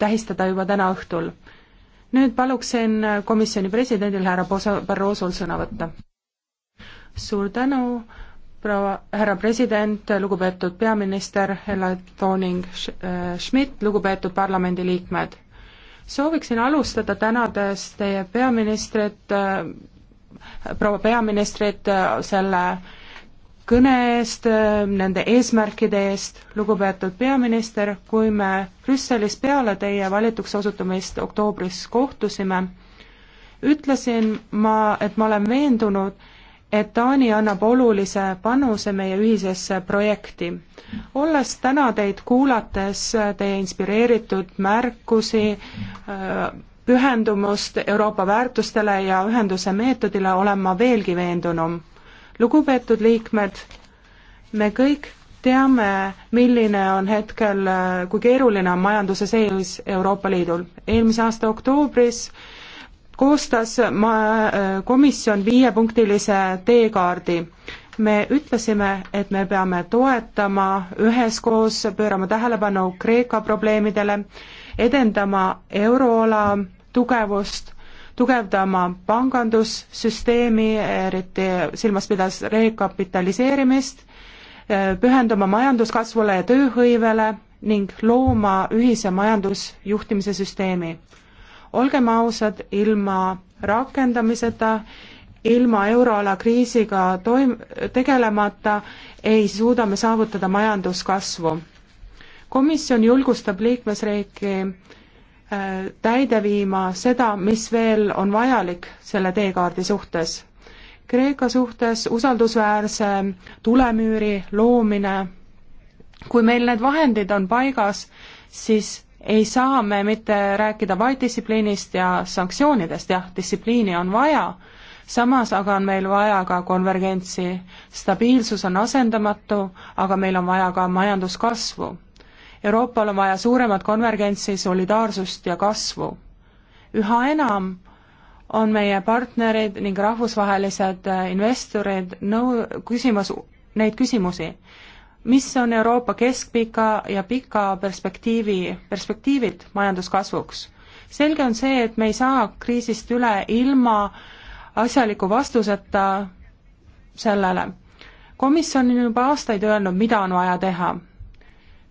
tähistada juba täna õhtul. nüüd paluksin komisjoni presidendil härra Barrosol sõna võtta. suur tänu, proua, härra president, lugupeetud peaminister Helle Tooning-Schmidt, äh, lugupeetud parlamendiliikmed. sooviksin alustada tänades teie peaministrit, äh, proua peaministrit äh, selle kõne eest, nende eesmärkide eest, lugupeetud peaminister, kui me Brüsselis peale teie valituks osutumist oktoobris kohtusime, ütlesin ma, et ma olen veendunud, et Taani annab olulise panuse meie ühisesse projekti. olles täna teid kuulates, teie inspireeritud märkusi, pühendumust Euroopa väärtustele ja ühenduse meetodile, olen ma veelgi veendunum lugupeetud liikmed, me kõik teame, milline on hetkel, kui keeruline on majanduse seis Euroopa Liidul. eelmise aasta oktoobris koostas ma-, komisjon viiepunktilise teekaardi. me ütlesime, et me peame toetama üheskoos, pöörama tähelepanu Kreeka probleemidele, edendama euroala tugevust tugevdama pangandussüsteemi, eriti silmas pidas rekapitaliseerimist, eh, pühenduma majanduskasvule ja tööhõivele ning looma ühise majandusjuhtimise süsteemi. olgem ausad, ilma rakendamiseta, ilma euroala kriisiga toim-, tegelemata ei suuda me saavutada majanduskasvu. komisjon julgustab liikmesriiki täide viima seda, mis veel on vajalik selle teekaardi suhtes. Kreeka suhtes usaldusväärse tulemüüri loomine, kui meil need vahendid on paigas, siis ei saa me mitte rääkida vaid distsipliinist ja sanktsioonidest, jah, distsipliini on vaja, samas aga on meil vaja ka konvergentsi. stabiilsus on asendamatu, aga meil on vaja ka majanduskasvu Euroopal on vaja suuremat konvergentsi, solidaarsust ja kasvu. üha enam on meie partnerid ning rahvusvahelised äh, investorid nõu-, küsimas neid küsimusi. mis on Euroopa keskpika ja pika perspektiivi, perspektiivid majanduskasvuks? selge on see, et me ei saa kriisist üle ilma asjaliku vastuseta sellele. komisjon on juba aastaid öelnud, mida on vaja teha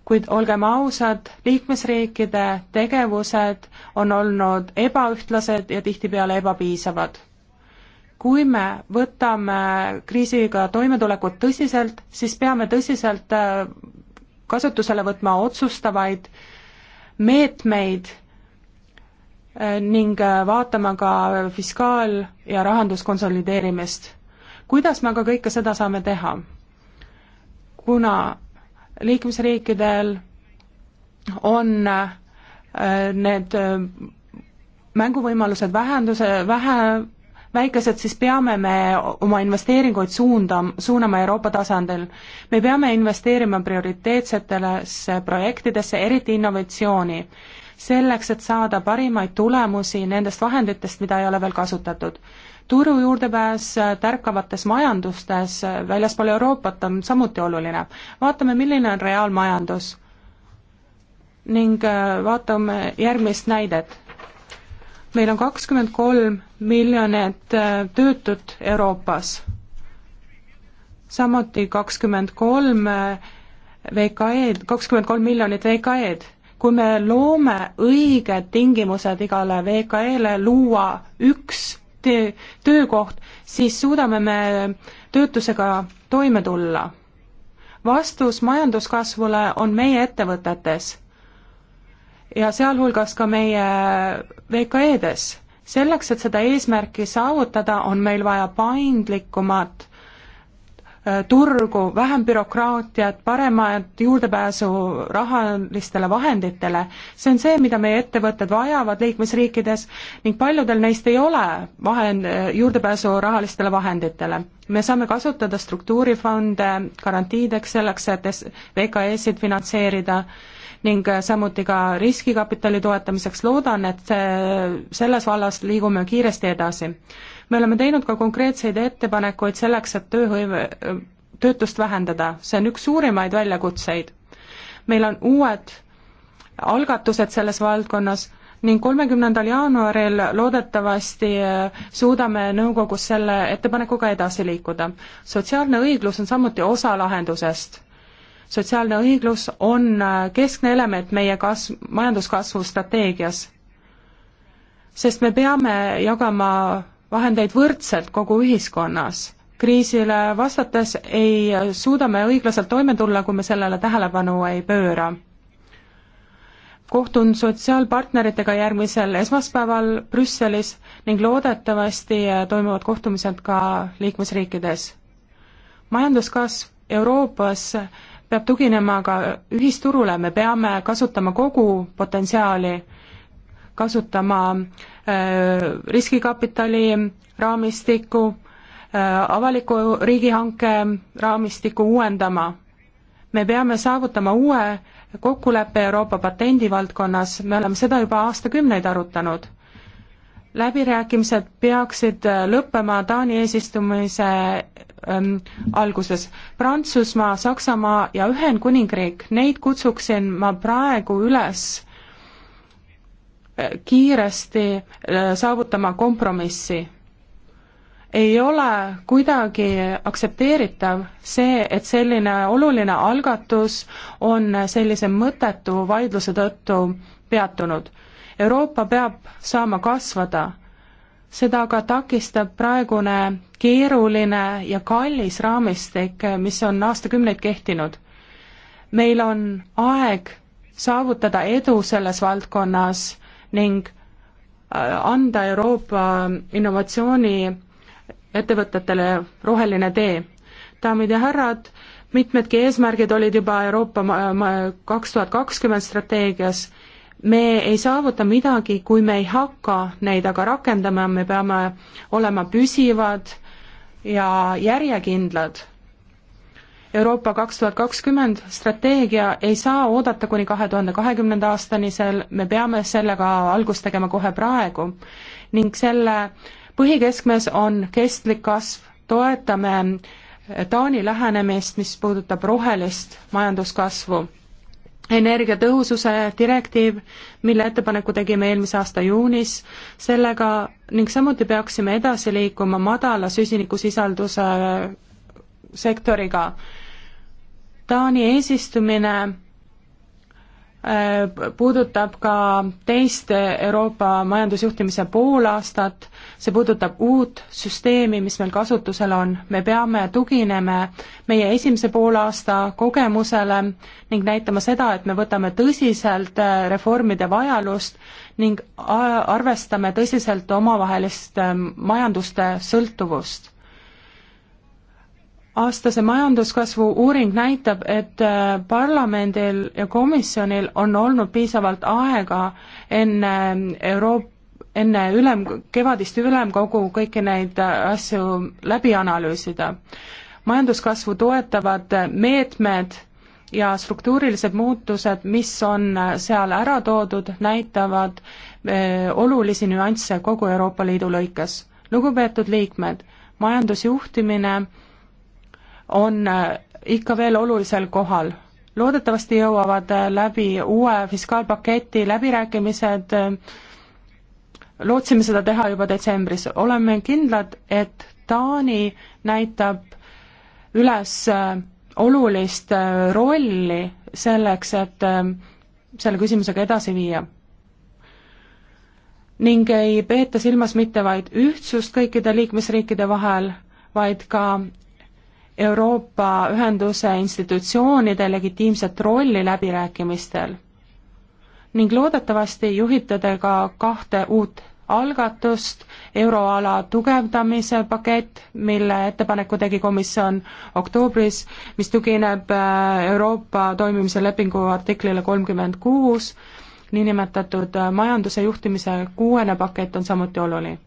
kuid olgem ausad, liikmesriikide tegevused on olnud ebaühtlased ja tihtipeale ebapiisavad. kui me võtame kriisiga toimetulekut tõsiselt, siis peame tõsiselt äh, kasutusele võtma otsustavaid meetmeid äh, ning äh, vaatama ka fiskaal- ja rahanduskonsolideerimist. kuidas me aga kõike seda saame teha? kuna liikmesriikidel on äh, need äh, mänguvõimalused vähenduse, vähe, väikesed, siis peame me oma investeeringuid suunda, suunama Euroopa tasandil. me peame investeerima prioriteetsetesse projektidesse, eriti innovatsiooni, selleks, et saada parimaid tulemusi nendest vahenditest, mida ei ole veel kasutatud turu juurdepääs tärkavates majandustes väljaspool Euroopat on samuti oluline. vaatame, milline on reaalmajandus ning äh, vaatame järgmist näidet. meil on kakskümmend kolm miljonit äh, töötut Euroopas, samuti kakskümmend kolm äh, VKE-d, kakskümmend kolm miljonit VKE-d kui me loome õiged tingimused igale VKE-le luua üks töö, töökoht, siis suudame me töötusega toime tulla. vastus majanduskasvule on meie ettevõtetes ja sealhulgas ka meie VKE-des. selleks, et seda eesmärki saavutada, on meil vaja paindlikumat Äh, turgu, vähem bürokraatiat, paremat juurdepääsu rahalistele vahenditele, see on see, mida meie ettevõtted vajavad liikmesriikides ning paljudel neist ei ole vahend, juurdepääsu rahalistele vahenditele. me saame kasutada struktuurifonde garantiideks selleks, et VKE-sid finantseerida ning äh, samuti ka riskikapitali toetamiseks, loodan, et äh, selles vallas liigume kiiresti edasi me oleme teinud ka konkreetseid ettepanekuid selleks, et tööhõive, töötust vähendada, see on üks suurimaid väljakutseid. meil on uued algatused selles valdkonnas ning kolmekümnendal jaanuaril loodetavasti eh, suudame nõukogus selle ettepanekuga edasi liikuda. sotsiaalne õiglus on samuti osa lahendusest. sotsiaalne õiglus on eh, keskne element meie kas-, majanduskasvu strateegias. sest me peame jagama vahendeid võrdselt kogu ühiskonnas. kriisile vastates ei suuda me õiglaselt toime tulla, kui me sellele tähelepanu ei pööra. kohtun sotsiaalpartneritega järgmisel esmaspäeval Brüsselis ning loodetavasti toimuvad kohtumised ka liikmesriikides. majanduskasv Euroopas peab tuginema ka ühisturule, me peame kasutama kogu potentsiaali, kasutama Äh, riskikapitali raamistikku, äh, avaliku riigihanke raamistikku uuendama. me peame saavutama uue kokkuleppe Euroopa patendi valdkonnas, me oleme seda juba aastakümneid arutanud. läbirääkimised peaksid äh, lõppema Taani eesistumise ähm, alguses. Prantsusmaa, Saksamaa ja Ühendkuningriik, neid kutsuksin ma praegu üles kiiresti äh, saavutama kompromissi. ei ole kuidagi aktsepteeritav see, et selline oluline algatus on sellise mõttetu vaidluse tõttu peatunud. Euroopa peab saama kasvada seda aga takistab praegune keeruline ja kallis raamistik, mis on aastakümneid kehtinud. meil on aeg saavutada edu selles valdkonnas ning äh, anda Euroopa innovatsiooniettevõtetele roheline tee. daamid ja härrad, mitmedki eesmärgid olid juba Euroopa kaks tuhat kakskümmend strateegias, me ei saavuta midagi, kui me ei hakka neid aga rakendama, me peame olema püsivad ja järjekindlad Euroopa kaks tuhat kakskümmend strateegia ei saa oodata kuni kahe tuhande kahekümnenda aastani, sel, me peame sellega algust tegema kohe praegu. ning selle põhikeskmes on kestlik kasv, toetame eh, Taani lähenemist, mis puudutab rohelist majanduskasvu. energiatõhususe direktiiv, mille ettepaneku tegime eelmise aasta juunis, sellega ning samuti peaksime edasi liikuma madala süsinikusisalduse eh, sektoriga Taani eesistumine äh, puudutab ka teist Euroopa majandusjuhtimise poolaastat, see puudutab uut süsteemi, mis meil kasutusel on. me peame tuginema meie esimese poolaasta kogemusele ning näitama seda, et me võtame tõsiselt äh, reformide vajalust ning arvestame tõsiselt omavahelist äh, majanduste sõltuvust aastase majanduskasvu uuring näitab, et äh, parlamendil ja komisjonil on olnud piisavalt aega enne äh, Euroopa enne ülem, kevadist ülemkogu kõiki neid äh, asju läbi analüüsida. majanduskasvu toetavad meetmed ja struktuurilised muutused, mis on seal ära toodud, näitavad olulisi nüansse kogu Euroopa Liidu lõikes. lugupeetud liikmed, majandusjuhtimine on äh, ikka veel olulisel kohal. loodetavasti jõuavad äh, läbi uue fiskaalpaketi läbirääkimised, äh, lootsime seda teha juba detsembris, oleme kindlad, et Taani näitab üles olulist rolli selleks, et selle küsimusega edasi viia. ning ei peeta silmas mitte vaid ühtsust kõikide liikmesriikide vahel, vaid ka Euroopa Ühenduse institutsioonide legitiimset rolli läbirääkimistel ning loodetavasti juhite te ka kahte uut algatust, euroala tugevdamise pakett, mille ettepaneku tegi komisjon oktoobris, mis tugineb äh, Euroopa toimimise lepingu artiklile kolmkümmend kuus, niinimetatud äh, majanduse juhtimise kuuene pakett on samuti oluline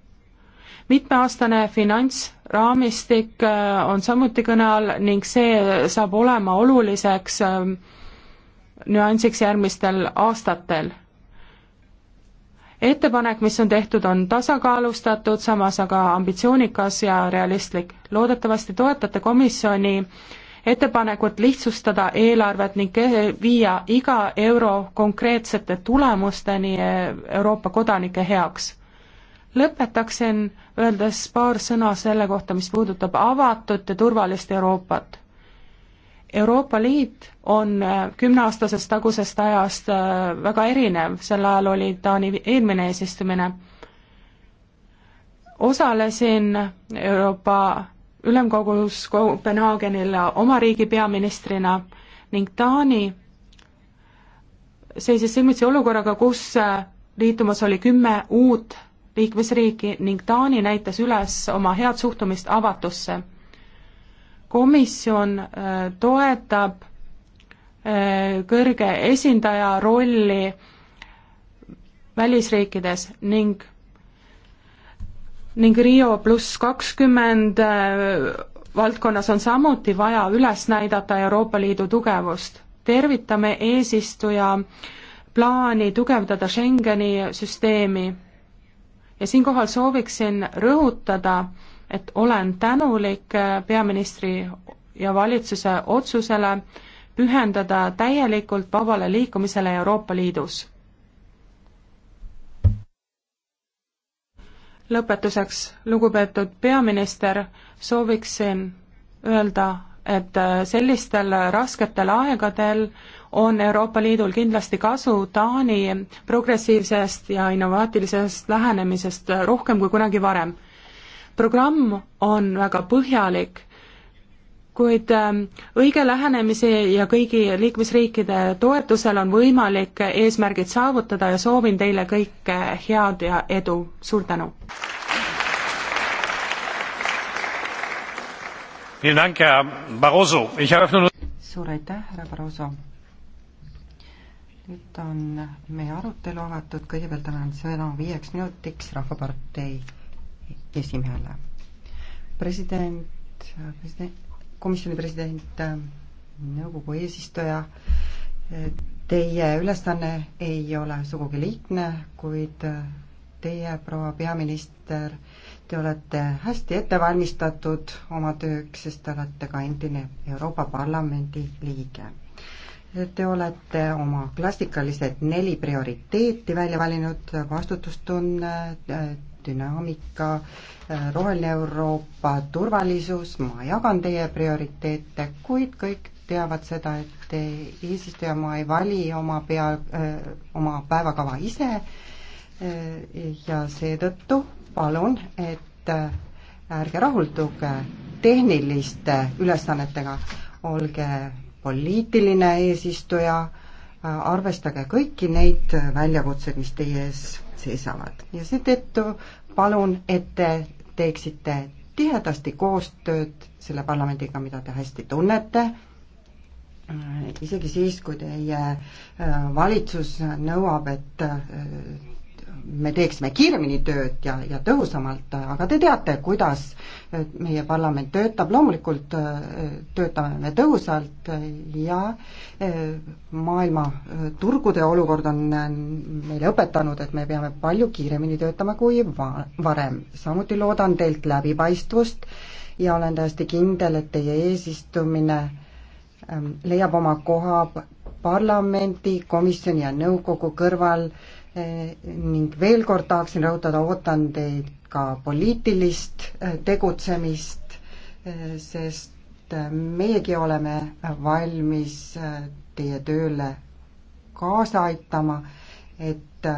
mitmeaastane finantsraamistik äh, on samuti kõne all ning see saab olema oluliseks ähm, nüansiks järgmistel aastatel. ettepanek, mis on tehtud, on tasakaalustatud, samas aga ambitsioonikas ja realistlik. loodetavasti toetate komisjoni ettepanekut lihtsustada eelarvet ning viia iga euro konkreetsete tulemusteni äh, Euroopa kodanike heaks lõpetaksin öeldes paar sõna selle kohta, mis puudutab avatud ja turvalist Euroopat. Euroopa Liit on äh, kümneaastasest tagusest ajast äh, väga erinev, sel ajal oli Taani eelmine eesistumine. osalesin Euroopa Ülemkogus Kopenhaagenil oma riigi peaministrina ning Taani seisis silmitsi olukorraga, kus äh, liitumas oli kümme uut liikmesriiki ning Taani näitas üles oma head suhtumist avatusse. komisjon äh, toetab äh, kõrge esindaja rolli välisriikides ning ning Rio pluss kakskümmend äh, valdkonnas on samuti vaja üles näidata Euroopa Liidu tugevust. tervitame eesistuja plaani tugevdada Schengeni süsteemi ja siinkohal sooviksin rõhutada, et olen tänulik äh, peaministri ja valitsuse otsusele pühendada täielikult vabale liikumisele Euroopa Liidus. lõpetuseks, lugupeetud peaminister, sooviksin öelda et äh, sellistel rasketel aegadel on Euroopa Liidul kindlasti kasu Taani progressiivsest ja innovaatilisest lähenemisest äh, rohkem kui kunagi varem. programm on väga põhjalik, kuid ähm, õige lähenemise ja kõigi liikmesriikide toetusel on võimalik eesmärgid saavutada ja soovin teile kõike head ja edu, suur tänu! suur aitäh, härra Barroso! nüüd on meie arutelu avatud, kõigepealt annan sõna viieks minutiks Rahvapartei esimehele. president, president, komisjoni president, nõukogu eesistuja, teie ülesanne ei ole sugugi lihtne, kuid teie, proua peaminister, Te olete hästi ette valmistatud oma tööks, sest te olete ka endine Euroopa Parlamendi liige. Te olete oma klassikalised neli prioriteeti välja valinud, vastutustunne, dünaamika, roheline Euroopa, turvalisus, ma jagan teie prioriteete, kuid kõik teavad seda, et eesistujamaa ei vali oma pea, oma päevakava ise ja seetõttu palun, et äh, ärge rahulduge tehniliste ülesannetega, olge poliitiline eesistuja, äh, arvestage kõiki neid väljakutseid, mis teie ees seisavad ja seetõttu palun, et te teeksite tihedasti koostööd selle parlamendiga, mida te hästi tunnete, äh, isegi siis, kui teie valitsus nõuab, et me teeksime kiiremini tööd ja, ja tõhusamalt, aga te teate, kuidas meie parlament töötab, loomulikult äh, töötame me tõhusalt ja äh, maailma äh, turgude olukord on meile õpetanud, et me peame palju kiiremini töötama kui va-, varem. samuti loodan teilt läbipaistvust ja olen täiesti kindel, et teie eesistumine ähm, leiab oma koha parlamendi, komisjoni ja nõukogu kõrval äh, Eh, ning veel kord tahaksin rõhutada, ootan teid ka poliitilist eh, tegutsemist, eh, sest meiegi oleme valmis teie tööle kaasa aitama, et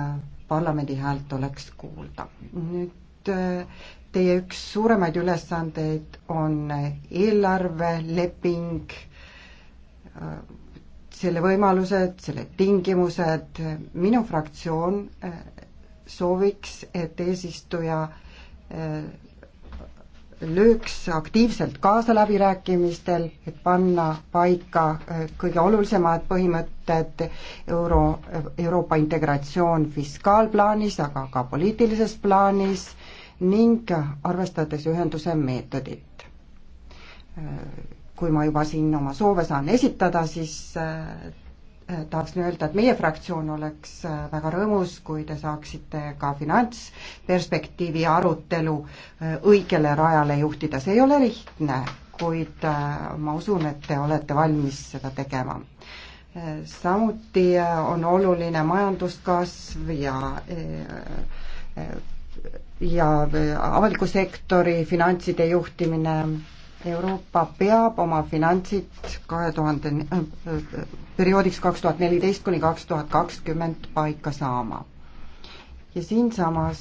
parlamendi häält oleks kuulda. nüüd teie üks suuremaid ülesandeid on eelarveleping, selle võimalused, selle tingimused, minu fraktsioon äh, sooviks, et eesistuja äh, lööks aktiivselt kaasa läbirääkimistel, et panna paika äh, kõige olulisemad põhimõtted euro, Euroopa integratsioon fiskaalplaanis, aga ka poliitilises plaanis ning arvestades ühenduse meetodit kui ma juba siin oma soove saan esitada, siis äh, tahaksin öelda, et meie fraktsioon oleks äh, väga rõõmus, kui te saaksite ka finantsperspektiivi arutelu äh, õigele rajale juhtida, see ei ole lihtne, kuid ma usun, et te olete valmis seda tegema. samuti on oluline majanduskasv ja ja avaliku sektori finantside juhtimine Euroopa peab oma finantsid kahe tuhande, äh, perioodiks kaks tuhat neliteist kuni kaks tuhat kakskümmend paika saama. ja siinsamas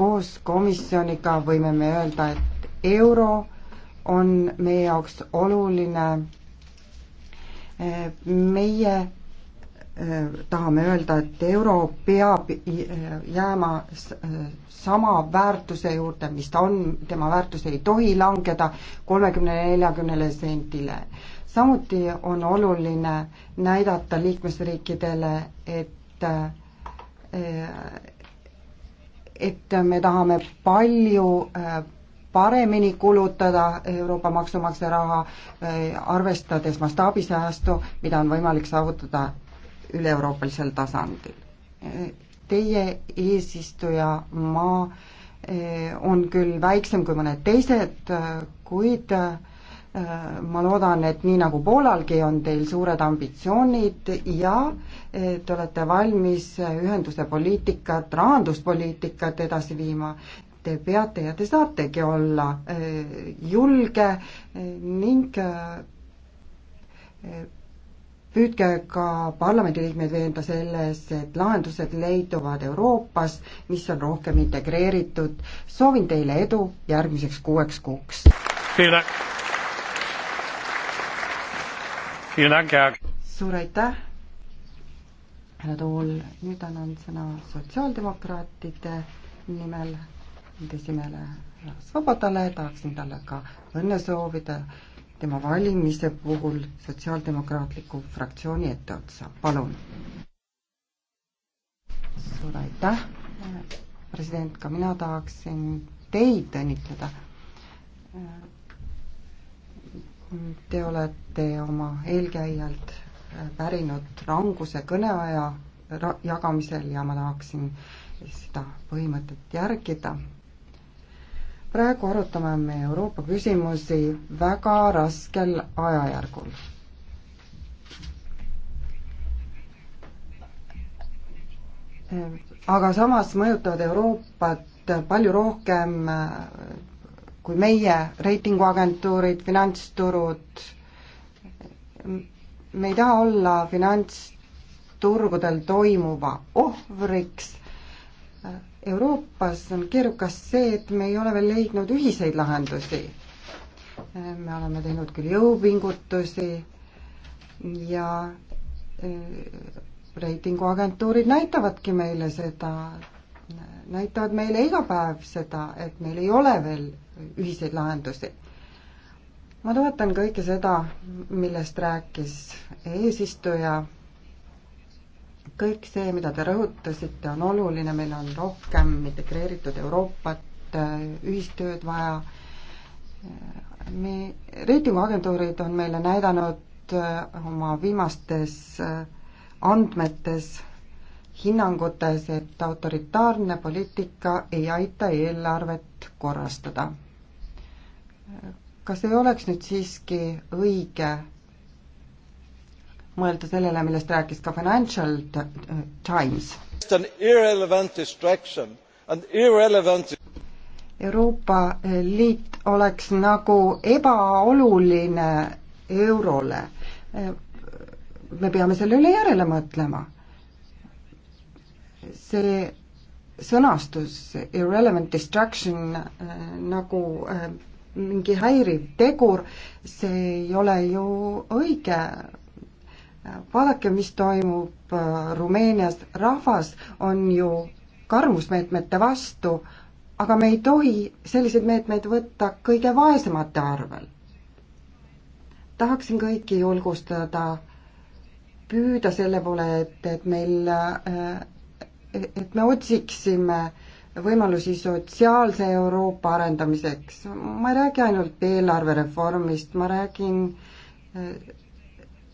koos komisjoniga võime me öelda, et euro on meie jaoks oluline äh, meie tahame öelda, et euro peab jääma sama väärtuse juurde, mis ta on, tema väärtus ei tohi langeda kolmekümne, neljakümnele sendile. samuti on oluline näidata liikmesriikidele, et et me tahame palju äh, paremini kulutada Euroopa maksumaksja raha, äh, arvestades mastaabisäästu, mida on võimalik saavutada üle-euroopalisel tasandil. Teie eesistuja maa eh, on küll väiksem kui mõned teised, eh, kuid eh, ma loodan, et nii nagu Poolalgi, on teil suured ambitsioonid ja te olete valmis ühenduse poliitikat, rahanduspoliitikat edasi viima. Te peate ja te saategi olla julge ning püüdke ka parlamendiliikmeid veenda selles, et lahendused leiduvad Euroopas, mis on rohkem integreeritud. soovin teile edu järgmiseks kuueks kuuks. suur aitäh, härra Tool, nüüd annan sõna sotsiaaldemokraatide nimel, nende esimehele Svobodale, tahaksin talle ka õnne soovida tema valimiste puhul Sotsiaaldemokraatliku fraktsiooni etteotsa, palun. suur aitäh, president, ka mina tahaksin teid õnnitleda. Te olete oma eelkäijalt pärinud ranguse kõneaja jagamisel ja ma tahaksin seda põhimõtet järgida praegu arutame me Euroopa küsimusi väga raskel ajajärgul. aga samas mõjutavad Euroopat palju rohkem kui meie reitinguagentuurid, finantsturud. me ei taha olla finantsturgudel toimuva ohvriks Euroopas on keerukas see, et me ei ole veel leidnud ühiseid lahendusi. me oleme teinud küll jõupingutusi ja eh, reitinguagentuurid näitavadki meile seda, näitavad meile iga päev seda, et meil ei ole veel ühiseid lahendusi. ma toetan kõike seda, millest rääkis eesistuja kõik see, mida te rõhutasite, on oluline, meil on rohkem integreeritud Euroopat, ühistööd vaja. me, reitinguagentuurid on meile näidanud eh, oma viimastes eh, andmetes, hinnangutes, et autoritaarne poliitika ei aita eelarvet korrastada. Eh, kas ei oleks nüüd siiski õige mõelda sellele, millest rääkis ka Financial Times. Euroopa Liit oleks nagu ebaoluline eurole. me peame selle üle järele mõtlema. see sõnastus irrelevant distraction äh, nagu äh, mingi häiriv tegur, see ei ole ju õige vaadake, mis toimub äh, Rumeenias, rahvas on ju karmusmeetmete vastu, aga me ei tohi selliseid meetmeid võtta kõige vaesemate arvel. tahaksin kõiki julgustada, püüda selle poole, et, et meil, äh, et me otsiksime võimalusi sotsiaalse Euroopa arendamiseks. ma ei räägi ainult eelarvereformist, ma räägin äh,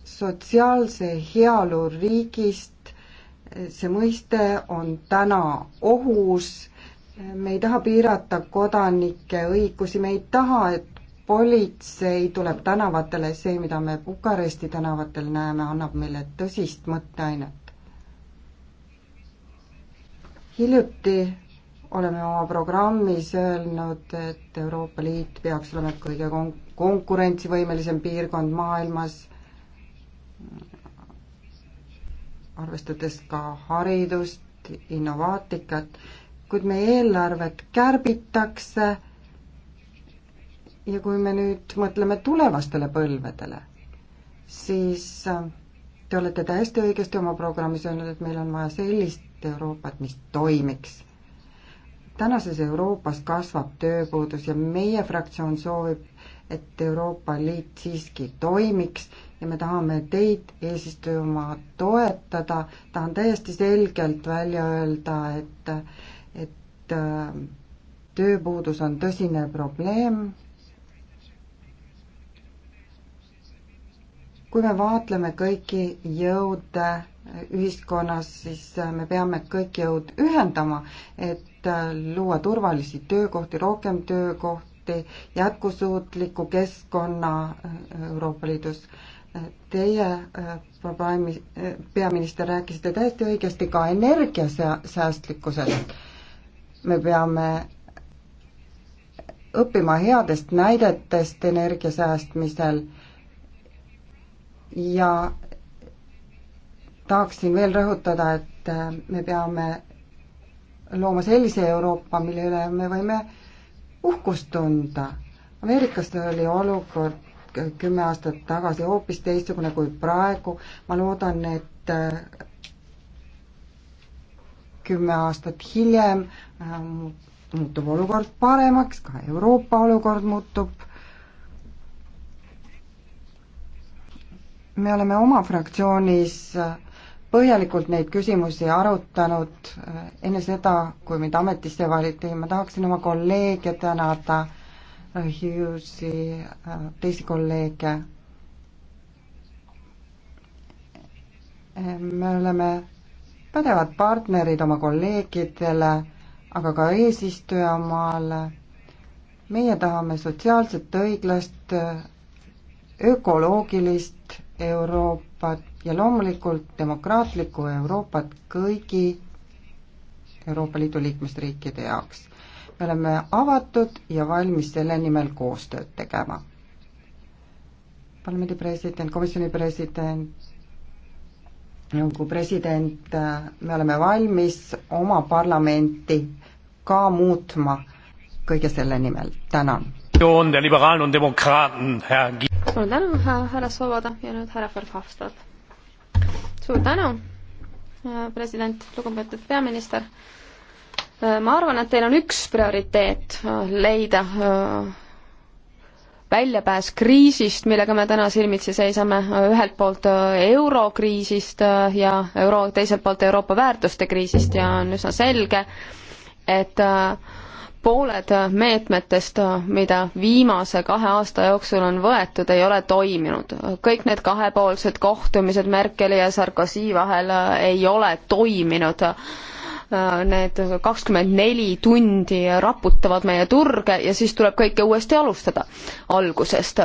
sotsiaalse heaolu riigist, see mõiste on täna ohus, me ei taha piirata kodanike õigusi, me ei taha, et politsei tuleb tänavatele, see, mida me Bukaresti tänavatel näeme, annab meile tõsist mõtteainet. hiljuti oleme oma programmis öelnud, et Euroopa Liit peaks olema kõige kon-, konkurentsivõimelisem piirkond maailmas arvestades ka haridust, innovaatikat, kuid meie eelarvet kärbitakse ja kui me nüüd mõtleme tulevastele põlvedele, siis äh, te olete täiesti õigesti oma programmis öelnud, et meil on vaja sellist Euroopat, mis toimiks. tänases Euroopas kasvab tööpuudus ja meie fraktsioon soovib, et Euroopa Liit siiski toimiks ja me tahame teid eesistujamaad toetada, tahan täiesti selgelt välja öelda, et, et äh, tööpuudus on tõsine probleem. kui me vaatleme kõiki jõude ühiskonnas, siis äh, me peame kõik jõud ühendama, et äh, luua turvalisi töökohti, rohkem töökohti, jätkusuutliku keskkonna Euroopa Liidus Teie, äh, äh, peaminister, rääkisite täiesti õigesti ka energiasäästlikkusest. me peame õppima headest näidetest energia säästmisel ja tahaksin veel rõhutada, et äh, me peame looma sellise Euroopa, mille üle me võime uhkust tunda. Ameerikas oli olukord kümme aastat tagasi hoopis teistsugune kui praegu. ma loodan, et äh, kümme aastat hiljem äh, muutub olukord paremaks, ka Euroopa olukord muutub. me oleme oma fraktsioonis äh, põhjalikult neid küsimusi arutanud enne seda, kui mind ametisse valiti, ma tahaksin oma kolleege tänada Hughesi, äh, teisi kolleege. Äh, me oleme pädevad partnerid oma kolleegidele, aga ka eesistujamaale. meie tahame sotsiaalset õiglast, ökoloogilist Euroopat ja loomulikult demokraatlikku Euroopat kõigi Euroopa Liidu liikmesriikide jaoks me oleme avatud ja valmis selle nimel koostööd tegema. parlamendi president, komisjoni president, nõukogu president, me oleme valmis oma parlamenti ka muutma kõige selle nimel, tänan. suur tänu, härra Svoboda ja nüüd härra Verhofstadt. suur tänu, president, lugupeetud peaminister Äh, ma arvan, et teil on üks prioriteet, äh, leida äh, väljapääs kriisist, millega me täna silmitsi seisame, ühelt poolt eurokriisist ja euro, teiselt poolt Euroopa väärtuste kriisist ja on üsna selge, et pooled meetmetest, mida viimase kahe aasta jooksul on võetud, ei ole toiminud. kõik need kahepoolsed kohtumised Merkeli ja Sarkozy vahel ei ole toiminud Äh, need kakskümmend neli tundi raputavad meie turge ja siis tuleb kõike uuesti alustada algusest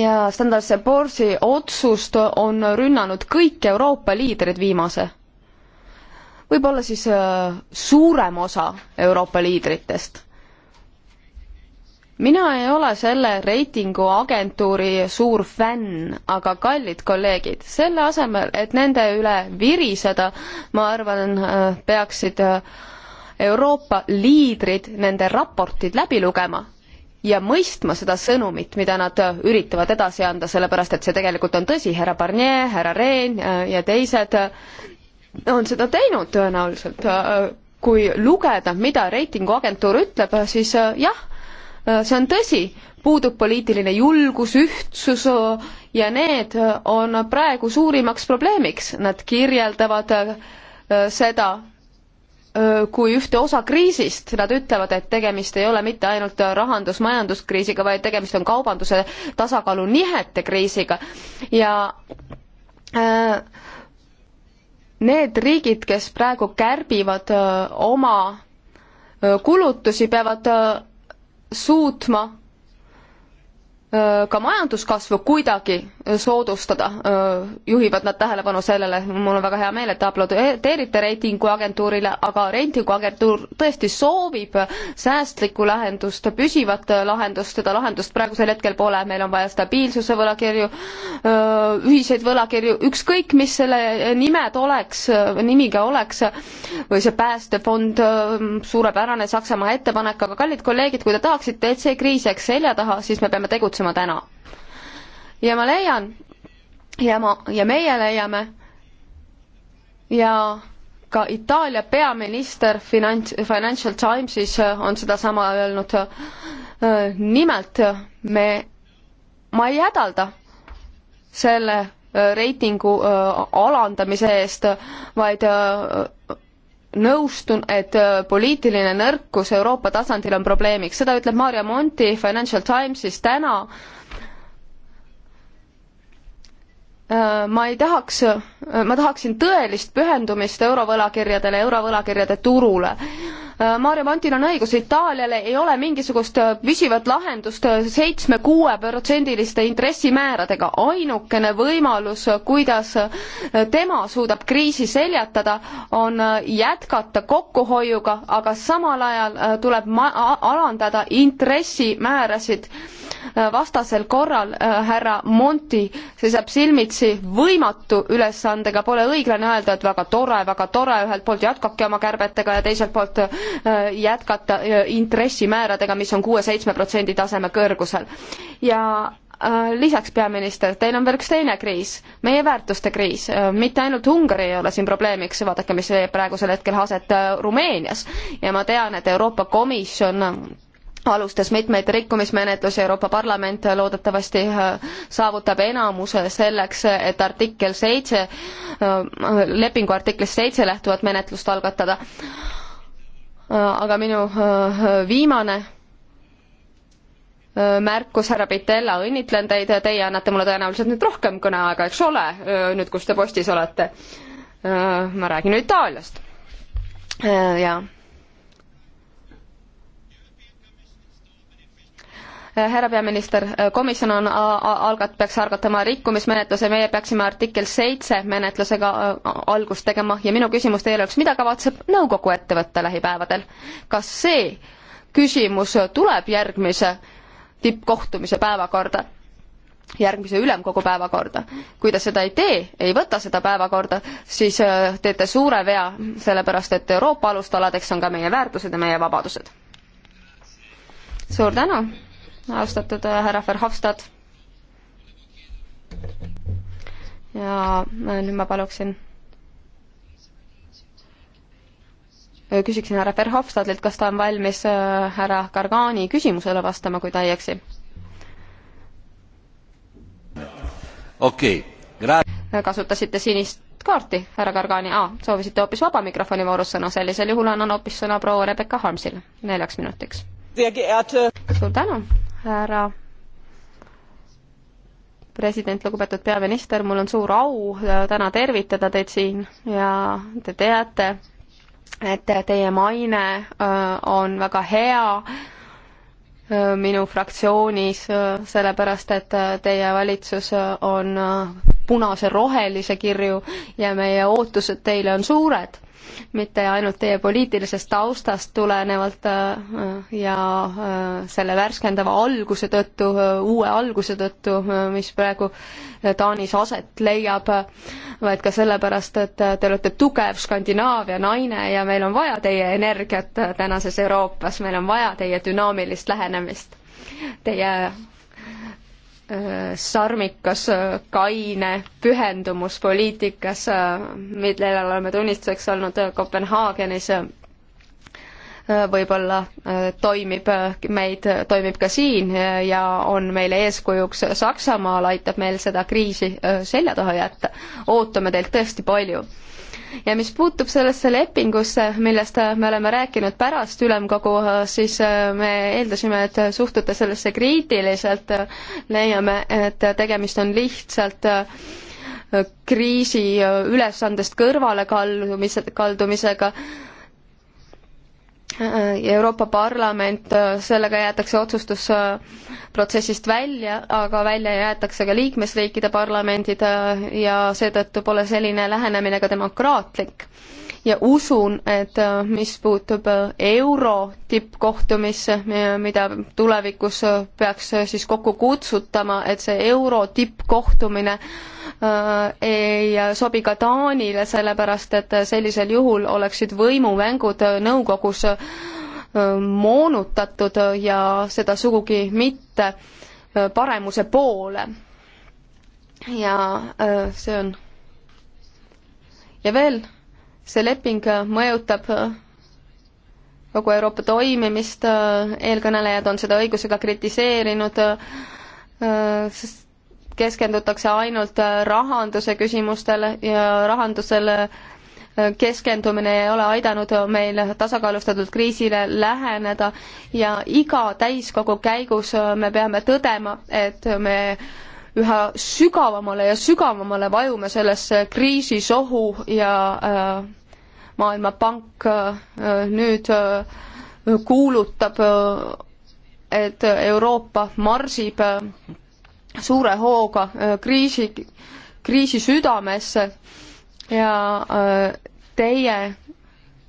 ja Standard Poorsi otsust on rünnanud kõik Euroopa liidrid viimase, võib-olla siis äh, suurem osa Euroopa liidritest mina ei ole selle reitinguagentuuri suur fänn, aga kallid kolleegid, selle asemel, et nende üle viriseda, ma arvan, äh, peaksid äh, Euroopa liidrid nende raportid läbi lugema ja mõistma seda sõnumit, mida nad äh, üritavad edasi anda, sellepärast et see tegelikult on tõsi, härra Barnier, härra Rehn ja teised on seda teinud tõenäoliselt. kui lugeda, mida reitinguagentuur ütleb, siis jah Äh, see on tõsi, puudub poliitiline julgus, ühtsus äh, ja need äh, on praegu suurimaks probleemiks, nad kirjeldavad seda kui ühte osa kriisist, nad ütlevad, et tegemist ei ole mitte ainult rahandus-majanduskriisiga, vaid tegemist on kaubanduse tasakaalu nihete kriisiga ja need riigid, kes praegu kärbivad oma kulutusi, peavad suutma äh, ka majanduskasvu kuidagi soodustada, juhivad nad tähelepanu sellele, mul on väga hea meel, et te aplodeerite reitinguagentuurile, aga reitinguagentuur tõesti soovib säästlikku lahendust, püsivat lahendust, seda lahendust praegusel hetkel pole, meil on vaja stabiilsuse võlakirju, ühiseid võlakirju, ükskõik, mis selle nimed oleks, nimiga oleks, või see päästefond, suurepärane Saksamaa ettepanek, aga kallid kolleegid, kui te tahaksite, et see kriis jääks selja taha, siis me peame tegutsema täna ja ma leian ja ma ja meie leiame ja ka Itaalia peaminister Finans-, Financial Timesis on sedasama öelnud. nimelt me, ma ei hädalda selle reitingu äh, alandamise eest, vaid äh, nõustun, et äh, poliitiline nõrkus Euroopa tasandil on probleemiks, seda ütleb Maarja Monti Financial Timesis täna Äh, ma ei tahaks, äh, ma tahaksin tõelist pühendumist eurovõlakirjadele, eurovõlakirjade turule. Äh, Mario Montil on õigus, Itaaliale ei ole mingisugust püsivat lahendust seitsme-kuueprotsendiliste intressimääradega. ainukene võimalus, kuidas tema suudab kriisi seljatada, on jätkata kokkuhoiuga, aga samal ajal tuleb ma-, alandada intressimäärasid Äh, vastasel korral äh, härra Monti seisab silmitsi võimatu ülesandega, pole õiglane öelda, et väga tore, väga tore, ühelt poolt jätkake oma kärbetega ja teiselt poolt äh, jätkata intressimääradega, mis on kuue-seitsme protsendi taseme kõrgusel. ja lisaks, peaminister, teil on veel üks teine kriis, meie väärtuste kriis. mitte ainult Ungari ei ole siin probleemiks, vaadake, mis praegusel hetkel aset Rumeenias ja ma tean, et Euroopa Komisjon alustas mitmeid rikkumismenetlusi, Euroopa Parlament loodetavasti äh, saavutab enamuse selleks, et artikkel seitse, äh, lepingu artiklist seitse lähtuvat menetlust algatada. Äh, aga minu viimane märkus, härra Pitella, õnnitlen teid, teie annate mulle tõenäoliselt nüüd rohkem kõneaega, eks ole, nüüd, kus te postis olete. ma räägin Itaaliast. jaa härra peaminister, komisjon on algat-, peaks algatama rikkumismenetluse, meie peaksime artikkel seitse menetlusega äh, algust tegema ja minu küsimus teile oleks, mida kavatseb nõukogu ette võtta lähipäevadel? kas see küsimus tuleb järgmise tippkohtumise päevakorda? järgmise ülemkogu päevakorda. kui te seda ei tee, ei võta seda päevakorda, siis äh, teete suure vea, sellepärast et Euroopa alustaladeks on ka meie väärtused ja meie vabadused. suur tänu! austatud äh, härra Verhofstadt. ja äh, nüüd ma paluksin, äh, küsiksin härra Verhofstadtilt, kas ta on valmis härra Gargani küsimusele vastama, kui ta ei eksi? okei okay., kasutasite sinist kaarti, härra Gargani, aa, soovisite hoopis vaba mikrofoni voorus sõna, sellisel juhul annan hoopis sõna proua Rebecca Harmsile neljaks minutiks. suur tänu, härra president, lugupeetud peaminister, mul on suur au äh, täna tervitada teid siin ja te teate, et teie maine äh, on väga hea äh, minu fraktsioonis, sellepärast et teie valitsus on punase-rohelise kirju ja meie ootused teile on suured mitte ainult teie poliitilisest taustast tulenevalt äh, ja äh, selle värskendava alguse tõttu, äh, uue alguse tõttu, mis praegu Taanis aset leiab, vaid ka sellepärast, et te olete tugev Skandinaavia naine ja meil on vaja teie energiat tänases Euroopas, meil on vaja teie dünaamilist lähenemist. Teie sarmikas kaine pühendumus poliitikas, millele oleme tunnistuseks olnud Kopenhaagenis, võib-olla äh, toimib meid, toimib ka siin ja on meile eeskujuks Saksamaal, aitab meil seda kriisi äh, selja taha jätta. ootame teilt tõesti palju ja mis puutub sellesse lepingusse, millest äh, me oleme rääkinud pärast ülemkogu, äh, siis äh, me eeldasime, et suhtute sellesse kriitiliselt, leiame, et tegemist on lihtsalt kriisi ülesandest kõrvale kaldumise, kaldumisega Äh, Euroopa Parlament, äh, sellega jäetakse otsustusprotsessist äh, välja, aga välja jäetakse ka liikmesriikide parlamendid ja seetõttu pole selline lähenemine ka demokraatlik. ja usun, et mis puutub euro tippkohtumisse, mida tulevikus peaks siis kokku kutsutama, et see euro tippkohtumine Äh, ei sobi ka Taanile, sellepärast et sellisel juhul oleksid võimumängud nõukogus äh, moonutatud ja seda sugugi mitte äh, paremuse poole. ja see on. ja veel, see leping mõjutab kogu Euroopa toimimist, eelkõnelejad on seda õigusega kritiseerinud, sest keskendutakse ainult äh, rahanduse küsimustele ja rahandusele äh, keskendumine ei ole aidanud meil tasakaalustatud kriisile läheneda ja iga täiskogu käigus äh, me peame tõdema, et me üha sügavamale ja sügavamale vajume sellesse kriisisohu ja Maailmapank nüüd kuulutab, et Euroopa marsib suure hooga äh, kriisi, kriisi südamesse ja äh, teie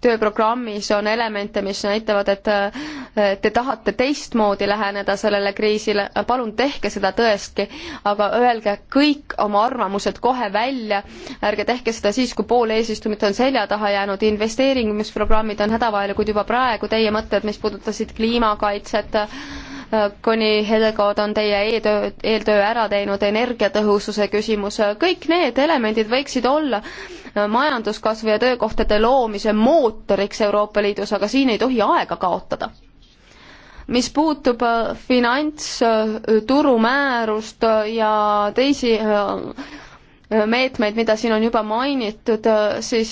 tööprogrammis on elemente, mis näitavad, et äh, te tahate teistmoodi läheneda sellele kriisile, palun tehke seda tõesti, aga öelge kõik oma arvamused kohe välja, ärge tehke seda siis, kui pool eesistumit on selja taha jäänud, investeerimisprogrammid on hädavajalikud juba praegu, teie mõtted, mis puudutasid kliimakaitset, kuni Hedegaard on teie eeltöö, eeltöö ära teinud, energiatõhususe küsimus, kõik need elemendid võiksid olla majanduskasvu ja töökohtade loomise mootoriks Euroopa Liidus, aga siin ei tohi aega kaotada. mis puutub äh, finantsturumäärust äh, äh, ja teisi meetmeid, mida siin on juba mainitud, siis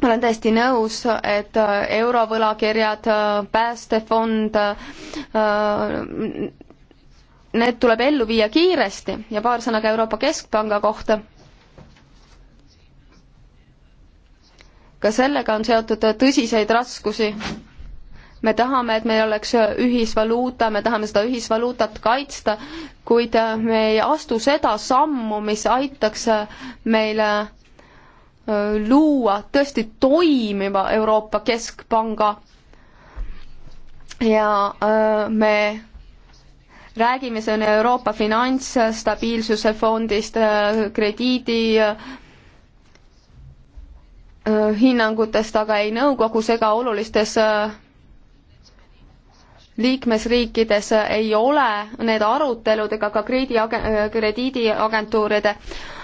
ma olen täiesti nõus, et äh, eurovõlakirjad, äh, päästefond, äh, need tuleb ellu viia kiiresti ja paar sõna ka Euroopa Keskpanga kohta. ka sellega on seotud tõsiseid raskusi. me tahame, et meil oleks ühisvaluuta, me tahame seda ühisvaluutat kaitsta, kuid me ei astu seda sammu, mis aitaks meile luua tõesti toimiva Euroopa Keskpanga ja öö, äh, me räägime siin Euroopa Finantsstabiilsuse Fondist, äh, krediidi äh, hinnangutest, aga ei nõukogus ega olulistes liikmesriikides ei ole need arutelud ega ka krediidiagentuuride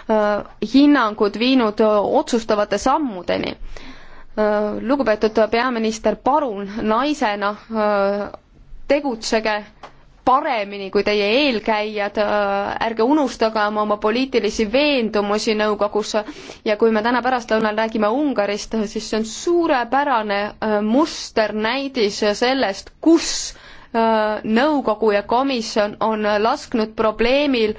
Äh, hinnangud viinud äh, otsustavate sammudeni. Äh, lugupeetud peaminister, palun naisena tegutsege paremini kui teie eelkäijad, ärge unustage oma, oma poliitilisi veendumusi nõukogus ja kui me täna pärastlõunal räägime Ungarist, siis see on suurepärane musternäidis sellest, kus Äh, nõukogu ja komisjon on lasknud probleemil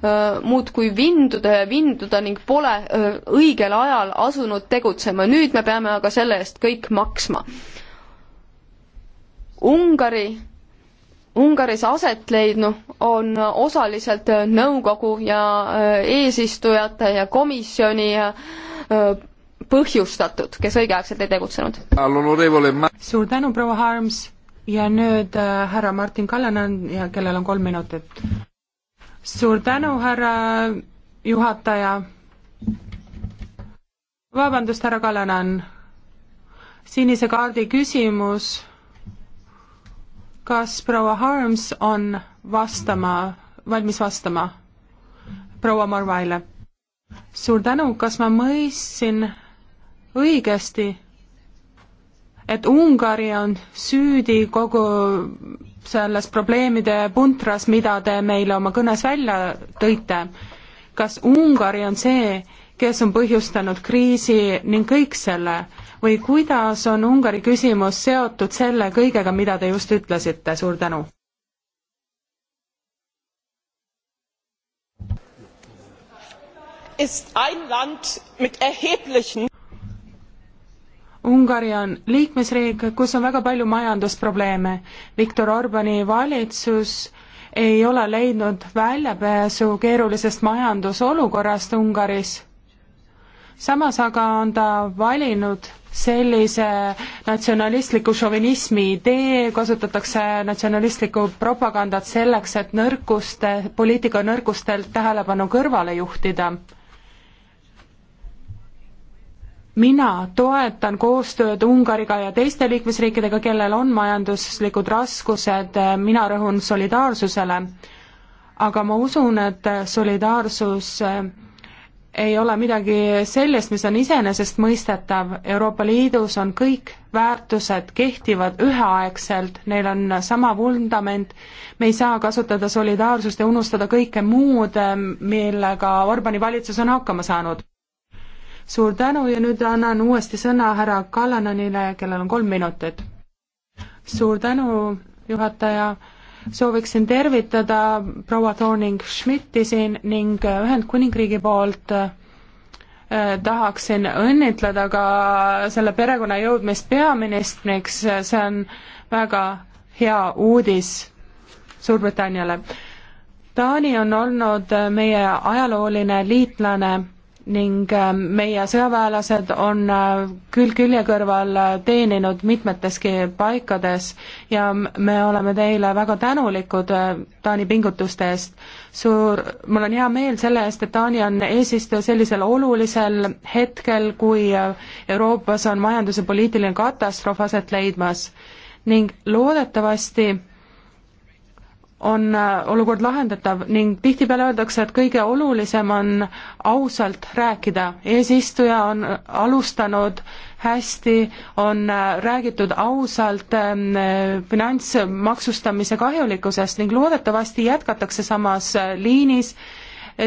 äh, muudkui vinduda ja vinduda ning pole äh, õigel ajal asunud tegutsema. nüüd me peame aga selle eest kõik maksma. Ungari, Ungaris aset leidnu on osaliselt nõukogu ja eesistujate ja komisjoni ja põhjustatud, kes õigeaegselt ei tegutsenud. suur tänu, proua Harms ja nüüd äh, härra Martin Kallanen ja kellel on kolm minutit. suur tänu, härra juhataja. vabandust, härra Kallanen. sinise kaardi küsimus. kas proua Harms on vastama, valmis vastama proua Marvaile? suur tänu, kas ma mõistsin õigesti? et Ungari on süüdi kogu selles probleemide puntras, mida te meile oma kõnes välja tõite. kas Ungari on see, kes on põhjustanud kriisi ning kõik selle või kuidas on Ungari küsimus seotud selle kõigega, mida te just ütlesite, suur tänu! ist ein Land mit erheblichen Ungari on liikmesriik, kus on väga palju majandusprobleeme. Viktor Orbani valitsus ei ole leidnud väljapääsu keerulisest majandusolukorrast Ungaris. samas aga on ta valinud sellise natsionalistliku šovinismi tee, kasutatakse natsionalistlikku propagandat selleks, et nõrkuste, poliitika nõrkustelt tähelepanu kõrvale juhtida mina toetan koostööd Ungariga ja teiste liikmesriikidega, kellel on majanduslikud raskused, mina rõhun solidaarsusele. aga ma usun, et solidaarsus äh, ei ole midagi sellist, mis on iseenesestmõistetav, Euroopa Liidus on kõik väärtused kehtivad üheaegselt, neil on sama vundament, me ei saa kasutada solidaarsust ja unustada kõike muud, äh, millega Orbani valitsus on hakkama saanud suur tänu ja nüüd annan uuesti sõna härra Kallananile, kellel on kolm minutit. suur tänu, juhataja, sooviksin tervitada proua Tooning-Schmidti siin ning Ühendkuningriigi poolt eh, tahaksin õnnitleda ka selle perekonna jõudmist peaministriks, see on väga hea uudis Suurbritanniale. Taani on olnud meie ajalooline liitlane ning äh, meie sõjaväelased on äh, külg külje kõrval äh, teeninud mitmeteski paikades ja me oleme teile väga tänulikud Taani pingutuste eest. suur, mul on hea meel selle eest, et Taani on eesistuja sellisel olulisel hetkel, kui Euroopas on majandus- ja poliitiline katastroof aset leidmas ning loodetavasti on äh, olukord lahendatav ning tihtipeale öeldakse, et kõige olulisem on ausalt rääkida. eesistuja on äh, alustanud hästi, on äh, räägitud ausalt ähm, finantsmaksustamise kahjulikkusest ning loodetavasti jätkatakse samas liinis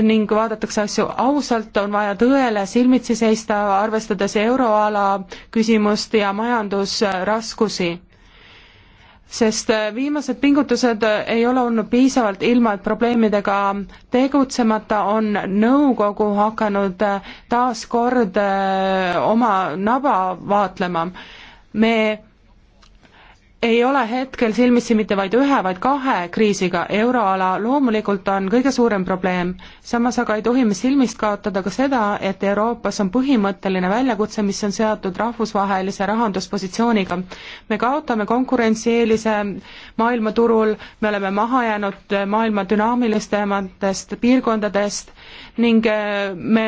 ning vaadatakse asju ausalt, on vaja tõele silmitsi seista, arvestades euroala küsimust ja majandusraskusi sest äh, viimased pingutused äh, ei ole olnud piisavalt, ilma et probleemidega tegutsemata on nõukogu hakanud äh, taas kord oma naba vaatlema. me ei ole hetkel silmitsi mitte vaid ühe, vaid kahe kriisiga, euroala loomulikult on kõige suurem probleem, samas aga ei tohi me silmist kaotada ka seda, et Euroopas on põhimõtteline väljakutse, mis on seotud rahvusvahelise rahanduspositsiooniga. me kaotame konkurentsieelise maailmaturul, me oleme maha jäänud maailma dünaamilisematest piirkondadest ning eh, me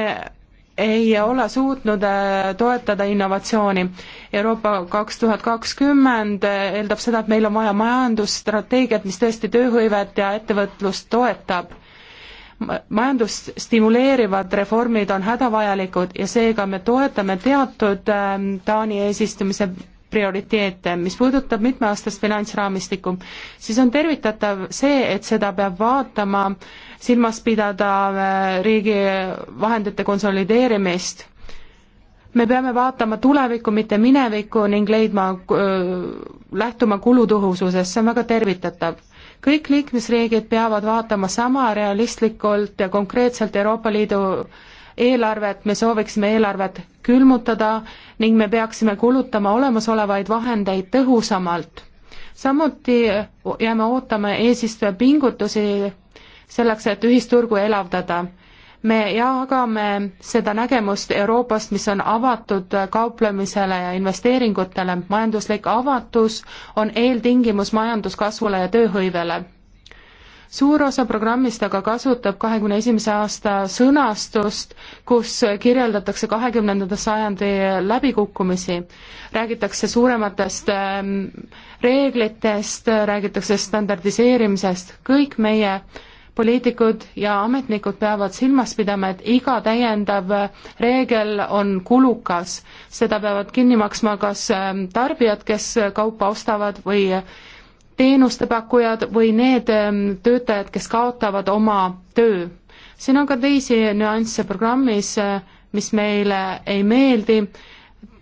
ei ole suutnud äh, toetada innovatsiooni. Euroopa kaks tuhat kakskümmend eeldab seda, et meil on vaja majandusstrateegiat, mis tõesti tööhõivet ja ettevõtlust toetab. majandust stimuleerivad reformid on hädavajalikud ja seega me toetame teatud ähm, Taani eesistumise prioriteete. mis puudutab mitmeaastast finantsraamistikku, siis on tervitatav see, et seda peab vaatama, silmas pidada äh, riigi vahendite konsolideerimist. me peame vaatama tulevikku, mitte minevikku ning leidma, äh, lähtuma kulutõhususest, see on väga tervitatav kõik liikmesriigid peavad vaatama sama realistlikult ja konkreetselt Euroopa Liidu eelarvet, me sooviksime eelarvet külmutada ning me peaksime kulutama olemasolevaid vahendeid tõhusamalt. samuti jääme ootama eesistuja pingutusi selleks, et ühisturgu elavdada. me jagame seda nägemust Euroopast, mis on avatud kauplemisele ja investeeringutele, majanduslik avatus on eeltingimus majanduskasvule ja tööhõivele suur osa programmist aga kasutab kahekümne esimese aasta sõnastust, kus kirjeldatakse kahekümnenda sajandi läbikukkumisi. räägitakse suurematest ähm, reeglitest, räägitakse standardiseerimisest, kõik meie poliitikud ja ametnikud peavad silmas pidama, et iga täiendav reegel on kulukas. seda peavad kinni maksma kas ähm, tarbijad, kes kaupa ostavad, või teenustepakkujad või need ähm, töötajad, kes kaotavad oma töö. siin on ka teisi nüansse programmis, äh, mis meile ei meeldi,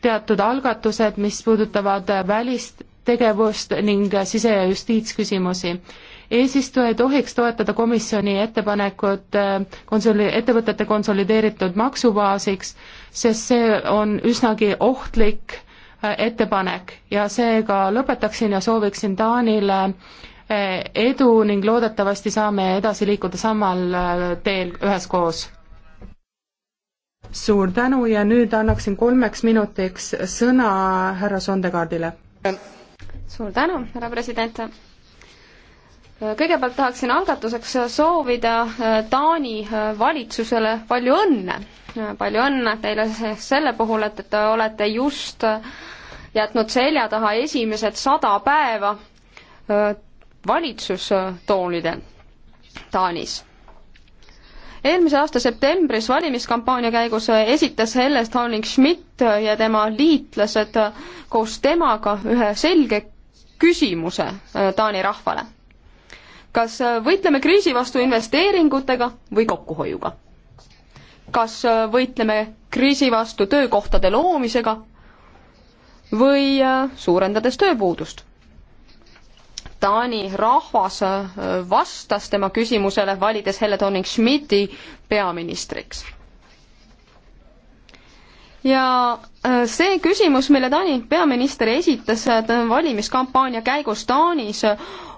teatud algatused, mis puudutavad äh, välistegevust ning äh, sise- ja justiitsküsimusi. eesistuja ei tohiks toetada komisjoni ettepanekut konsoli-, ettevõtete konsolideeritud maksubaasiks, sest see on üsnagi ohtlik ettepanek ja seega lõpetaksin ja sooviksin Taanile eh, edu ning loodetavasti saame edasi liikuda samal eh, teel üheskoos suur tänu ja nüüd annaksin kolmeks minutiks sõna härra Sondekaardile. suur tänu, härra president kõigepealt tahaksin algatuseks soovida äh, Taani äh, valitsusele palju õnne. Äh, palju õnne teile selle puhul, et te olete just jätnud selja taha esimesed sada päeva valitsustoolidel Taanis. eelmise aasta septembris valimiskampaania käigus esitas Helles Taaning-Schmidt ja tema liitlased koos temaga ühe selge küsimuse Taani rahvale kas äh, võitleme kriisi vastu investeeringutega või kokkuhoiuga? kas äh, võitleme kriisi vastu töökohtade loomisega või äh, suurendades tööpuudust? Taani rahvas vastas tema küsimusele, valides Helle Tooning-Schmidti peaministriks. ja see küsimus, mille Taani peaminister esitas valimiskampaania käigus Taanis,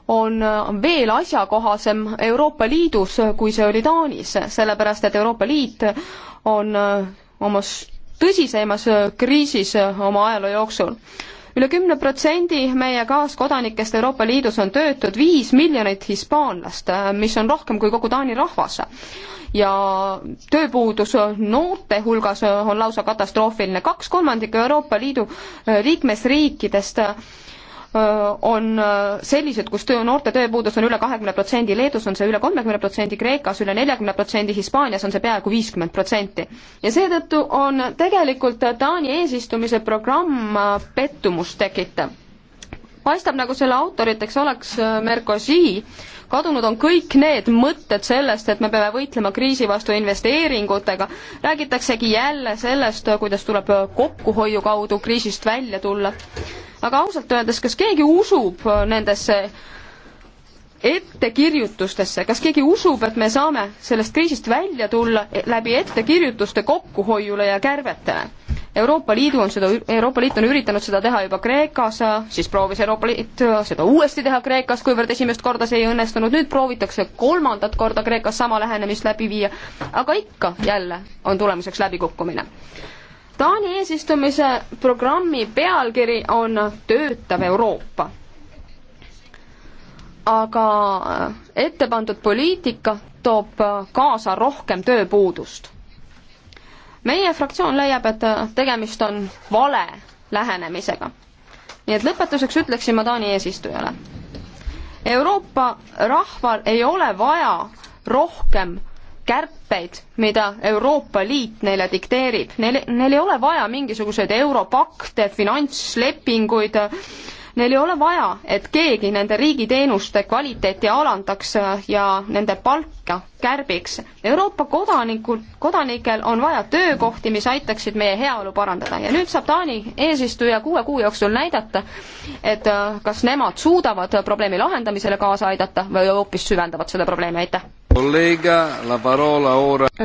on veel asjakohasem Euroopa Liidus, kui see oli Taanis, sellepärast et Euroopa Liit on oma tõsiseimas kriisis oma ajaloo jooksul üle kümne protsendi meie kaaskodanikest Euroopa Liidus on töötud, viis miljonit hispaanlast, mis on rohkem kui kogu Taani rahvas. ja tööpuudus noorte hulgas on lausa katastroofiline, kaks kolmandikku Euroopa Liidu liikmesriikidest äh, on sellised, kus töö, noorte tööpuudus on üle kahekümne protsendi, Leedus on see üle kolmekümne protsendi, Kreekas üle neljakümne protsendi, Hispaanias on see peaaegu viiskümmend protsenti. ja seetõttu on tegelikult Taani eesistumise programm äh, pettumust tekitav. paistab, nagu selle autoriteks oleks äh, Mercosi, kadunud on kõik need mõtted sellest, et me peame võitlema kriisi vastu investeeringutega, räägitaksegi jälle sellest, äh, kuidas tuleb kokkuhoiu kaudu kriisist välja tulla aga ausalt öeldes, kas keegi usub äh, nendesse ettekirjutustesse, kas keegi usub, et me saame sellest kriisist välja tulla e, läbi ettekirjutuste kokkuhoiule ja kärbetele? Euroopa Liidu on seda, Euroopa Liit on üritanud seda teha juba Kreekas, siis proovis Euroopa Liit äh, seda uuesti teha Kreekas, kuivõrd esimest korda see ei õnnestunud, nüüd proovitakse kolmandat korda Kreekas sama lähenemist läbi viia, aga ikka jälle on tulemuseks läbikukkumine Taani eesistumise programmi pealkiri on Töötav Euroopa. aga ette pandud poliitika toob kaasa rohkem tööpuudust. meie fraktsioon leiab, et tegemist on vale lähenemisega. nii et lõpetuseks ütleksin ma Taani eesistujale. Euroopa rahval ei ole vaja rohkem kärpeid, mida Euroopa Liit neile dikteerib. Neil, neil ei ole vaja mingisuguseid europakte, finantslepinguid, neil ei ole vaja, et keegi nende riigiteenuste kvaliteeti alandaks ja nende palka kärbiks. Euroopa kodanikul, kodanikel on vaja töökohti, mis aitaksid meie heaolu parandada ja nüüd saab Taani eesistuja kuue kuu jooksul näidata, et äh, kas nemad suudavad probleemi lahendamisele kaasa aidata või hoopis süvendavad selle probleemi, aitäh! Äh,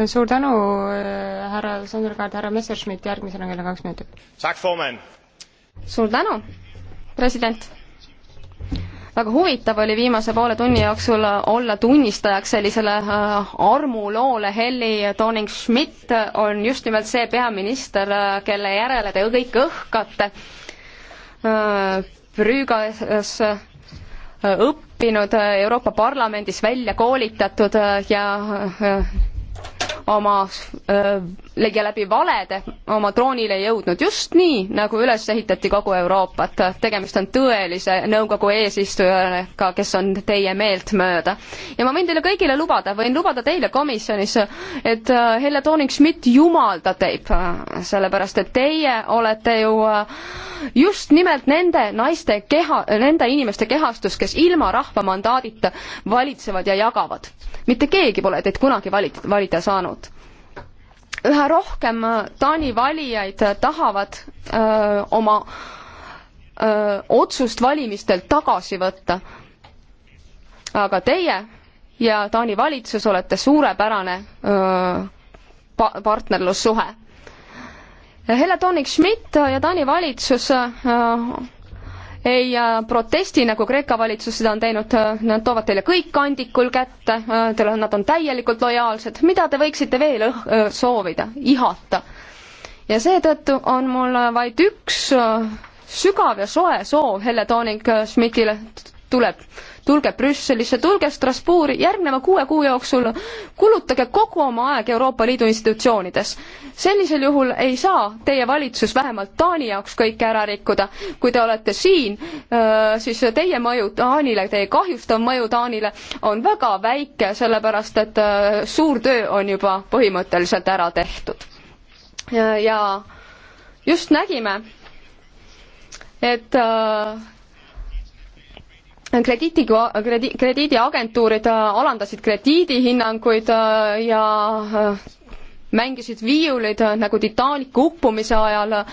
suur tänu, äh, härra Sõnderkaart, härra Messerschmidt, järgmisena kell on kaks minutit. suur tänu, president väga huvitav oli viimase poole tunni jooksul olla tunnistajaks sellisele äh, armuloole, Helli Tooning-Schmidt on just nimelt see peaminister, kelle järele te kõik õhkate. Brügas õpp-, õppinud, äh, Euroopa Parlamendis välja koolitatud äh, ja äh, oma ja läbi valede oma troonile jõudnud, just nii, nagu üles ehitati kogu Euroopat. tegemist on tõelise nõukogu eesistujaga, kes on teie meelt mööda. ja ma võin teile kõigile lubada, võin lubada teile komisjonis, et äh, Helle Tooning-Schmidt jumaldab teid, äh, sellepärast et teie olete ju äh, just nimelt nende naiste keha, nende inimeste kehastus, kes ilma rahva mandaadita valitsevad ja jagavad. mitte keegi pole teid kunagi valit-, valida saanud üha rohkem äh, Taani valijaid äh, tahavad öö, äh, oma öö, otsust valimistelt tagasi võtta. aga teie ja Taani valitsus olete suurepärane öö, pa partnerlussuhe. Helle Toonik-Schmidt ja Taani valitsus öö, ei protesti, nagu Kreeka valitsus seda on teinud, äh, nad toovad teile kõik kandikul kätte, äh, teil on, nad on täielikult lojaalsed, mida te võiksite veel õh-, äh, soovida, ihata? ja seetõttu on mul vaid üks sügav ja soe soov Helle Tooning-Schmidtile, tuleb, tulge Brüsselisse, tulge Strasbourgi, järgneva kuue kuu jooksul kulutage kogu oma aeg Euroopa Liidu institutsioonides. sellisel juhul ei saa teie valitsus vähemalt Taani jaoks kõike ära rikkuda. kui te olete siin, äh, siis teie mõju Taanile, teie kahjustav mõju Taanile on väga väike, sellepärast et äh, suur töö on juba põhimõtteliselt ära tehtud. ja just nägime, et äh, krediiti, kredi-, krediidiagentuurid äh, alandasid krediidihinnanguid äh, ja äh, mängisid viiuleid nagu Titanicu uppumise ajal.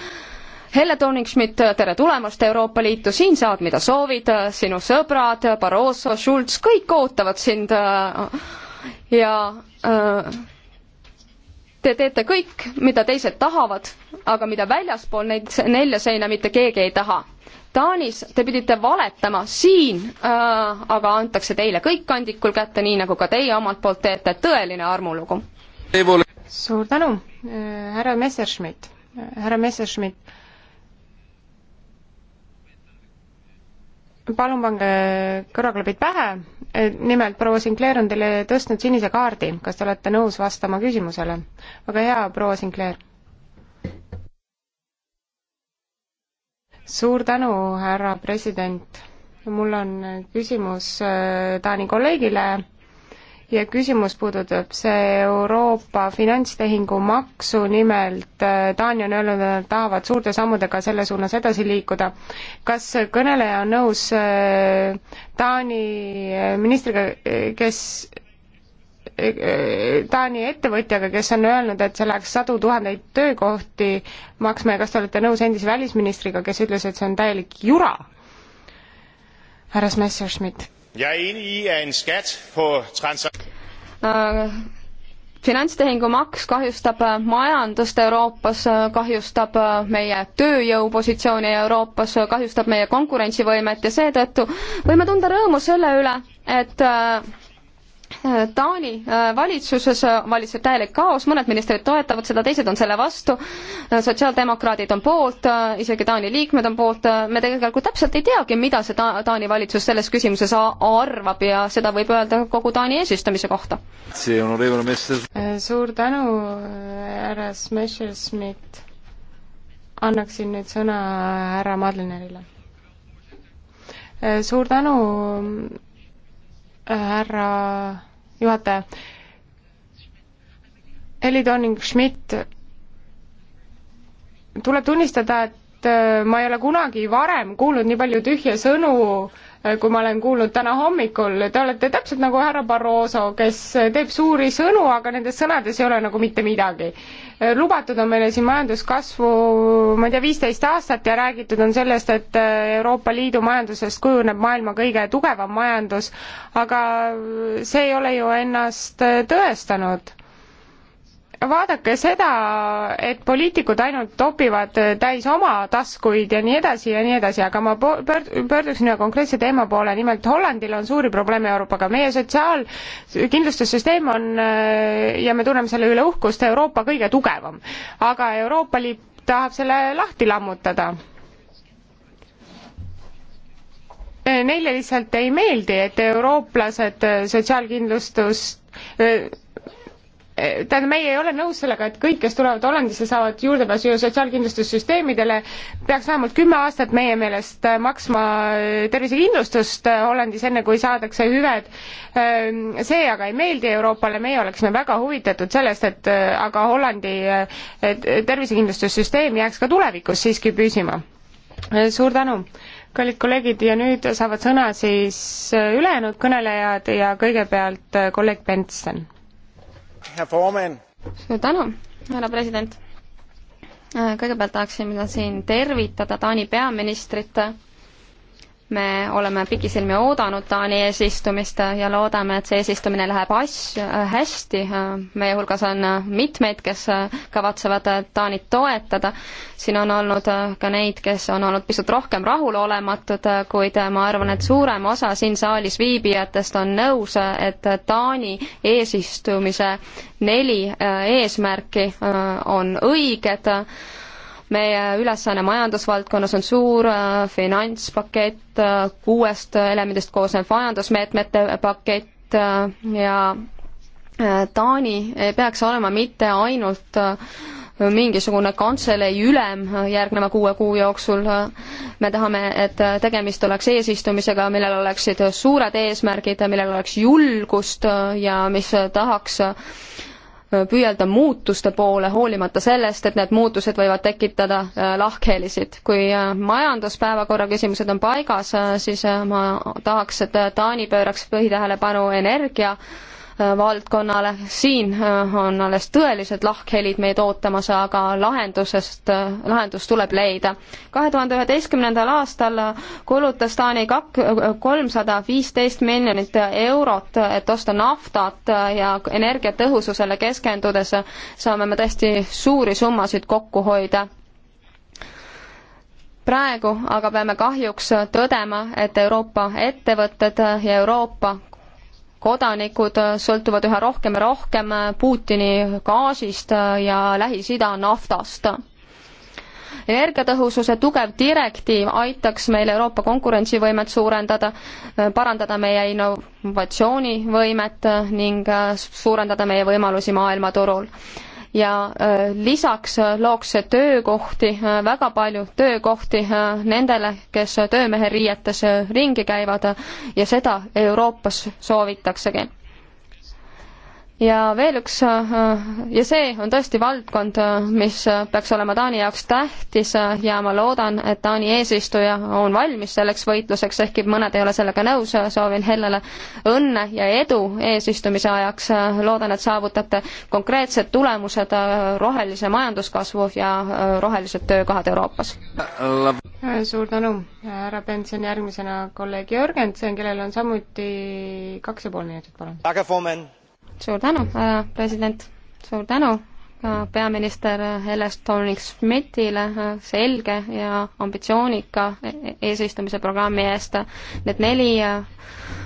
Helle Tooning-Schmidt, tere tulemast Euroopa Liitu, siin saad, mida soovid, sinu sõbrad, Barroso, Schulz, kõik ootavad sind ja te teete kõik, mida teised tahavad, aga mida väljaspool neid nelja seina mitte keegi ei taha Taanis te pidite valetama, siin äh, aga antakse teile kõik kandikul kätte, nii nagu ka teie omalt poolt teete, tõeline armulugu. suur tänu, äh, härra Messerschmidt, äh, härra Messerschmidt. palun pange kõrvaklapid pähe, äh, nimelt proua Sinclair on teile tõstnud sinise kaardi, kas te olete nõus vastama küsimusele? väga hea, proua Sinclair suur tänu, härra president. mul on küsimus äh, Taani kolleegile ja küsimus puudutab see Euroopa finantstehingumaksu, nimelt äh, Taani on öelnud, et nad tahavad suurte sammudega selle suunas edasi liikuda. kas kõneleja on nõus äh, Taani ministriga, kes Taani ettevõtjaga, kes on öelnud, et see läheks sadu tuhandeid töökohti maksma ja kas te olete nõus endise välisministriga, kes ütles, et see on täielik jura? härra Messerschmidt. Er äh, finantstehingumaks kahjustab äh, majandust Euroopas, äh, kahjustab meie tööjõupositsiooni Euroopas, kahjustab meie konkurentsivõimet ja seetõttu võime tunda rõõmu selle üle, et äh, Äh, Taani äh, valitsuses äh, valitseb täielik kaos, mõned ministrid toetavad seda, teised on selle vastu, sotsiaaldemokraadid on poolt, isegi Taani liikmed on poolt, me tegelikult täpselt ei teagi, mida see ta-, Taani valitsus selles küsimuses arvab ja seda võib öelda kogu Taani eesistumise kohta. suur tänu, härra Smešer-Schmidt. annaksin nüüd sõna härra Madlenerile. suur tänu härra juhataja. Heli Tooning-Schmidt, tuleb tunnistada, et äh, ma ei ole kunagi varem kuulnud nii palju tühje sõnu, äh, kui ma olen kuulnud täna hommikul, te olete täpselt nagu härra Barroso, kes äh, teeb suuri sõnu, aga nendes sõnades ei ole nagu mitte midagi Eh, lubatud on meile siin majanduskasvu, ma ei tea, viisteist aastat ja räägitud on sellest, et eh, Euroopa Liidu majandusest kujuneb maailma kõige tugevam majandus, aga see ei ole ju ennast eh, tõestanud vaadake seda, et poliitikud ainult topivad täis oma taskuid ja nii edasi ja nii edasi, aga ma pöörd-, pöörduksin ühe konkreetse teema poole, nimelt Hollandil on suuri probleeme Euroopaga, meie sotsiaalkindlustussüsteem on äh, ja me tunneme selle üle uhkust, Euroopa kõige tugevam. aga Euroopa Liit tahab selle lahti lammutada neile lihtsalt ei meeldi, et eurooplased sotsiaalkindlustust äh, tähendab, meie ei ole nõus sellega, et kõik, kes tulevad Hollandisse, saavad juurdepääsu ju sotsiaalkindlustussüsteemidele, peaks vähemalt kümme aastat meie meelest äh, maksma äh, tervisekindlustust äh, Hollandis, enne kui saadakse hüved. Ähm, see aga ei meeldi Euroopale, meie oleksime väga huvitatud sellest, et aga Hollandi tervisekindlustussüsteem jääks ka tulevikus siiski püsima. suur tänu, kallid kolleegid, ja nüüd saavad sõna siis ülejäänud kõnelejad ja kõigepealt kolleeg Benson suur tänu, härra president. kõigepealt tahaksin mina siin tervitada Taani peaministrit me oleme pikisilmi oodanud Taani eesistumist ja loodame, et see eesistumine läheb as-, hästi. meie hulgas on mitmeid, kes kavatsevad Taanit toetada. siin on olnud ka neid, kes on olnud pisut rohkem rahulolematud, kuid ma arvan, et suurem osa siin saalis viibijatest on nõus, et Taani eesistumise neli eesmärki on õiged meie ülesanne majandusvaldkonnas on suur äh, finantspakett, äh, kuuest elemendist koosnev majandusmeetmete pakett äh, ja Taani ei peaks olema mitte ainult mingisugune kantselei ülem järgneva kuue kuu jooksul. me tahame, et tegemist oleks eesistumisega, millel oleksid suured eesmärgid, millel oleks julgust ja mis tahaks püüelda muutuste poole, hoolimata sellest, et need muutused võivad tekitada äh, lahkhelisid. kui äh, majanduspäevakorra küsimused on paigas, äh, siis ma tahaks, et Taani pööraks põhitähelepanu energia Äh, valdkonnale, siin äh, on alles tõelised lahkhelid meid ootamas, aga lahendusest, äh, lahendus tuleb leida. kahe tuhande üheteistkümnendal aastal kulutas Taani kak-, kolmsada viisteist miljonit eurot, et osta naftat ja energiatõhususele keskendudes saame me tõesti suuri summasid kokku hoida praegu aga peame kahjuks tõdema, et Euroopa ettevõtted ja Euroopa kodanikud sõltuvad üha rohkem ja rohkem Putini gaasist ja Lähis-Ida naftast. energiatõhususe tugev direktiiv aitaks meil Euroopa konkurentsivõimet suurendada, parandada meie innovatsioonivõimet ning suurendada meie võimalusi maailmaturul ja äh, lisaks äh, looks see töökohti, äh, väga palju töökohti nendele, kes töömeheriietes ringi käivad ja seda Euroopas soovitaksegi ja veel üks äh, ja see on tõesti valdkond, äh, mis äh, peaks olema Taani jaoks tähtis ja ma loodan, et Taani eesistuja on valmis selleks võitluseks, ehkki mõned ei ole sellega nõus, soovin Hellele õnne ja edu eesistumise ajaks, loodan, et saavutate konkreetsed tulemused rohelise majanduskasvu ja rohelised töökohad Euroopas. suur tänu, härra Benson, järgmisena kolleeg Jörgensen, kellel on samuti kaks ja pool minutit, palun suur tänu, äh, president, suur tänu peaminister Helles Thorning-Schmidtile äh, selge ja ambitsioonika e-, e-, eesistumise programmi eest. Need neli äh,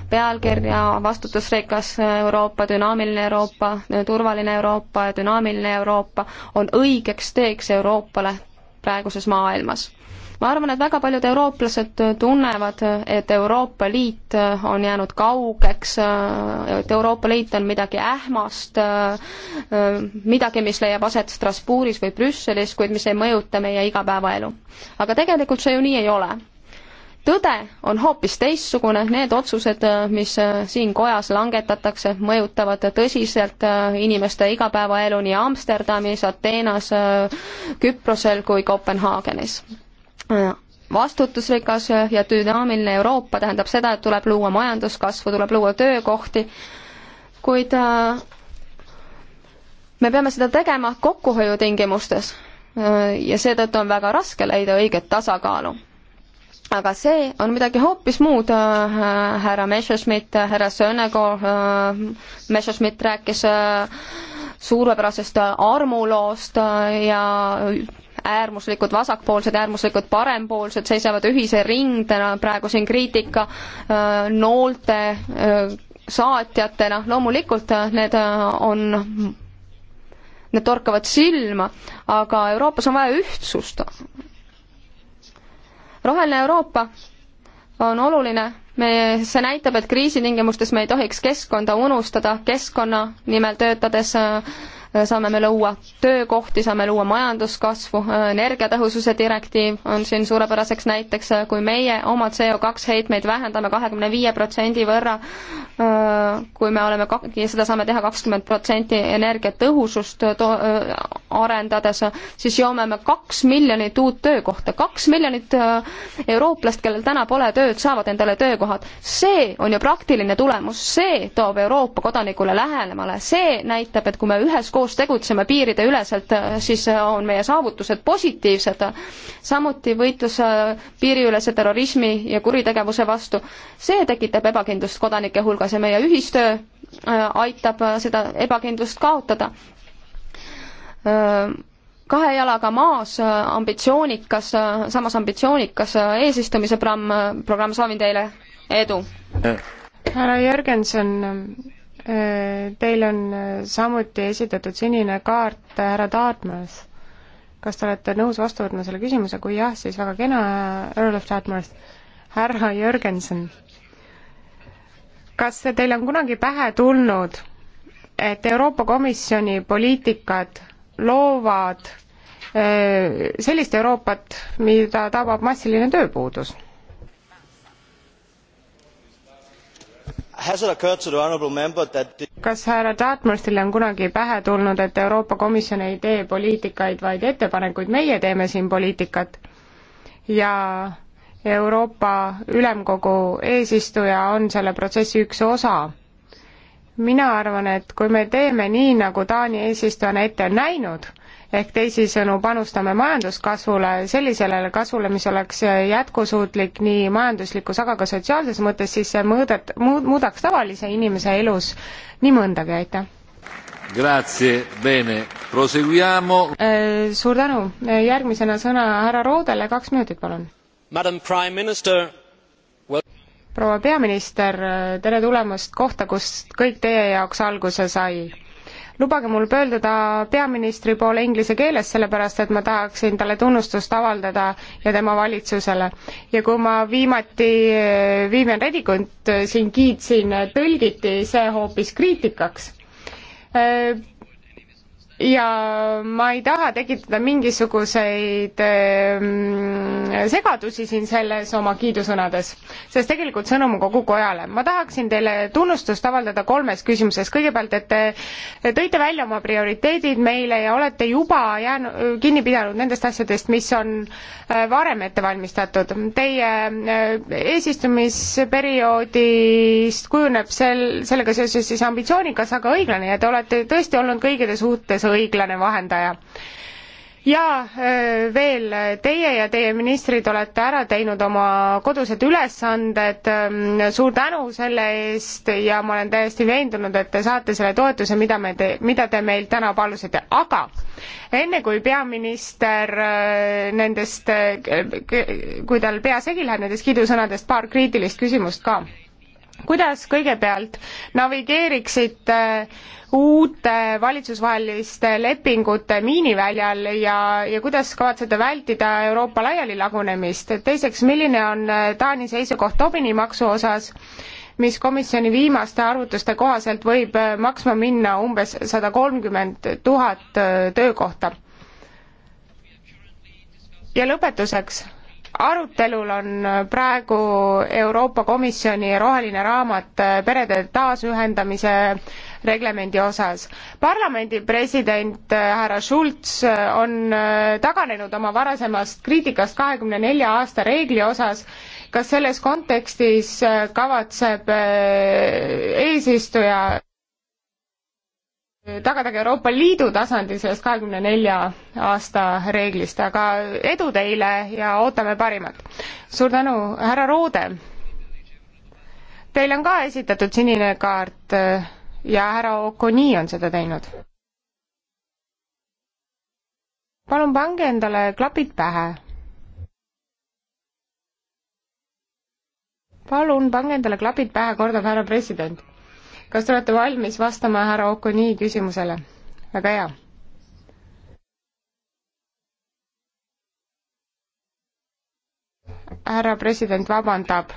pealkirja, vastutusrikas Euroopa, dünaamiline Euroopa, turvaline Euroopa ja dünaamiline Euroopa on õigeks teeks Euroopale praeguses maailmas ma arvan, et väga paljud eurooplased tunnevad, et Euroopa Liit on jäänud kaugeks, et Euroopa Liit on midagi ähmast, midagi, mis leiab aset Strasbourgis või Brüsselis, kuid mis ei mõjuta meie igapäevaelu. aga tegelikult see ju nii ei ole tõde on hoopis teistsugune, need otsused, mis siin kojas langetatakse, mõjutavad tõsiselt inimeste igapäevaelu nii Amsterdamis, Ateenas, Küprosel kui Kopenhaagenis vastutusrikas ja dünaamiline Euroopa tähendab seda, et tuleb luua majanduskasvu, tuleb luua töökohti, kuid äh, me peame seda tegema kokkuhoiu tingimustes äh, ja seetõttu on väga raske leida õiget tasakaalu. aga see on midagi hoopis muud, äh, härra Messerschmidt, härra Sönego, Messerschmidt rääkis suurepärasest armuloost ja äärmuslikud vasakpoolsed, äärmuslikud parempoolsed seisavad ühise rindena praegu siin kriitika äh, noolte äh, saatjatena, loomulikult äh, need on need torkavad silma, aga Euroopas on vaja ühtsust. roheline Euroopa on oluline, me, see näitab, et kriisitingimustes me ei tohiks keskkonda unustada, keskkonna nimel töötades Äh, saame me luua töökohti, saame luua majanduskasvu, äh, energiatõhususe direktiiv on siin suurepäraseks näiteks, äh, kui meie oma CO2 heitmeid vähendame kahekümne viie protsendi võrra, kui me oleme kak-, ja seda saame teha kakskümmend protsenti energiatõhusust to-, arendades, siis joome me kaks miljonit uut töökohta, kaks miljonit eurooplast, kellel täna pole tööd, saavad endale töökohad. see on ju praktiline tulemus, see toob Euroopa kodanikule lähemale, see näitab, et kui me üheskoos koos tegutseme piirideüleselt, siis on meie saavutused positiivsed. samuti võitlus äh, piiriülese terrorismi ja kuritegevuse vastu, see tekitab ebakindlust kodanike hulgas ja meie ühistöö äh, aitab äh, seda ebakindlust kaotada kahe jalaga maas ambitsioonikas, samas ambitsioonikas eesistumise programm, programm soovin teile edu! härra Jürgenson, Äh, teil on äh, samuti esitatud sinine kaart äh, härra Dartmouth. kas te olete nõus vastu võtma selle küsimuse, kui jah, siis väga kena, Earl of Dartmouth. härra Jürgenson, kas teil on kunagi pähe tulnud, et Euroopa Komisjoni poliitikad loovad sellist Euroopat, mida tabab massiline tööpuudus? kas härra Dartmouthile on kunagi pähe tulnud, et Euroopa Komisjon ei tee poliitikaid, vaid ettepanekuid, meie teeme siin poliitikat ja Euroopa Ülemkogu eesistuja on selle protsessi üks osa. mina arvan, et kui me teeme nii, nagu Taani eesistujana ette on näinud, ehk teisisõnu panustame majanduskasvule, sellisele kasvule, mis oleks jätkusuutlik nii majanduslikus, aga ka sotsiaalses mõttes, siis see mõõdet, muud-, muudaks tavalise inimese elus nii mõndagi, aitäh! Grazie, bene, proseguiamo. Äh, suur tänu, järgmisena sõna härra Roodele, kaks minutit, palun. Madam Prime Minister well proua peaminister, tere tulemast kohta, kust kõik teie jaoks alguse sai lubage mul pöörduda peaministri poole inglise keeles, sellepärast et ma tahaksin talle tunnustust avaldada ja tema valitsusele. ja kui ma viimati Vivian Redikut siin kiitsin, tõlgiti see hoopis kriitikaks ja ma ei taha tekitada mingisuguseid ehm, segadusi siin selles oma kiidusõnades, sest tegelikult sõnum kogu kojale. ma tahaksin teile tunnustust avaldada kolmes küsimuses. kõigepealt, et te tõite välja oma prioriteedid meile ja olete juba jäänud, kinni pidanud nendest asjadest, mis on äh, varem ette valmistatud. Teie äh, eesistumisperioodist kujuneb sel, sellega seoses siis ambitsioonikas, aga õiglane ja te olete tõesti olnud kõigile suhtes õiglane vahendaja ja veel teie ja teie ministrid olete ära teinud oma kodused ülesanded, suur tänu selle eest ja ma olen täiesti veendunud, et te saate selle toetuse, mida me te, mida te meilt täna palusite, aga enne kui peaminister nendest, kui tal pea segi läheb nendest kidusõnadest, paar kriitilist küsimust ka. kuidas kõigepealt navigeeriksite äh, uute valitsusvaheliste lepingute miiniväljal ja, ja kuidas kavatsete vältida Euroopa laialilagunemist? teiseks, milline on äh, Taani seisukoht Tobini maksu osas? mis komisjoni viimaste arvutuste kohaselt võib äh, maksma minna umbes sada kolmkümmend tuhat äh, töökohta. ja lõpetuseks, arutelul on praegu Euroopa Komisjoni roheline raamat perede taasühendamise reglemendi osas. parlamendi president äh, härra Schulz äh, on äh, taganenud oma varasemast kriitikast kahekümne nelja aasta reegli osas, kas selles kontekstis kavatseb eesistuja tagada ka Euroopa Liidu tasandil sellest kahekümne nelja aasta reeglist, aga edu teile ja ootame parimat. suur tänu, härra Roode. Teile on ka esitatud sinine kaart ja härra Okoni on seda teinud. palun pange endale klapid pähe. palun pange endale klapid pähe, kordab härra president. kas te olete valmis vastama härra Okoni küsimusele? väga hea härra president vabandab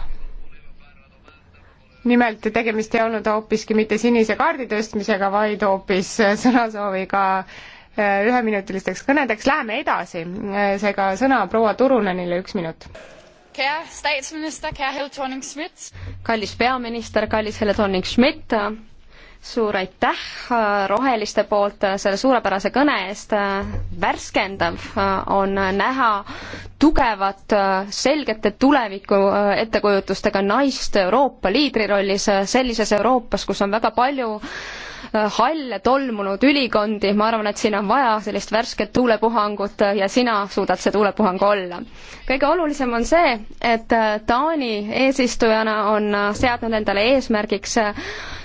nimelt tegemist ei olnud hoopiski mitte sinise kaardi tõstmisega, vaid hoopis sõnasooviga äh, üheminutilisteks kõnedeks, läheme edasi, äh, seega sõna proua Turunenile, üks minut. kallis peaminister, kallis Helle Tooning-Schmidt, suur aitäh äh, Roheliste poolt äh, selle suurepärase kõne eest, äh, värskendav on näha tugevat, selgete tuleviku ettekujutustega naist Euroopa liidrirollis sellises Euroopas, kus on väga palju halle tolmunud ülikondi, ma arvan, et siin on vaja sellist värsket tuulepuhangut ja sina suudad see tuulepuhang olla. kõige olulisem on see, et Taani eesistujana on seadnud endale eesmärgiks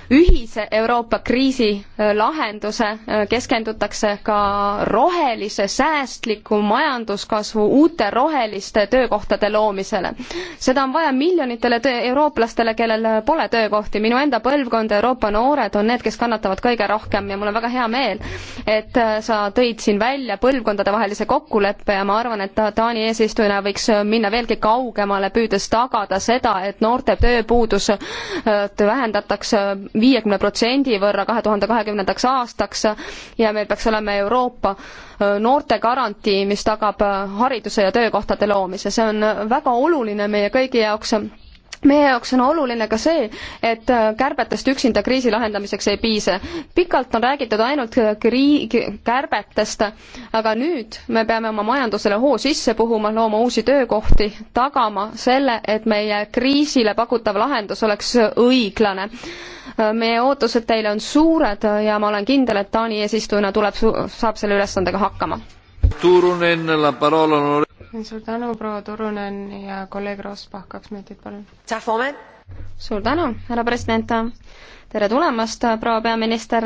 ühise Euroopa kriisi äh, lahenduse, äh, keskendutakse ka rohelise säästliku majanduskasvu uute roheliste töökohtade loomisele. seda on vaja miljonitele töö, eurooplastele, kellel äh, pole töökohti, minu enda põlvkond, Euroopa noored on need, kes kannatavad kõige rohkem ja mul on väga hea meel, et sa tõid siin välja põlvkondadevahelise kokkuleppe ja ma arvan, et Taani eesistujana võiks minna veelgi kaugemale, püüdes tagada seda, et noorte tööpuudus vähendatakse viiekümne protsendi võrra kahe tuhande kahekümnendaks aastaks ja meil peaks olema Euroopa äh, noortegarantii, mis tagab äh, hariduse ja töökohtade loomise. see on väga oluline meie kõigi jaoks meie jaoks on oluline ka see, et äh, kärbetest üksinda kriisi lahendamiseks ei piisa. pikalt on räägitud ainult äh, krii-, kärbetest, aga nüüd me peame oma majandusele hoo sisse puhuma, looma uusi töökohti, tagama selle, et meie kriisile pakutav lahendus oleks äh, õiglane. meie ootused teile on suured ja ma olen kindel, et Taani eesistujana tuleb, saab selle ülesandega hakkama suur tänu, proua Turunen ja kolleeg Rosbach, kaks minutit, palun. suur tänu, härra president. tere tulemast, proua peaminister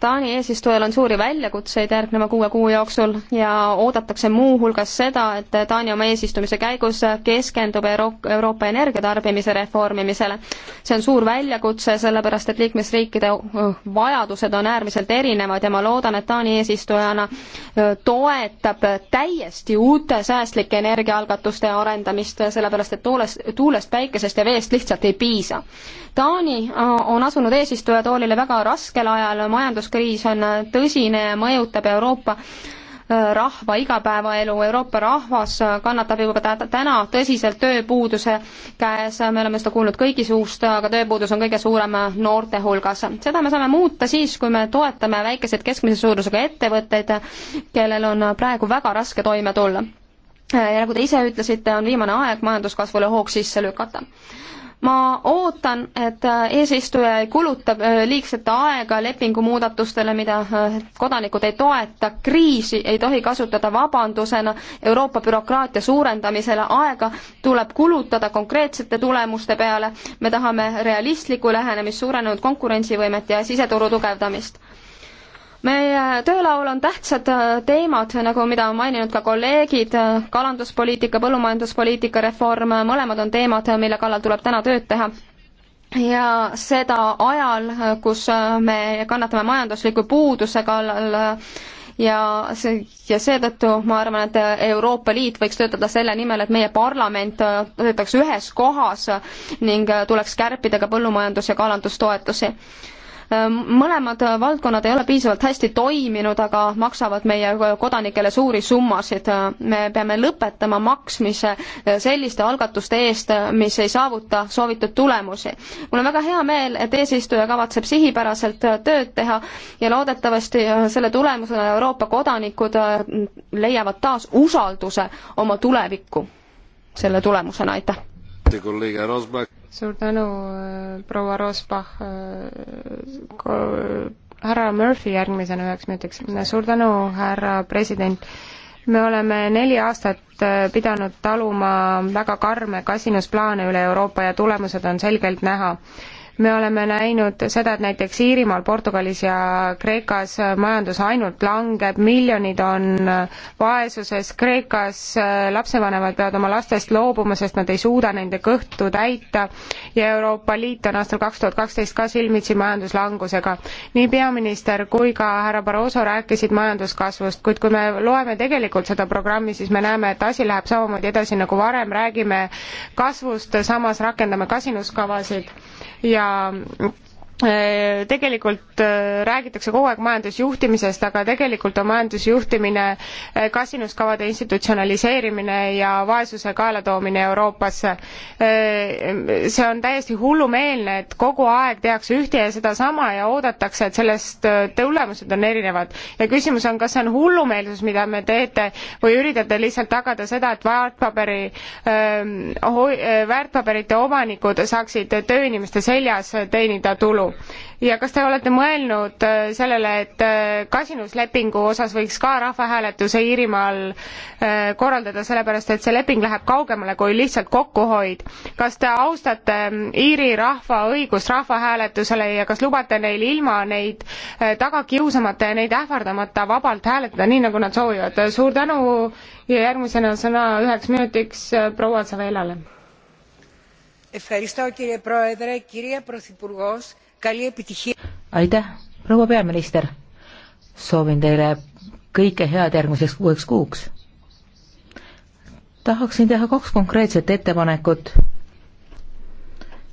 Taani eesistujal on suuri väljakutseid järgneva kuue kuu jooksul ja oodatakse muuhulgas seda, et Taani oma eesistumise käigus keskendub Euro Euroopa energiatarbimise reformimisele. see on suur väljakutse, sellepärast et liikmesriikide vajadused on äärmiselt erinevad ja ma loodan, et Taani eesistujana toetab täiesti uute säästlike energiaalgatuste arendamist, sellepärast et tuulest, tuulest, päikesest ja veest lihtsalt ei piisa. Taani on asunud eesistuja toolile väga raskel ajal majandus majanduskriis on tõsine ja mõjutab Euroopa äh, rahva igapäevaelu, Euroopa rahvas kannatab juba täna tõsiselt tööpuuduse käes, me oleme seda kuulnud kõigi suust, aga tööpuudus on kõige suurem noorte hulgas. seda me saame muuta siis, kui me toetame väikeseid keskmise suurusega ettevõtteid, kellel on praegu väga raske toime tulla äh, ja nagu te ise ütlesite, on viimane aeg majanduskasvule hoog sisse lükata ma ootan, et äh, eesistuja ei kuluta äh, liigset aega lepingumuudatustele, mida äh, kodanikud ei toeta, kriisi ei tohi kasutada vabandusena Euroopa bürokraatia suurendamisele, aega tuleb kulutada konkreetsete tulemuste peale, me tahame realistlikku lähenemist, suurenenud konkurentsivõimet ja siseturu tugevdamist meie töölaual on tähtsad äh, teemad, nagu mida on maininud ka kolleegid, äh, kalanduspoliitika, põllumajanduspoliitika reform, äh, mõlemad on teemad, mille kallal tuleb täna tööd teha. ja seda ajal, kus me kannatame majandusliku puuduse kallal ja see, ja seetõttu ma arvan, et Euroopa Liit võiks töötada selle nimel, et meie parlament töötaks ühes kohas ning tuleks kärpida ka põllumajandus- ja kalandustoetusi Ehm, mõlemad valdkonnad ei ole piisavalt hästi toiminud, aga maksavad meie kodanikele suuri summasid. me peame lõpetama maksmise eh, selliste algatuste eest, mis ei saavuta soovitud tulemusi. mul on väga hea meel, et eesistuja kavatseb sihipäraselt eh, tööd teha ja loodetavasti eh, selle tulemusena Euroopa kodanikud leiavad taas usalduse oma tulevikku selle tulemusena, aitäh! suur tänu, äh, proua Rosbach. Äh, härra Murphy järgmisena üheks minutiks. suur tänu, härra president me oleme neli aastat äh, pidanud taluma väga karme kasinusplaane üle Euroopa ja tulemused on selgelt näha me oleme näinud seda, et näiteks Iirimaal, Portugalis ja Kreekas majandus ainult langeb, miljonid on vaesuses, Kreekas lapsevanemad peavad oma lastest loobuma, sest nad ei suuda nende kõhtu täita ja Euroopa Liit on aastal kaks tuhat kaksteist ka silmitsi majanduslangusega. nii peaminister kui ka härra Barroso rääkisid majanduskasvust, kuid kui me loeme tegelikult seda programmi, siis me näeme, et asi läheb samamoodi edasi nagu varem, räägime kasvust, samas rakendame kasinuskavasid ja ka Äh, tegelikult äh, räägitakse kogu aeg majandusjuhtimisest, aga tegelikult on majandusjuhtimine äh, kasinduskavade institutsionaliseerimine ja vaesuse kaelatoomine Euroopasse. see on täiesti hullumeelne, et kogu aeg tehakse ühte ja sedasama ja oodatakse, et sellest tulemused on erinevad. ja küsimus on, kas see on hullumeelsus, mida me teete või üritate lihtsalt tagada seda, et väärtpaberi, ähm, väärtpaberite omanikud saaksid tööinimeste seljas teenida tulu vastu. ja kas te olete mõelnud äh, sellele, et äh, kasinuslepingu osas võiks ka rahvahääletuse Iirimaal äh, korraldada, sellepärast et see leping läheb kaugemale kui lihtsalt kokkuhoid. kas te austate mm, Iiri rahva õigust rahvahääletusele ja kas lubate neil ilma neid taga kiusamata ja neid ähvardamata vabalt hääletada, nii nagu nad soovivad? suur tänu ja järgmisena sõna üheks minutiks proua Savelale. Ευχαριστώ κύριε Πρόεδρε, κυρία Πρωθυπουργός, aitäh, proua peaminister, soovin teile kõike head järgmiseks kuueks kuuks. tahaksin teha kaks konkreetset ettepanekut,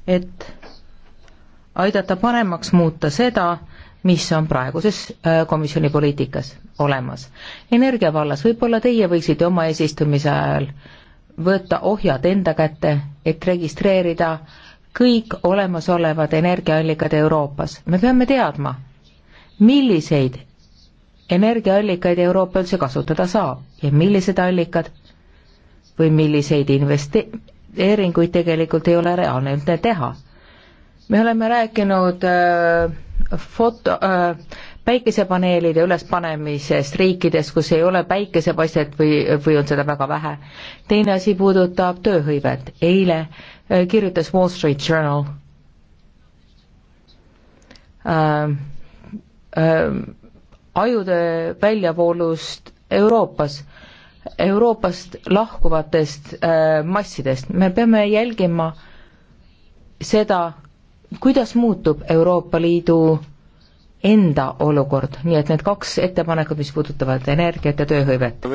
et aidata paremaks muuta seda, mis on praeguses äh, komisjoni poliitikas olemas. energia vallas võib-olla teie võiksite oma eesistumise ajal võtta ohjad enda kätte, et registreerida äh, kõik olemasolevad energiaallikad Euroopas. me peame teadma, milliseid energiaallikaid Euroopa üldse kasutada saab ja millised allikad või milliseid investeeringuid tegelikult ei ole reaalne üldse teha. me oleme rääkinud äh, foto äh,, päikesepaneelide ülespanemisest riikides, kus ei ole päikesepaistet või, või on seda väga vähe. teine asi puudutab tööhõivet. eile äh, Äh, kirjutas Wall Street Journal ähm,. Ähm, ajude väljavoolust Euroopas, Euroopast lahkuvatest äh, massidest, me peame jälgima seda, kuidas muutub Euroopa Liidu enda olukord, nii et need kaks ettepanekut, mis puudutavad energiat ja tööhõivet.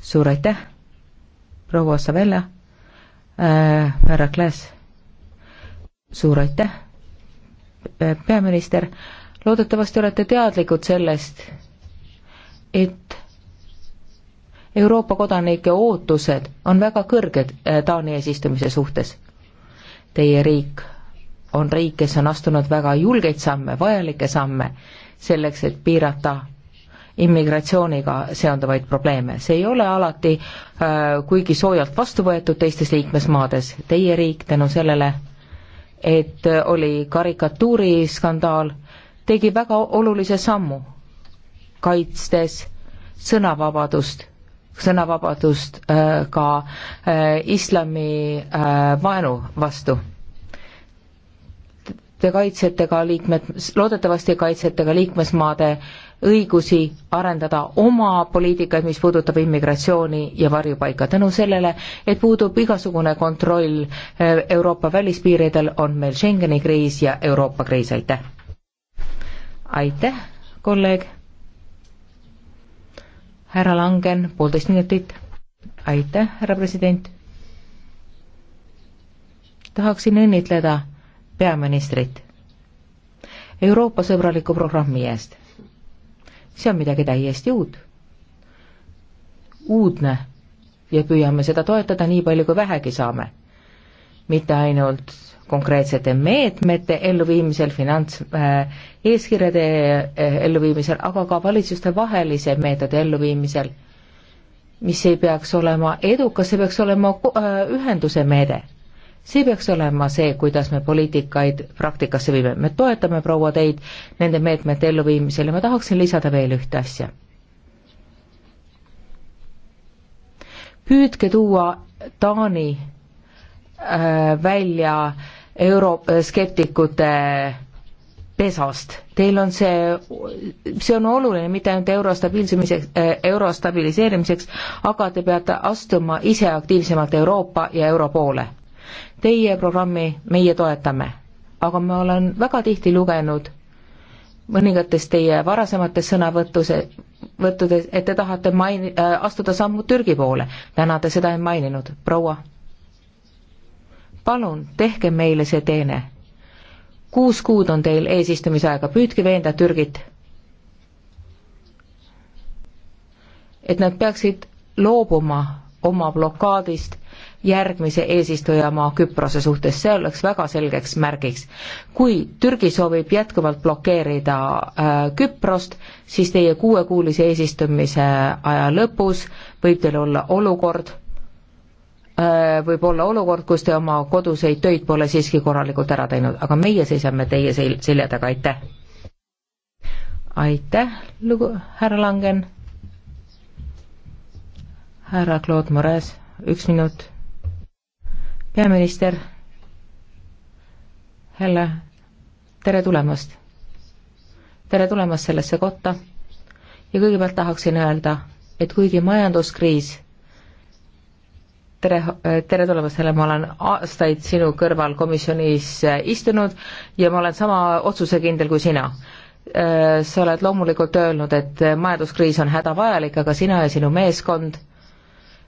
suur aitäh, proua Savella Äh, härra Kles, suur aitäh, äh, peaminister, loodetavasti olete teadlikud sellest, et Euroopa kodanike ootused on väga kõrged äh, Taani eesistumise suhtes. Teie riik on riik, kes on astunud väga julgeid samme, vajalikke samme selleks, et piirata immigratsiooniga seonduvaid probleeme. see ei ole alati äh, kuigi soojalt vastu võetud teistes liikmesmaades. Teie riik tänu sellele, et äh, oli karikatuuriskandaal, tegi väga olulise sammu, kaitstes sõnavabadust, sõnavabadust äh, ka äh, islami äh, vaenu vastu te kaitsete ka liikmed, loodetavasti kaitsete ka liikmesmaade õigusi arendada oma poliitikaid, mis puudutab immigratsiooni ja varjupaika. tänu sellele, et puudub igasugune kontroll eh, Euroopa välispiiridel, on meil Schengeni kriis ja Euroopa kriis, aitäh! aitäh, kolleeg! härra Langen, poolteist minutit. aitäh, härra president! tahaksin õnnitleda peaministrit Euroopa sõbraliku programmi eest see on midagi täiesti uut, uudne ja püüame seda toetada nii palju, kui vähegi saame. mitte ainult konkreetsete meetmete elluviimisel, finantseeskirjade äh, äh, elluviimisel, aga ka valitsustevahelise meetodi elluviimisel, mis ei peaks olema edukas, see peaks olema äh, ühenduse meede see peaks olema see, kuidas me poliitikaid praktikasse viime. me toetame proua teid nende meetmete elluviimisel ja ma tahaksin lisada veel ühte asja. püüdke tuua Taani äh, välja euroskeptikute pesast, teil on see, see on oluline mitte ainult euro stabiilsumiseks, äh, euro stabiliseerimiseks, aga te peate astuma ise aktiivsemalt Euroopa ja euro poole teie programmi meie toetame, aga ma olen väga tihti lugenud mõningates teie varasemates sõnavõtus, võttudes, et te tahate main-, äh, astuda sammu Türgi poole. täna te seda ei maininud, proua. palun tehke meile see teene. kuus kuud on teil eesistumisaega, püüdke veenda Türgit, et nad peaksid loobuma oma blokaadist järgmise eesistujamaa Küprose suhtes, see oleks väga selgeks märgiks. kui Türgi soovib jätkuvalt blokeerida äh, Küprost, siis teie kuuekuulise eesistumise aja lõpus võib teil olla olukord äh,, võib olla olukord, kus te oma koduseid töid pole siiski korralikult ära teinud, aga meie seisame teie sel-, selja taga, aitäh! aitäh, lugu-, härra Langen! härra Claude Mores, üks minut peaminister, jälle tere tulemast! tere tulemast sellesse kotta ja kõigepealt tahaksin öelda, et kuigi majanduskriis tere, tere tulemast, Helen, ma olen aastaid sinu kõrval komisjonis istunud ja ma olen sama otsusekindel kui sina. sa oled loomulikult öelnud, et majanduskriis on hädavajalik, aga sina ja sinu meeskond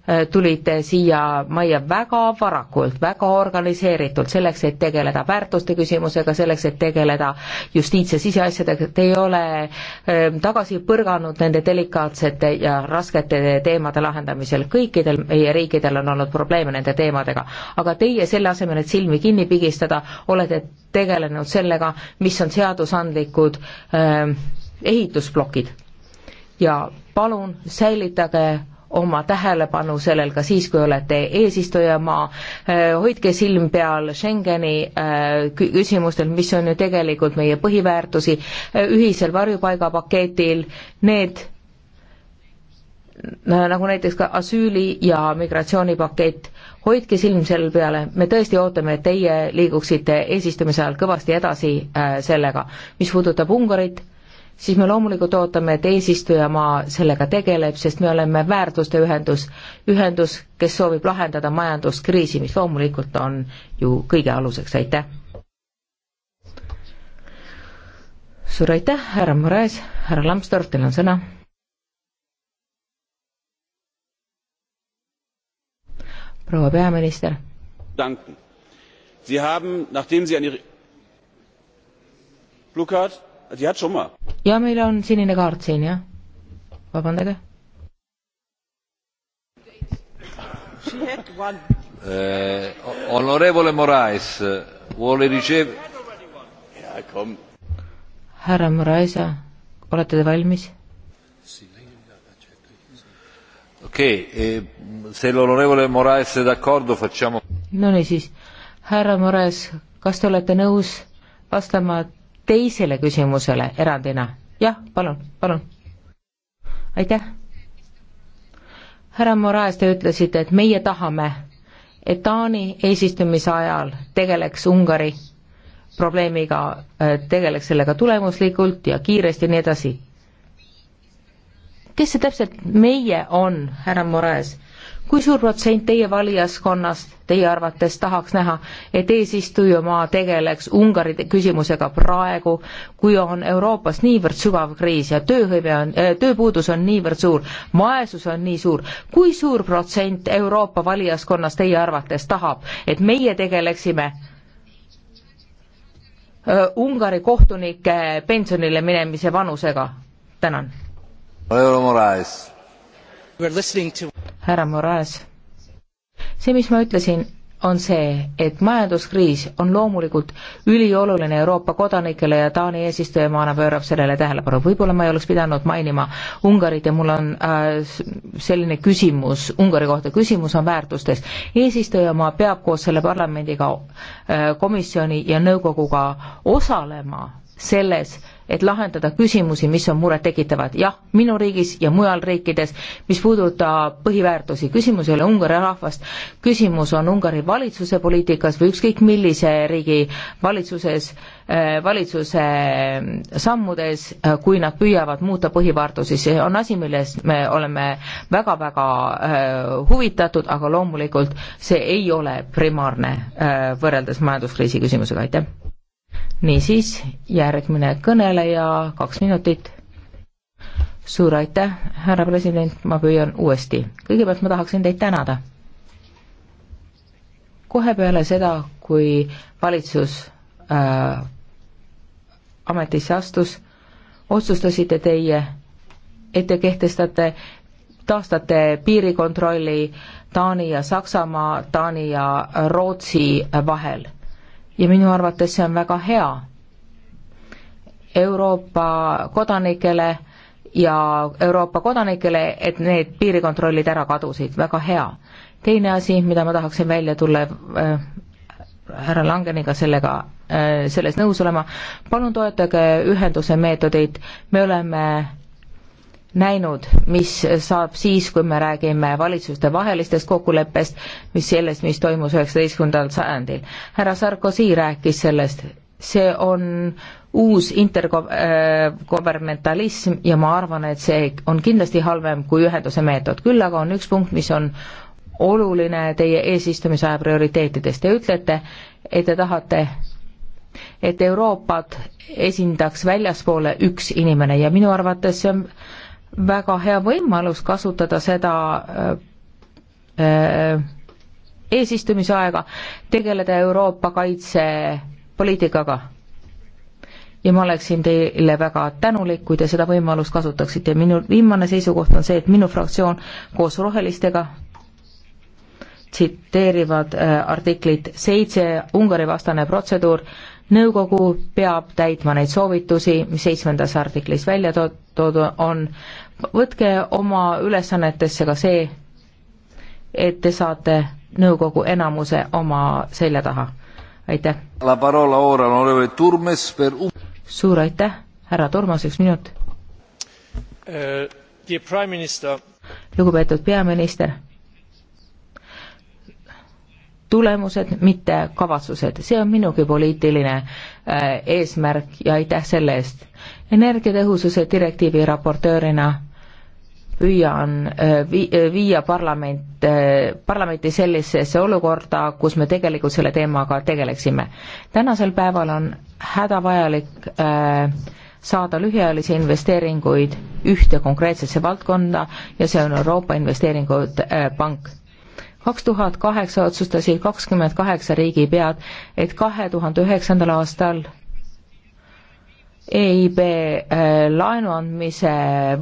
Äh, tulite siia majja väga varakult, väga organiseeritult, selleks, et tegeleda väärtuste küsimusega, selleks, et tegeleda justiits- ja siseasjadega, te ei ole ähm, tagasi põrganud nende delikaatsete ja raskete teemade lahendamisel. kõikidel meie riikidel on olnud probleeme nende teemadega, aga teie selle asemel, et silmi kinni pigistada, olete tegelenud sellega, mis on seadusandlikud ähm, ehitusplokid. ja palun säilitage oma tähelepanu sellel ka siis, kui olete eesistujamaa, äh, hoidke silm peal Schengeni äh, küsimustel, mis on ju tegelikult meie põhiväärtusi, äh, ühisel varjupaigapaketil, need nagu näiteks ka asüüli- ja migratsioonipakett, hoidke silm selle peale, me tõesti ootame, et teie liiguksite eesistumise ajal kõvasti edasi sellega. mis puudutab Ungarit, siis me loomulikult ootame, et eesistujamaa sellega tegeleb, sest me oleme väärtuste ühendus, ühendus, kes soovib lahendada majanduskriisi, mis loomulikult on ju kõige aluseks, aitäh! suur aitäh, härra Mures, härra Lambsdorff, teil on sõna. proua peaminister. Sie haben, nachdem Sie eine Blue Card ja meil on sinine kaart siin, jah. vabandage. Eh, onorevole Moraes vuole ricevere härra Moraes, olete te valmis? okei okay, eh,, se l'onorevole Moraes è d'accordo facciamo no nii siis, härra Moraes, kas te olete nõus vastama teisele küsimusele erandina. jah, palun, palun. aitäh. härra Moraes, te ütlesite, et meie tahame, et Taani eesistumise ajal tegeleks Ungari probleemiga, äh, tegeleks sellega tulemuslikult ja kiiresti ja nii edasi. kes see täpselt meie on, härra Moraes? kui suur protsent teie valijaskonnast teie arvates tahaks näha, et eesistujamaa tegeleks Ungari küsimusega praegu, kui on Euroopas niivõrd sügav kriis ja tööhõive on, äh, tööpuudus on niivõrd suur, vaesus on nii suur, kui suur protsent Euroopa valijaskonnast teie arvates tahab, et meie tegeleksime äh, Ungari kohtunike pensionile minemise vanusega? tänan. To härra Moraes. see, mis ma ütlesin, on see, et majanduskriis on loomulikult ülioluline Euroopa kodanikele ja Taani eesistujamaana pöörab sellele tähelepanu. võib-olla ma ei oleks pidanud mainima Ungarit ja mul on äh, selline küsimus Ungari kohta, küsimus on väärtustes. eesistujamaa peab koos selle parlamendiga äh,, komisjoni ja nõukoguga osalema selles, et lahendada küsimusi, mis on murettekitavad, jah, minu riigis ja mujal riikides, mis puudutab põhiväärtusi, küsimus ei ole Ungari rahvast, küsimus on Ungari valitsuse poliitikas või ükskõik millise riigi valitsuses, eh, valitsuse eh, sammudes, eh, kui nad püüavad muuta põhiväärtusi, see on asi, millest me oleme väga-väga huvitatud, aga loomulikult see ei ole primaarne võrreldes majanduskriisi küsimusega, aitäh! niisiis, järgmine kõneleja, kaks minutit. suur aitäh, härra president, ma püüan uuesti. kõigepealt ma tahaksin teid tänada. kohe peale seda, kui valitsus äh, ametisse astus, otsustasite teie, et te kehtestate, taastate piirikontrolli Taani ja Saksamaa, Taani ja Rootsi vahel ja minu arvates see on väga hea Euroopa kodanikele ja Euroopa kodanikele, et need piirikontrollid ära kadusid, väga hea. teine asi, mida ma tahaksin välja tulla äh,, härra Langeniga sellega äh,, selles nõus olema, palun toetage ühenduse meetodeid, me oleme näinud, mis saab siis, kui me räägime valitsuste vahelistest kokkuleppest, mis sellest, mis toimus üheksateistkümnendal sajandil. härra Sarkozy rääkis sellest, see on uus intergovernmentalism äh, ja ma arvan, et see on kindlasti halvem kui ühenduse meetod, küll aga on üks punkt, mis on oluline teie eesistumise aja prioriteetides, te ütlete, et te tahate et Euroopat esindaks väljaspoole üks inimene ja minu arvates see on väga hea võimalus kasutada seda äh, äh, eesistumise aega, tegeleda Euroopa kaitsepoliitikaga. ja ma oleksin teile väga tänulik, kui te seda võimalust kasutaksite. minu viimane seisukoht on see, et minu fraktsioon koos Rohelistega tsiteerivad äh, artiklit seitse, Ungari vastane protseduur, nõukogu peab täitma neid soovitusi, mis seitsmendas artiklis välja toodud on võtke oma ülesannetesse ka see, et te saate nõukogu enamuse oma selja taha. aitäh! suur aitäh, härra Turmas, üks minut uh,. lugupeetud peaminister, tulemused, mitte kavatsused, see on minugi poliitiline uh, eesmärk ja aitäh selle eest energiatõhususe direktiivi raportöörina püüan äh, äh, viia parlament, äh, parlamenti sellisesse olukorda, kus me tegelikult selle teemaga tegeleksime. tänasel päeval on hädavajalik saada lühiajalisi investeeringuid ühte konkreetsesse valdkonda ja see on Euroopa Investeeringute Pank. kaks tuhat kaheksa otsustasid kakskümmend kaheksa riigipead, et kahe tuhande üheksandal aastal EIB äh, laenu andmise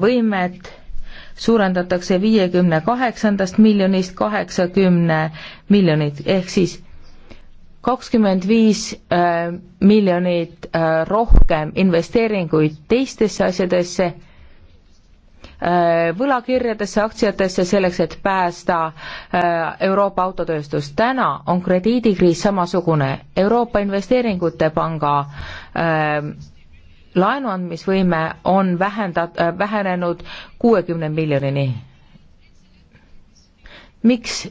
võimet suurendatakse viiekümne kaheksandast miljonist kaheksakümne miljonit ehk siis kakskümmend viis äh, miljonit äh, rohkem investeeringuid teistesse asjadesse, võlakirjadesse, aktsiatesse, selleks et päästa Euroopa autotööstus. täna on krediidikriis samasugune. Euroopa Investeeringute Panga laenu andmisvõime on vähendat-, äh, vähenenud kuuekümne miljonini. miks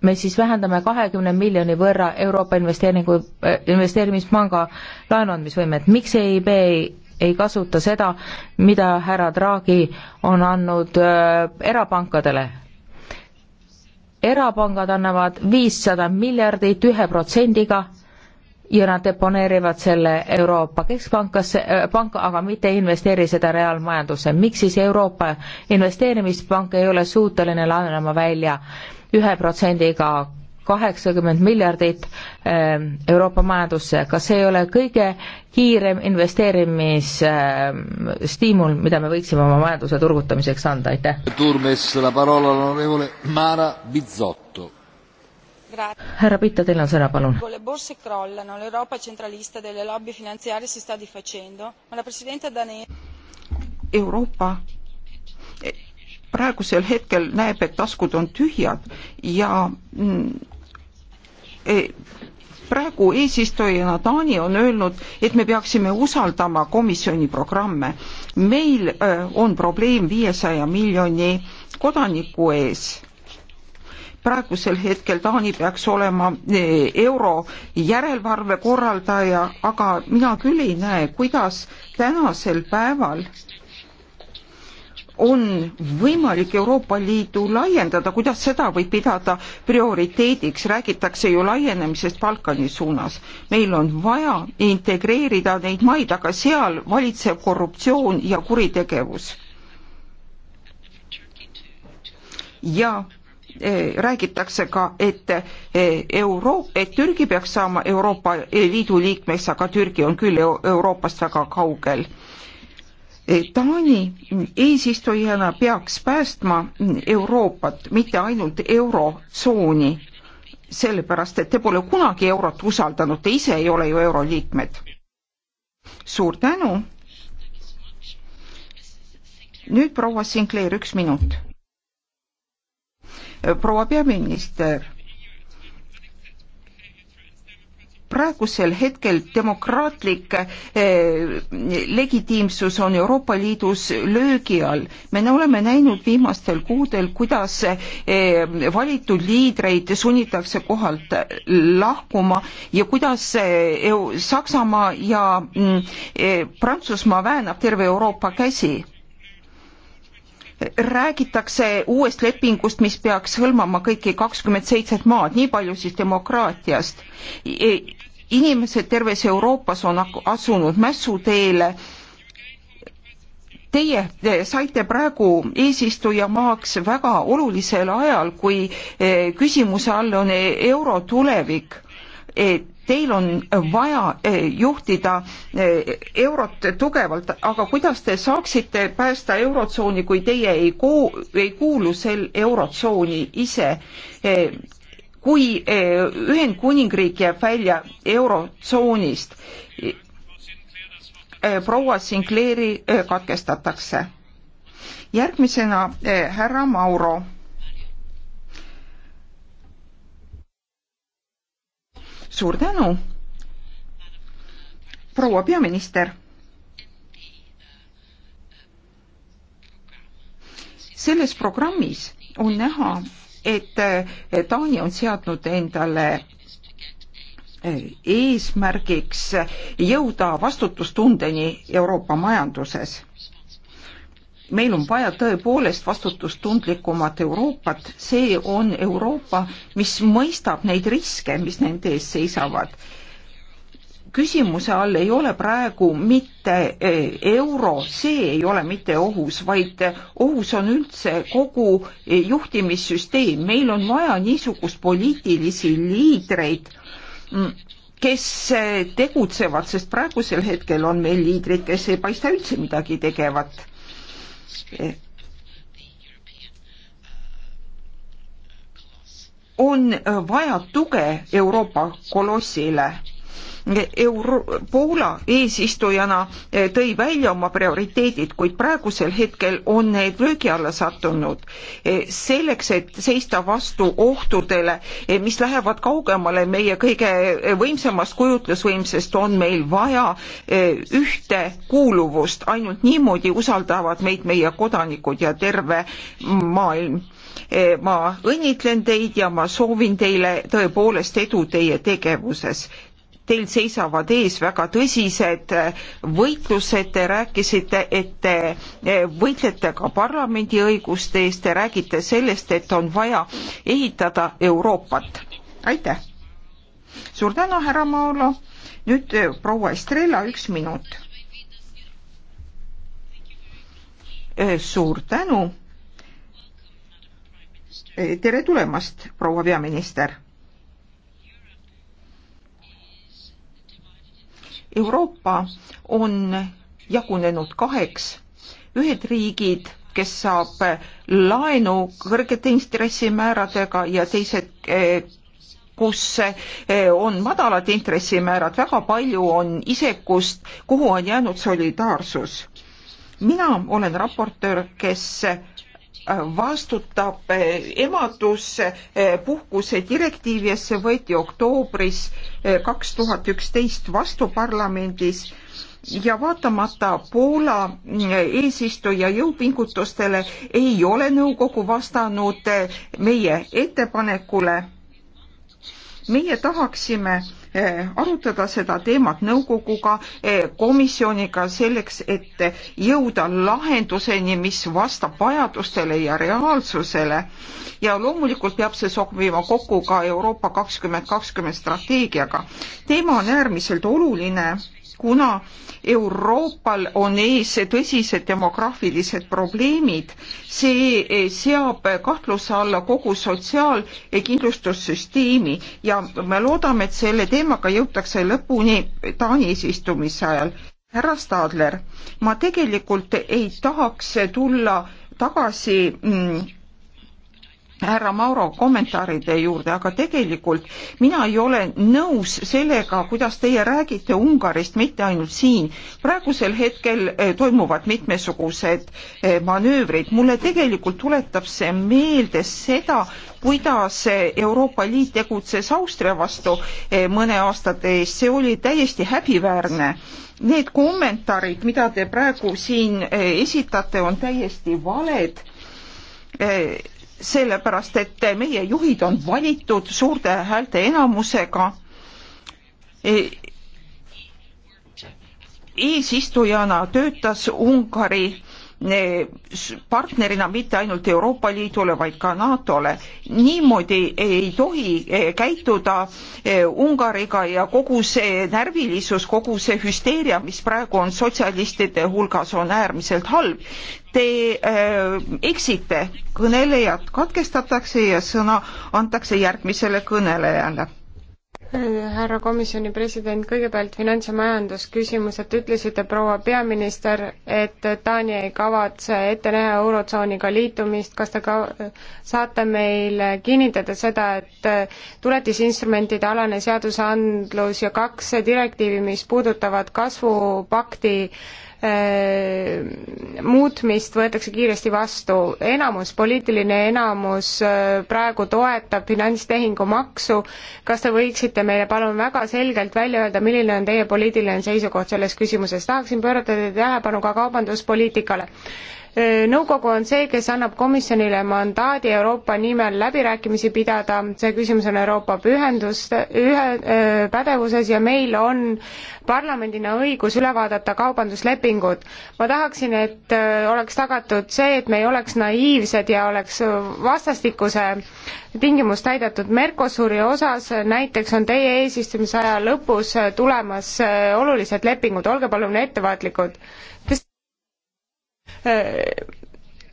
me siis vähendame kahekümne miljoni võrra Euroopa investeeringu, äh, investeerimispanga laenu andmisvõimet, miks EIB ei, ei kasuta seda, mida härra Draghi on andnud äh, erapankadele? erapangad annavad viissada miljardit ühe protsendiga ja nad deponeerivad selle Euroopa Keskpankasse äh,, panka, aga mitte ei investeeri seda reaalmajandusse. miks siis Euroopa Investeerimispank ei ole suuteline laenama välja ühe protsendiga kaheksakümmend miljardit äh, Euroopa majandusse, kas see ei ole kõige kiirem investeerimisstiimul, mida me võiksime oma majanduse turgutamiseks anda, aitäh? härra Pitta, teil on sõna, palun. Euroopa eh, praegusel hetkel näeb, et taskud on tühjad ja mm, eh, praegu eesistujana Taani on öelnud, et me peaksime usaldama komisjoni programme. meil eh, on probleem viiesaja miljoni kodaniku ees praegusel hetkel Taani peaks olema eh, euro järelevalve korraldaja, aga mina küll ei näe, kuidas tänasel päeval on võimalik Euroopa Liidu laiendada, kuidas seda võib pidada prioriteediks, räägitakse ju laienemisest Balkani suunas. meil on vaja integreerida neid maid, aga seal valitseb korruptsioon ja kuritegevus. ja Eh, räägitakse ka, et eh, Euroop-, et Türgi peaks saama Euroopa Liidu liikmeks, aga Türgi on küll Euroopast väga kaugel. Eh, Taani eesistujana peaks päästma Euroopat, mitte ainult Eurotsooni, sellepärast et te pole kunagi Eurot usaldanud, te ise ei ole ju Euroliikmed. suur tänu. nüüd proua Sinclair, üks minut proua peaminister, praegusel hetkel demokraatlik eh, legitiimsus on Euroopa Liidus löögi all. me oleme näinud viimastel kuudel, kuidas eh, valitud liidreid sunnitakse kohalt eh, lahkuma ja kuidas eh, Saksamaa ja mm, eh, Prantsusmaa väänab terve Euroopa käsi räägitakse uuest lepingust, mis peaks hõlmama kõiki kakskümmend seitset maad, nii palju siis demokraatiast. inimesed terves Euroopas on asunud mässuteele. Teie te saite praegu eesistujamaaks väga olulisel ajal, kui eh, küsimuse all on e-, euro tulevik teil on vaja eh, juhtida eh, eurot tugevalt, aga kuidas te saaksite päästa eurotsooni, kui teie ei, koo, ei kuulu sel eurotsooni ise? Eh, kui Ühendkuningriik jääb välja eurotsoonist, proua Sinclairi katkestatakse. järgmisena härra Mauro suur tänu, proua peaminister. selles programmis on näha, et eh, Taani on seadnud endale eh, eesmärgiks jõuda vastutustundeni Euroopa majanduses meil on vaja tõepoolest vastutustundlikumat Euroopat, see on Euroopa, mis mõistab neid riske, mis nende ees seisavad. küsimuse all ei ole praegu mitte e, euro, see ei ole mitte ohus, vaid ohus on üldse kogu juhtimissüsteem, meil on vaja niisugust poliitilisi liidreid, mm, kes tegutsevad, sest praegusel hetkel on meil liidrid, kes ei paista üldse midagi tegevat on vaja tuge Euroopa kolossile Euro-, Poola eesistujana eh, tõi välja oma prioriteedid, kuid praegusel hetkel on need löögi alla sattunud. Eh, selleks, et seista vastu ohtudele, eh, mis lähevad kaugemale meie kõige võimsamast kujutlusvõimsest, on meil vaja ühtekuuluvust, ainult niimoodi usaldavad meid meie kodanikud ja terve maailm ma õnnitlen teid ja ma soovin teile tõepoolest edu teie tegevuses. Teil seisavad ees väga tõsised võitlused, te rääkisite, et te e, võitlete ka parlamendi õiguste eest, te räägite sellest, et on vaja ehitada Euroopat. aitäh! suur tänu, härra Maolo, nüüd e, proua Estrela, üks minut. E, suur tänu tere tulemast, proua peaminister Euroopa on jagunenud kaheks. ühed riigid, kes saab laenu kõrgete intressimääradega ja teised, kus eh, on madalad intressimäärad, väga palju on isekust, kuhu on jäänud solidaarsus. mina olen raportöör, kes vastutab eh, emaduspuhkuse eh, direktiivi ja see võeti oktoobris eh, kaks tuhat üksteist vastu parlamendis ja vaatamata Poola eesistuja jõupingutustele ei ole nõukogu vastanud meie ettepanekule meie tahaksime eh, arutada seda teemat nõukoguga, eh, komisjoniga selleks, et jõuda lahenduseni, mis vastab vajadustele ja reaalsusele. ja loomulikult peab see sobima kokku ka Euroopa kakskümmend kakskümmend strateegiaga. teema on äärmiselt oluline kuna Euroopal on ees tõsised demograafilised probleemid, see eh, seab kahtluse alla kogu sotsiaalkindlustussüsteemi ja me loodame, et selle teemaga jõutakse lõpuni Taani eesistumise ajal. härra Stadler, ma tegelikult ei tahaks tulla tagasi mm, härra Mauro kommentaaride juurde, aga tegelikult mina ei ole nõus sellega, kuidas teie räägite Ungarist, mitte ainult siin. praegusel hetkel eh, toimuvad mitmesugused eh, manöövrid. mulle tegelikult tuletab see meelde seda, kuidas eh, Euroopa Liit tegutses Austria vastu mõne aastate eest, see oli täiesti häbiväärne Need kommentaarid, mida te praegu siin esitate, on täiesti valed sellepärast et meie juhid on valitud suurte häälte enamusega e, eesistujana töötas Ungari partnerina mitte ainult Euroopa Liidule, vaid ka NATO-le. niimoodi ei tohi eh, käituda eh, Ungariga ja kogu see närvilisus, kogu see hüsteeria, mis praegu on sotsialistide hulgas, on äärmiselt halb. Te äh, eksite, kõnelejad katkestatakse ja sõna antakse järgmisele kõnelejale härra komisjoni president, kõigepealt finants- ja majandusküsimused, ütlesite, proua peaminister, et Taani ei kavatse ette näha Eurotsooniga liitumist, kas te ka saate meile kinnitada seda, et tuletisinstrumentide alane seadusandlus ja kaks direktiivi, mis puudutavad kasvupakti äh, Äh, muutmist võetakse kiiresti vastu. enamus, poliitiline enamus äh, praegu toetab finantstehingumaksu. kas te võiksite meile palun väga selgelt välja öelda, milline on teie poliitiline seisukoht selles küsimuses? tahaksin pöörata teie tähelepanu ka kaubanduspoliitikale nõukogu on see, kes annab komisjonile mandaadi Euroopa nimel läbirääkimisi pidada, see küsimus on Euroopa pühendust, ühe öö, pädevuses ja meil on parlamendina õigus üle vaadata kaubanduslepingud. ma tahaksin, et öö, oleks tagatud see, et me ei oleks naiivsed ja oleks vastastikuse tingimus täidetud Mercosuri osas, näiteks on teie eesistumisaja lõpus tulemas olulised lepingud, olge palun ettevaatlikud. Kas Äh,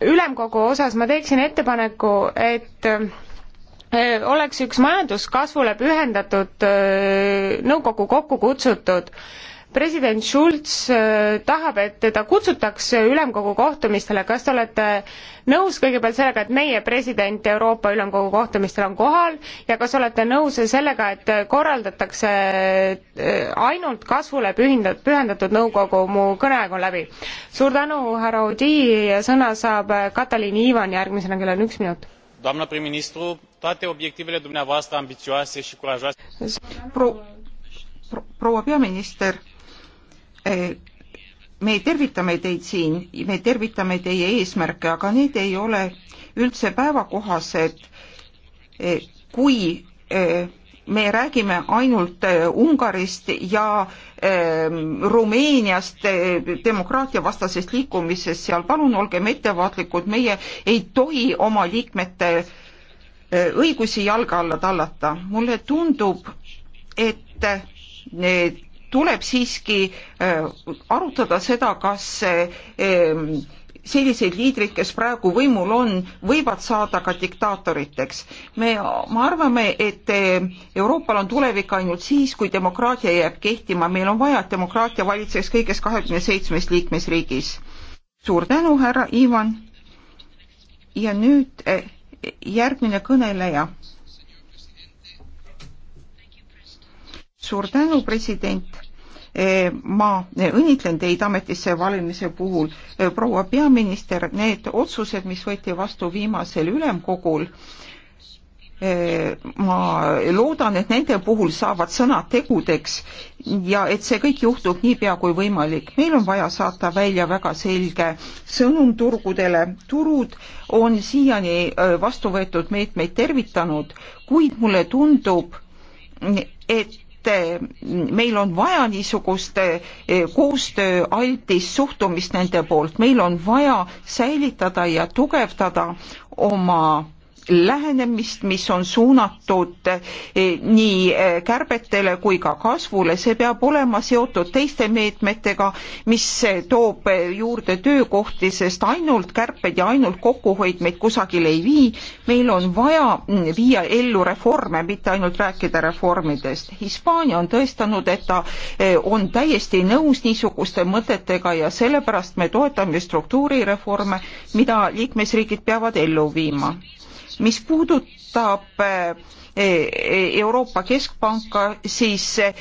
ülemkogu osas ma teeksin ettepaneku, et äh, oleks üks majanduskasvule pühendatud äh, nõukogu kokku kutsutud president Schulz tahab, et teda kutsutakse ülemkogu kohtumistele, kas te olete nõus kõigepealt sellega, et meie president Euroopa Ülemkogu kohtumistel on kohal ja kas olete nõus sellega, et korraldatakse ainult kasvule pühindat-, pühendatud nõukogu, mu kõneaeg on läbi. suur tänu, härra Odi ja sõna saab Katalin Ivan, järgmisena, kellel on üks minut. doamna prim-ministru, toate objektiivile dumneavoastră ambițioase și curajoase proua peaminister me tervitame teid siin, me tervitame teie eesmärke, aga need ei ole üldse päevakohased, e, kui e, me räägime ainult e, Ungarist ja Rumeeniast, demokraatiavastasest liikumisest seal, palun olgem ettevaatlikud, meie ei tohi oma liikmete õigusi jalge alla tallata. mulle tundub, et need tuleb siiski äh, arutada seda, kas äh, selliseid liidreid, kes praegu võimul on, võivad saada ka diktaatoriteks. me, me arvame, et äh, Euroopal on tulevik ainult siis, kui demokraatia jääb kehtima, meil on vaja, et demokraatia valitseks kõiges kahekümne seitsmes liikmesriigis. suur tänu, härra Ivan. ja nüüd järgmine kõneleja. suur tänu, president Eh, ma eh, õnnitlen teid ametisse valimise puhul. Eh, proua peaminister, need otsused, mis võeti vastu viimasel ülemkogul, ma loodan, et nende puhul saavad sõnad tegudeks ja et see kõik juhtub niipea kui võimalik. meil on vaja saata välja väga selge sõnum turgudele. turud on siiani vastu võetud meetmeid tervitanud, kuid mulle tundub, et et mm, meil on vaja niisugust eh, koostööaltist suhtumist nende poolt, meil on vaja säilitada ja tugevdada oma lähenemist, mis on suunatud eh, nii eh, kärbetele kui ka kasvule, see peab olema seotud teiste meetmetega, mis eh, toob juurde töökohti, sest ainult kärped ja ainult kokkuhoid meid kusagile ei vii. meil on vaja mm, viia ellu reforme, mitte ainult rääkida reformidest. Hispaania on tõestanud, et ta on täiesti nõus niisuguste mõtetega ja sellepärast me toetame struktuurireforme, mida liikmesriigid peavad ellu viima mis puudutab eh, eh, Euroopa Keskpanka, siis eh,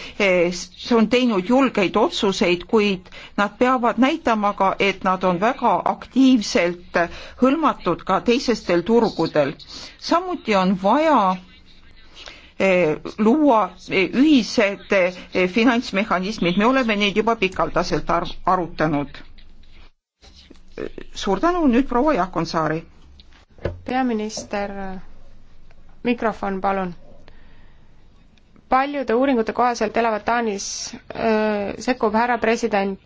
see on teinud julgeid otsuseid, kuid nad peavad näitama ka, et nad on väga aktiivselt hõlmatud ka teistel turgudel. samuti on vaja luua ühised finantsmehhanismid, me oleme neid juba pikaldaselt arutanud. suur tänu, nüüd proua Jaakonsaari peaminister, mikrofon palun. paljude uuringute kohaselt elavad Taanis äh,, sekkub härra president,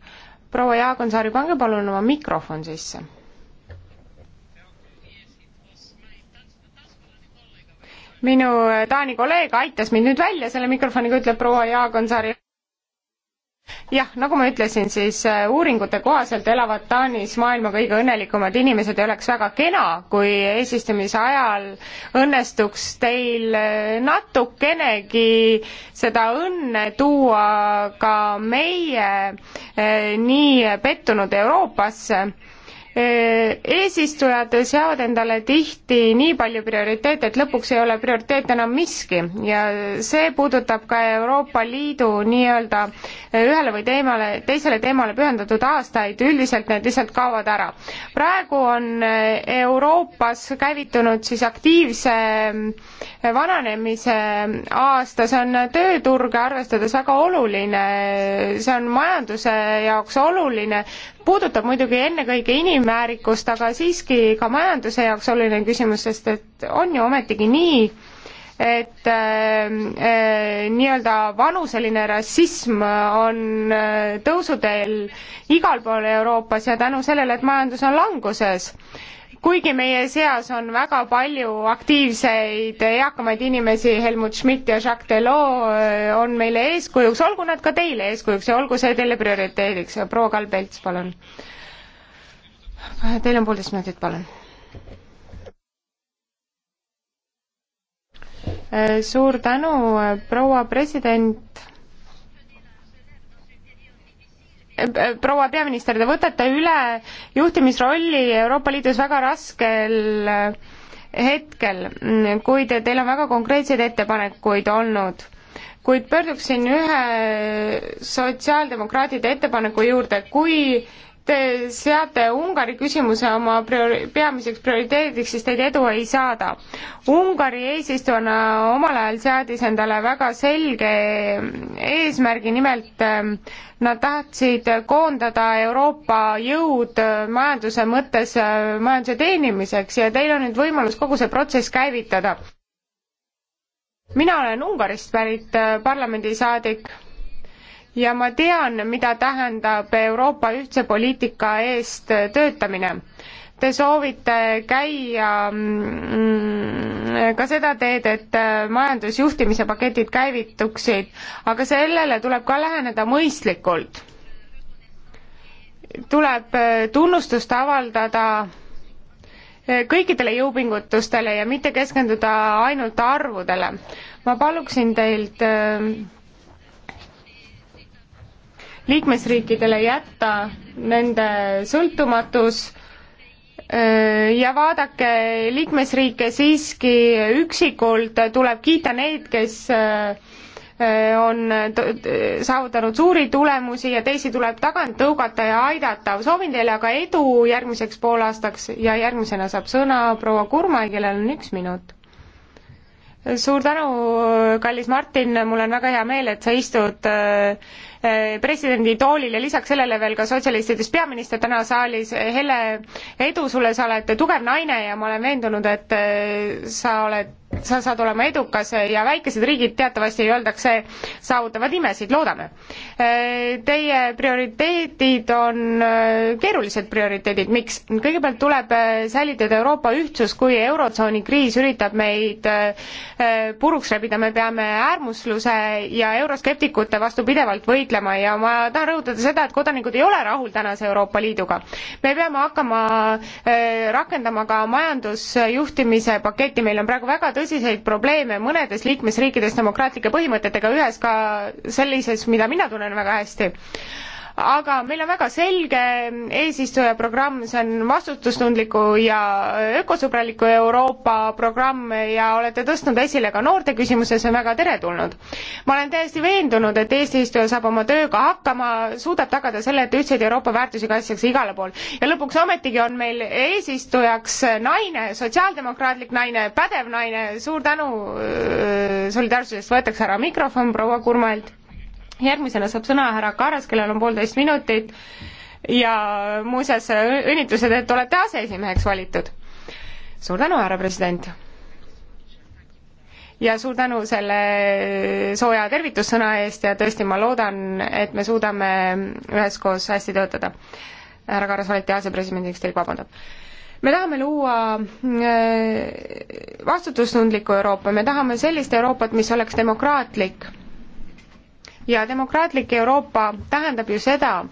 proua Jaagonsaari, pange palun oma mikrofon sisse. minu äh, Taani kolleeg aitas mind nüüd välja selle mikrofoniga, ütleb proua Jaagonsaari jah, nagu ma ütlesin, siis äh, uuringute kohaselt elavad Taanis maailma kõige õnnelikumad inimesed ja oleks väga kena, kui eesistumise ajal õnnestuks teil äh, natukenegi seda õnne tuua ka meie äh, nii pettunud Euroopasse Äh, eesistujad seavad endale tihti nii palju prioriteete, et lõpuks ei ole prioriteet enam miski ja see puudutab ka Euroopa Liidu nii-öelda äh, ühele või teemale, teisele teemale pühendatud aastaid, üldiselt need lihtsalt kaovad ära. praegu on äh, Euroopas käivitunud siis aktiivse vananemise aasta, see on tööturge arvestades väga oluline, see on majanduse jaoks oluline, puudutab muidugi ennekõike inimesi, väärikust, aga siiski ka majanduse jaoks oluline küsimus, sest et on ju ometigi nii, et äh, äh, nii-öelda vanuseline rassism on äh, tõusuteel igal pool Euroopas ja tänu sellele, et majandus on languses. kuigi meie seas on väga palju aktiivseid eakamaid inimesi, Helmut Schmidt ja Jacques Delors äh, on meile eeskujuks, olgu nad ka teile eeskujuks ja olgu see teile prioriteediks. proua Kalbelts, palun Teil on poolteist minutit, palun. Äh, suur tänu, äh, proua president äh, proua peaminister, te võtate üle juhtimisrolli Euroopa Liidus väga raskel hetkel, mm, kuid te, teil on väga konkreetseid ettepanekuid olnud. kuid pöörduksin ühe sotsiaaldemokraatide ettepaneku juurde, kui te seate Ungari küsimuse oma priori-, peamiseks prioriteediks, siis teid edu ei saada. Ungari eesistujana omal ajal seadis endale väga selge eesmärgi, nimelt ähm, nad tahtsid koondada Euroopa jõud äh, majanduse mõttes äh, majanduse teenimiseks ja teil on nüüd võimalus kogu see protsess käivitada. mina olen Ungarist pärit äh, parlamendisaadik ja ma tean, mida tähendab Euroopa ühtse poliitika eest töötamine. Te soovite käia mm, ka seda teed, et majandusjuhtimise paketid käivituksid, aga sellele tuleb ka läheneda mõistlikult. tuleb tunnustust avaldada kõikidele jõupingutustele ja mitte keskenduda ainult arvudele. ma paluksin teilt äh, liikmesriikidele jätta nende sõltumatus äh, ja vaadake liikmesriike siiski üksikult, tuleb kiita neid, kes äh, äh, on saavutanud suuri tulemusi ja teisi tuleb tagant tõugata ja aidata. soovin teile aga edu järgmiseks poolaastaks ja järgmisena saab sõna proua Kurmai, kellel on üks minut. suur tänu, kallis Martin, mul on väga hea meel, et sa istud Eh, presidendi toolil ja lisaks sellele veel ka sotsialistidest peaminister täna saalis. Hele, edu sulle, sa oled tugev naine ja ma olen veendunud, et eh, sa oled sa saad olema edukas ja väikesed riigid teatavasti öeldakse, saavutavad imesid, loodame. Teie prioriteedid on äh, keerulised prioriteedid, miks? kõigepealt tuleb äh, säilitada Euroopa ühtsus, kui Eurotsooni kriis üritab meid äh, puruks rebida, me peame äärmusluse ja euroskeptikute vastu pidevalt võitlema ja ma tahan rõhutada seda, et kodanikud ei ole rahul tänase Euroopa Liiduga. me peame hakkama rakendama ka majandusjuhtimise paketti, meil on praegu väga tõsine tõsiseid probleeme mõnedes liikmesriikides demokraatlike põhimõtetega, ühes ka sellises, mida mina tunnen väga hästi aga meil on väga selge eesistuja programm, see on vastutustundliku ja ökosõbraliku Euroopa programm ja olete tõstnud esile ka noorte küsimuse, see on väga teretulnud. ma olen täiesti veendunud, et eesistuja saab oma tööga hakkama, suudab tagada selle, et ühtseid Euroopa väärtusi kaitstakse igale pool. ja lõpuks ometigi on meil eesistujaks naine, sotsiaaldemokraatlik naine, pädev naine, suur tänu solidaarsusest, võetakse ära mikrofon proua Kurmalt järgmisena saab sõna härra Kaaras, kellel on poolteist minutit ja muuseas õnnitlused, et olete aseesimeheks valitud. suur tänu, härra president! ja suur tänu selle sooja tervitussõna eest ja tõesti, ma loodan, et me suudame üheskoos hästi töötada. härra Kaaras valiti asepresidendiks, teid vabandab me tahame luua äh, vastutustundlikku Euroopa, me tahame sellist Euroopat, mis oleks demokraatlik ja demokraatlik Euroopa tähendab ju seda,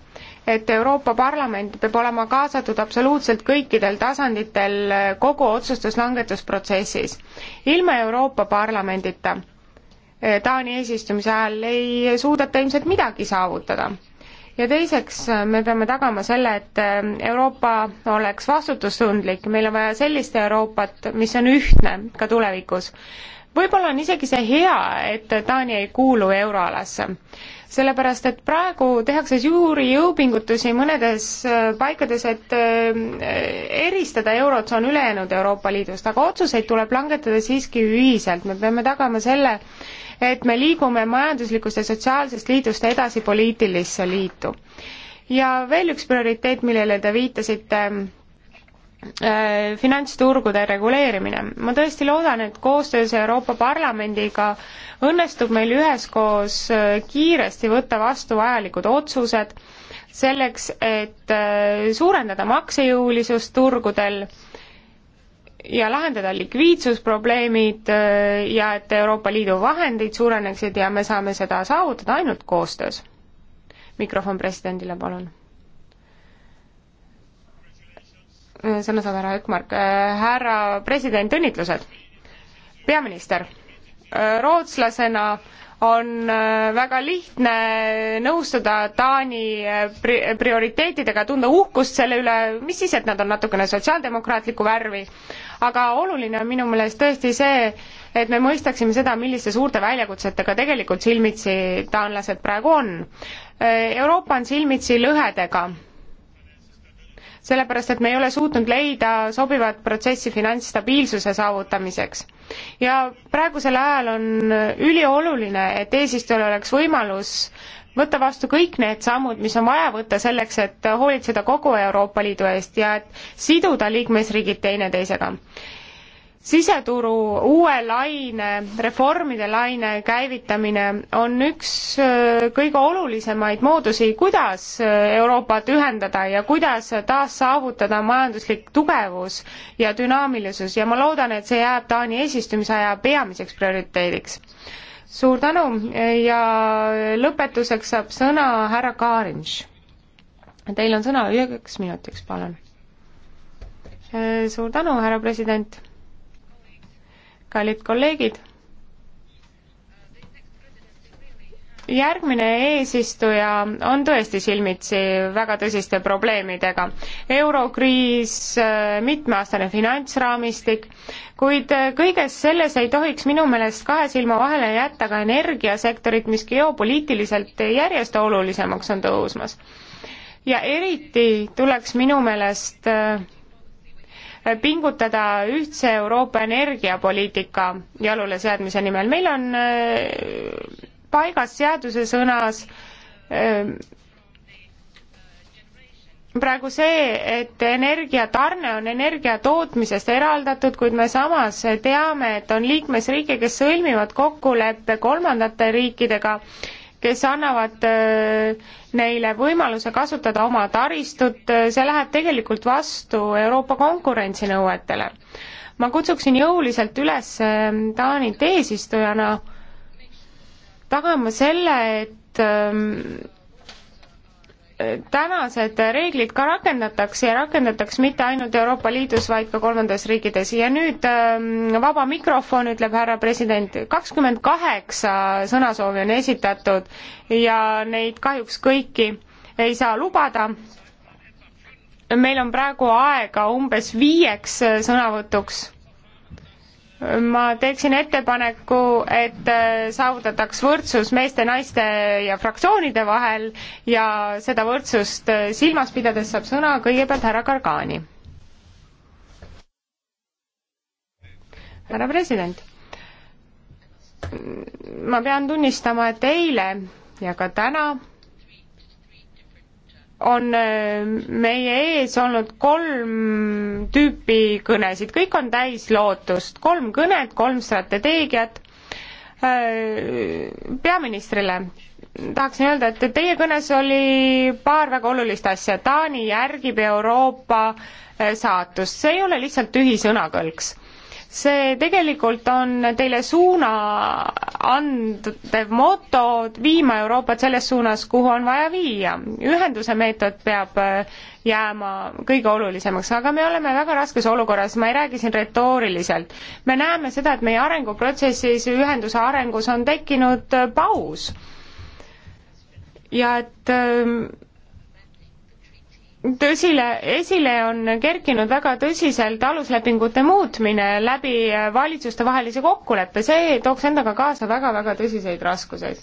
et Euroopa Parlament peab olema kaasatud absoluutselt kõikidel tasanditel kogu otsustuslangetusprotsessis. ilma Euroopa Parlamendita eh, Taani eesistumise ajal ei suudeta ilmselt midagi saavutada. ja teiseks, eh, me peame tagama selle, et eh, Euroopa oleks vastutustundlik, meil on vaja sellist Euroopat, mis on ühtne ka tulevikus võib-olla on isegi see hea, et Taani ei kuulu euroalasse, sellepärast et praegu tehakse suuri jõupingutusi mõnedes äh, paikades, et äh, eristada Eurotsoon ülejäänud Euroopa Liidust, aga otsuseid tuleb langetada siiski ühiselt, me peame tagama selle, et me liigume majanduslikust ja sotsiaalsest liidust edasi poliitilisse liitu. ja veel üks prioriteet, millele te viitasite, Äh, finantsturgude reguleerimine. ma tõesti loodan, et koostöös Euroopa Parlamendiga õnnestub meil üheskoos äh, kiiresti võtta vastu vajalikud otsused selleks, et äh, suurendada maksejõulisust turgudel ja lahendada likviidsusprobleemid ja et Euroopa Liidu vahendid suureneksid ja me saame seda saavutada ainult koostöös. mikrofon presidendile, palun sõna saab härra Ökmark. Äh, härra president, õnnitlused! peaminister, äh, rootslasena on äh, väga lihtne nõustuda Taani pri-, prioriteetidega, tunda uhkust selle üle, mis siis, et nad on natukene sotsiaaldemokraatlikku värvi, aga oluline on minu meelest tõesti see, et me mõistaksime seda, milliste suurte väljakutsetega tegelikult silmitsi taanlased praegu on. Euroopa on silmitsi lõhedega sellepärast et me ei ole suutnud leida sobivat protsessi finantsstabiilsuse saavutamiseks. ja praegusel ajal on ülioluline, et eesistujal oleks võimalus võtta vastu kõik need sammud, mis on vaja võtta selleks, et hoolitseda kogu Euroopa Liidu eest ja et siduda liikmesriigid teineteisega siseturu uue laine, reformide laine käivitamine on üks äh, kõige olulisemaid moodusi, kuidas äh, Euroopat ühendada ja kuidas taas saavutada majanduslik tugevus ja dünaamilisus ja ma loodan, et see jääb Taani eesistumise aja peamiseks prioriteediks. suur tänu ja lõpetuseks saab sõna härra Kaarinš. Teil on sõna üheks minutiks, palun. Äh, suur tänu, härra president kallid kolleegid. järgmine eesistuja on tõesti silmitsi väga tõsiste probleemidega. eurokriis, mitmeaastane finantsraamistik, kuid kõiges selles ei tohiks minu meelest kahe silma vahele jätta ka energiasektorit, mis geopoliitiliselt järjest olulisemaks on tõusmas. ja eriti tuleks minu meelest äh, pingutada ühtse Euroopa energiapoliitika jaluleseadmise nimel. meil on äh, paigas seaduse sõnas äh, praegu see, et energiatarne on energia tootmisest eraldatud, kuid me samas teame, et on liikmesriike, kes sõlmivad kokkuleppe kolmandate riikidega, kes annavad äh, neile võimaluse kasutada oma taristut, äh, see läheb tegelikult vastu Euroopa konkurentsinõuetele. ma kutsuksin jõuliselt üles ähm, Taanit eesistujana tagama selle, et ähm, tänased reeglid ka rakendatakse ja rakendatakse mitte ainult Euroopa Liidus, vaid ka kolmandas riikides ja nüüd ähm, vaba mikrofon, ütleb härra president, kakskümmend kaheksa sõnasoovi on esitatud ja neid kahjuks kõiki ei saa lubada. meil on praegu aega umbes viieks sõnavõtuks ma teeksin ettepaneku, et äh, saavutataks võrdsus meeste, naiste ja fraktsioonide vahel ja seda võrdsust äh, silmas pidades saab sõna kõigepealt härra Gargani. härra president, ma pean tunnistama, et eile ja ka täna on äh, meie ees olnud kolm tüüpi kõnesid, kõik on täis lootust, kolm kõnet, kolm strateegiat. Äh, peaministrile tahaksin öelda, et teie kõnes oli paar väga olulist asja, Taani järgib Euroopa äh, saatust, see ei ole lihtsalt tühi sõnakõlks see tegelikult on teile suuna andev moto viima Euroopat selles suunas, kuhu on vaja viia. ühenduse meetod peab äh, jääma kõige olulisemaks, aga me oleme väga raskes olukorras, ma ei räägi siin retooriliselt. me näeme seda, et meie arenguprotsessis, ühenduse arengus on tekkinud äh, paus. ja et ähm, tõsile, esile on kerkinud väga tõsiselt aluslepingute muutmine läbi valitsustevahelise kokkuleppe, see tooks endaga kaasa väga-väga tõsiseid raskuseid.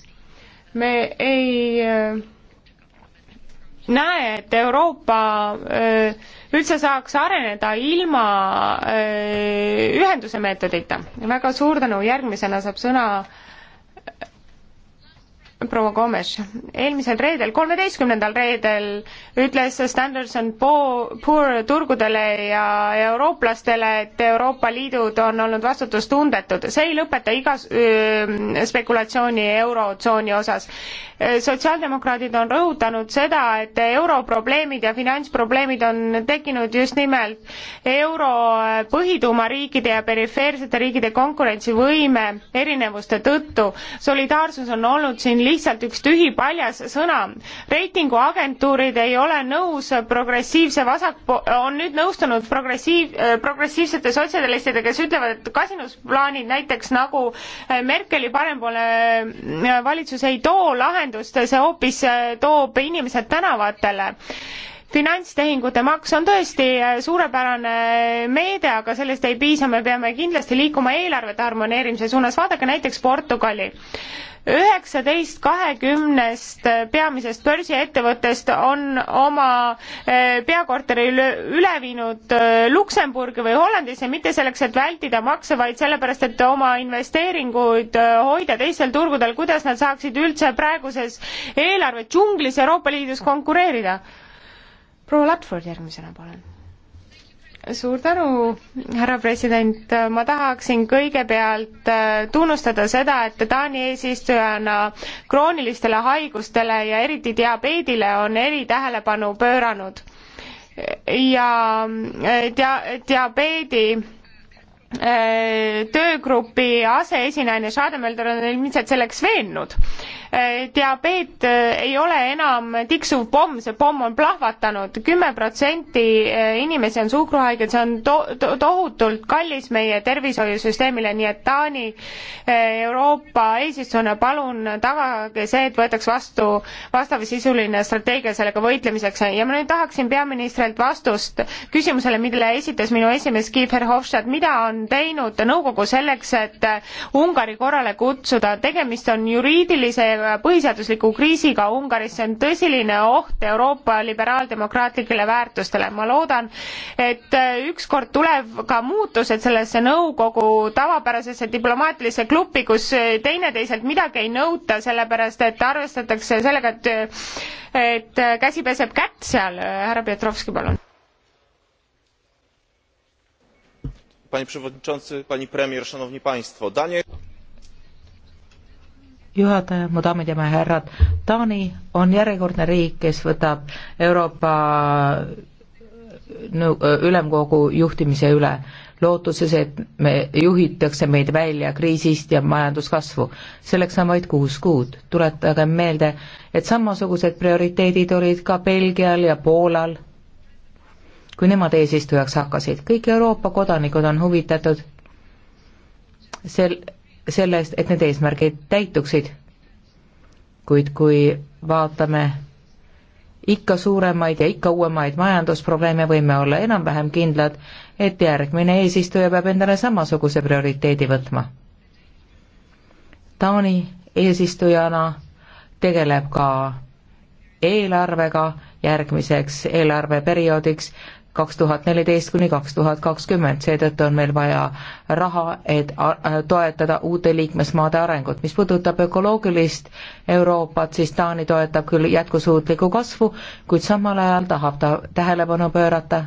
me ei äh, näe, et Euroopa äh, üldse saaks areneda ilma äh, ühenduse meetodita. väga suur tänu, järgmisena saab sõna proua Gomes, eelmisel reedel, kolmeteistkümnendal reedel ütles Standards and Poor turgudele ja eurooplastele, et Euroopa Liidud on olnud vastutustundetud. see ei lõpeta iga spekulatsiooni eurotsooni osas. Eh, sotsiaaldemokraadid on rõhutanud seda, et europrobleemid ja finantsprobleemid on tekkinud just nimelt euro eh, põhituumariikide ja perifeersete riikide konkurentsivõime erinevuste tõttu. solidaarsus on olnud siin lihtsalt üks tühi paljas sõna. reitinguagentuurid ei ole nõus progressiivse vasakpo-, on nüüd nõustunud progressiiv-, eh, progressiivsete sotsialistidega, kes ütlevad, et kasinusplaanid näiteks nagu Merkeli parempoolne valitsus ei too lahendust lahendust, see hoopis äh, toob inimesed tänavatele finantstehingute maks on tõesti äh, suurepärane äh, meede, aga sellest ei piisa, me peame kindlasti liikuma eelarvete harmoneerimise suunas, vaadake näiteks Portugali. üheksateist kahekümnest äh, peamisest börsiettevõttest on oma peakorteri üle viinud Luksemburgi või Hollandisse, mitte selleks, et vältida makse, vaid sellepärast, et oma investeeringuid hoida teistel turgudel, kuidas nad saaksid üldse praeguses eelarve džunglis Euroopa Liidus konkureerida proua Latford järgmisena, palun suur tänu, härra president, ma tahaksin kõigepealt äh, tunnustada seda, et Taani eesistujana kroonilistele haigustele ja eriti diabeedile on eritähelepanu pööranud ja äh, dia-, diabeedi Äh, töögrupi aseesinaine Schademölder on ilmselt selleks veennud. Äh, diabeet äh, ei ole enam tiksuv pomm, see pomm on plahvatanud, kümme protsenti inimesi on suhkruhaiged, see on to-, to-, tohutult kallis meie tervishoiusüsteemile, nii et Taani Euroopa eesistujana palun tagage see, et võetaks vastu vastavasisuline strateegia sellega võitlemiseks ja ma nüüd tahaksin peaministrilt vastust küsimusele, mille esitas minu esimees Kiefer Hofstadt, mida on on teinud nõukogu selleks, et Ungari korrale kutsuda. tegemist on juriidilise ja põhiseadusliku kriisiga Ungaris, see on tõsiline oht Euroopa liberaaldemokraatlikele väärtustele. ma loodan, et ükskord tuleb ka muutused sellesse nõukogu tavapärasesse diplomaatilisse klubi, kus teineteiselt midagi ei nõuta, sellepärast et arvestatakse sellega, et et käsi peseb kätt seal, härra Pietrovski, palun panie przewodniczący pani premier szanowni państwo! juhataja mu daamid ja härrad taani on järjekordne riik kes võtab euroopa äh, äh, ülemkogu juhtimise üle lootuses et me juhitakse meid välja kriisist ja majanduskasvu selleks on vaid kuus kuud tuletagem meelde et samasugused prioriteedid olid ka belgial ja poolal kui nemad eesistujaks hakkasid. kõik Euroopa kodanikud on huvitatud sel-, sellest, et need eesmärgid täituksid. kuid kui vaatame ikka suuremaid ja ikka uuemaid majandusprobleeme, võime olla enam-vähem kindlad, et järgmine eesistuja peab endale samasuguse prioriteedi võtma. Taani eesistujana tegeleb ka eelarvega järgmiseks eelarveperioodiks, kaks tuhat neliteist kuni kaks tuhat kakskümmend, seetõttu on meil vaja raha, et äh, toetada uute liikmesmaade arengut. mis puudutab ökoloogilist Euroopat, siis Taani toetab küll jätkusuutlikku kasvu, kuid samal ajal tahab ta tähelepanu pöörata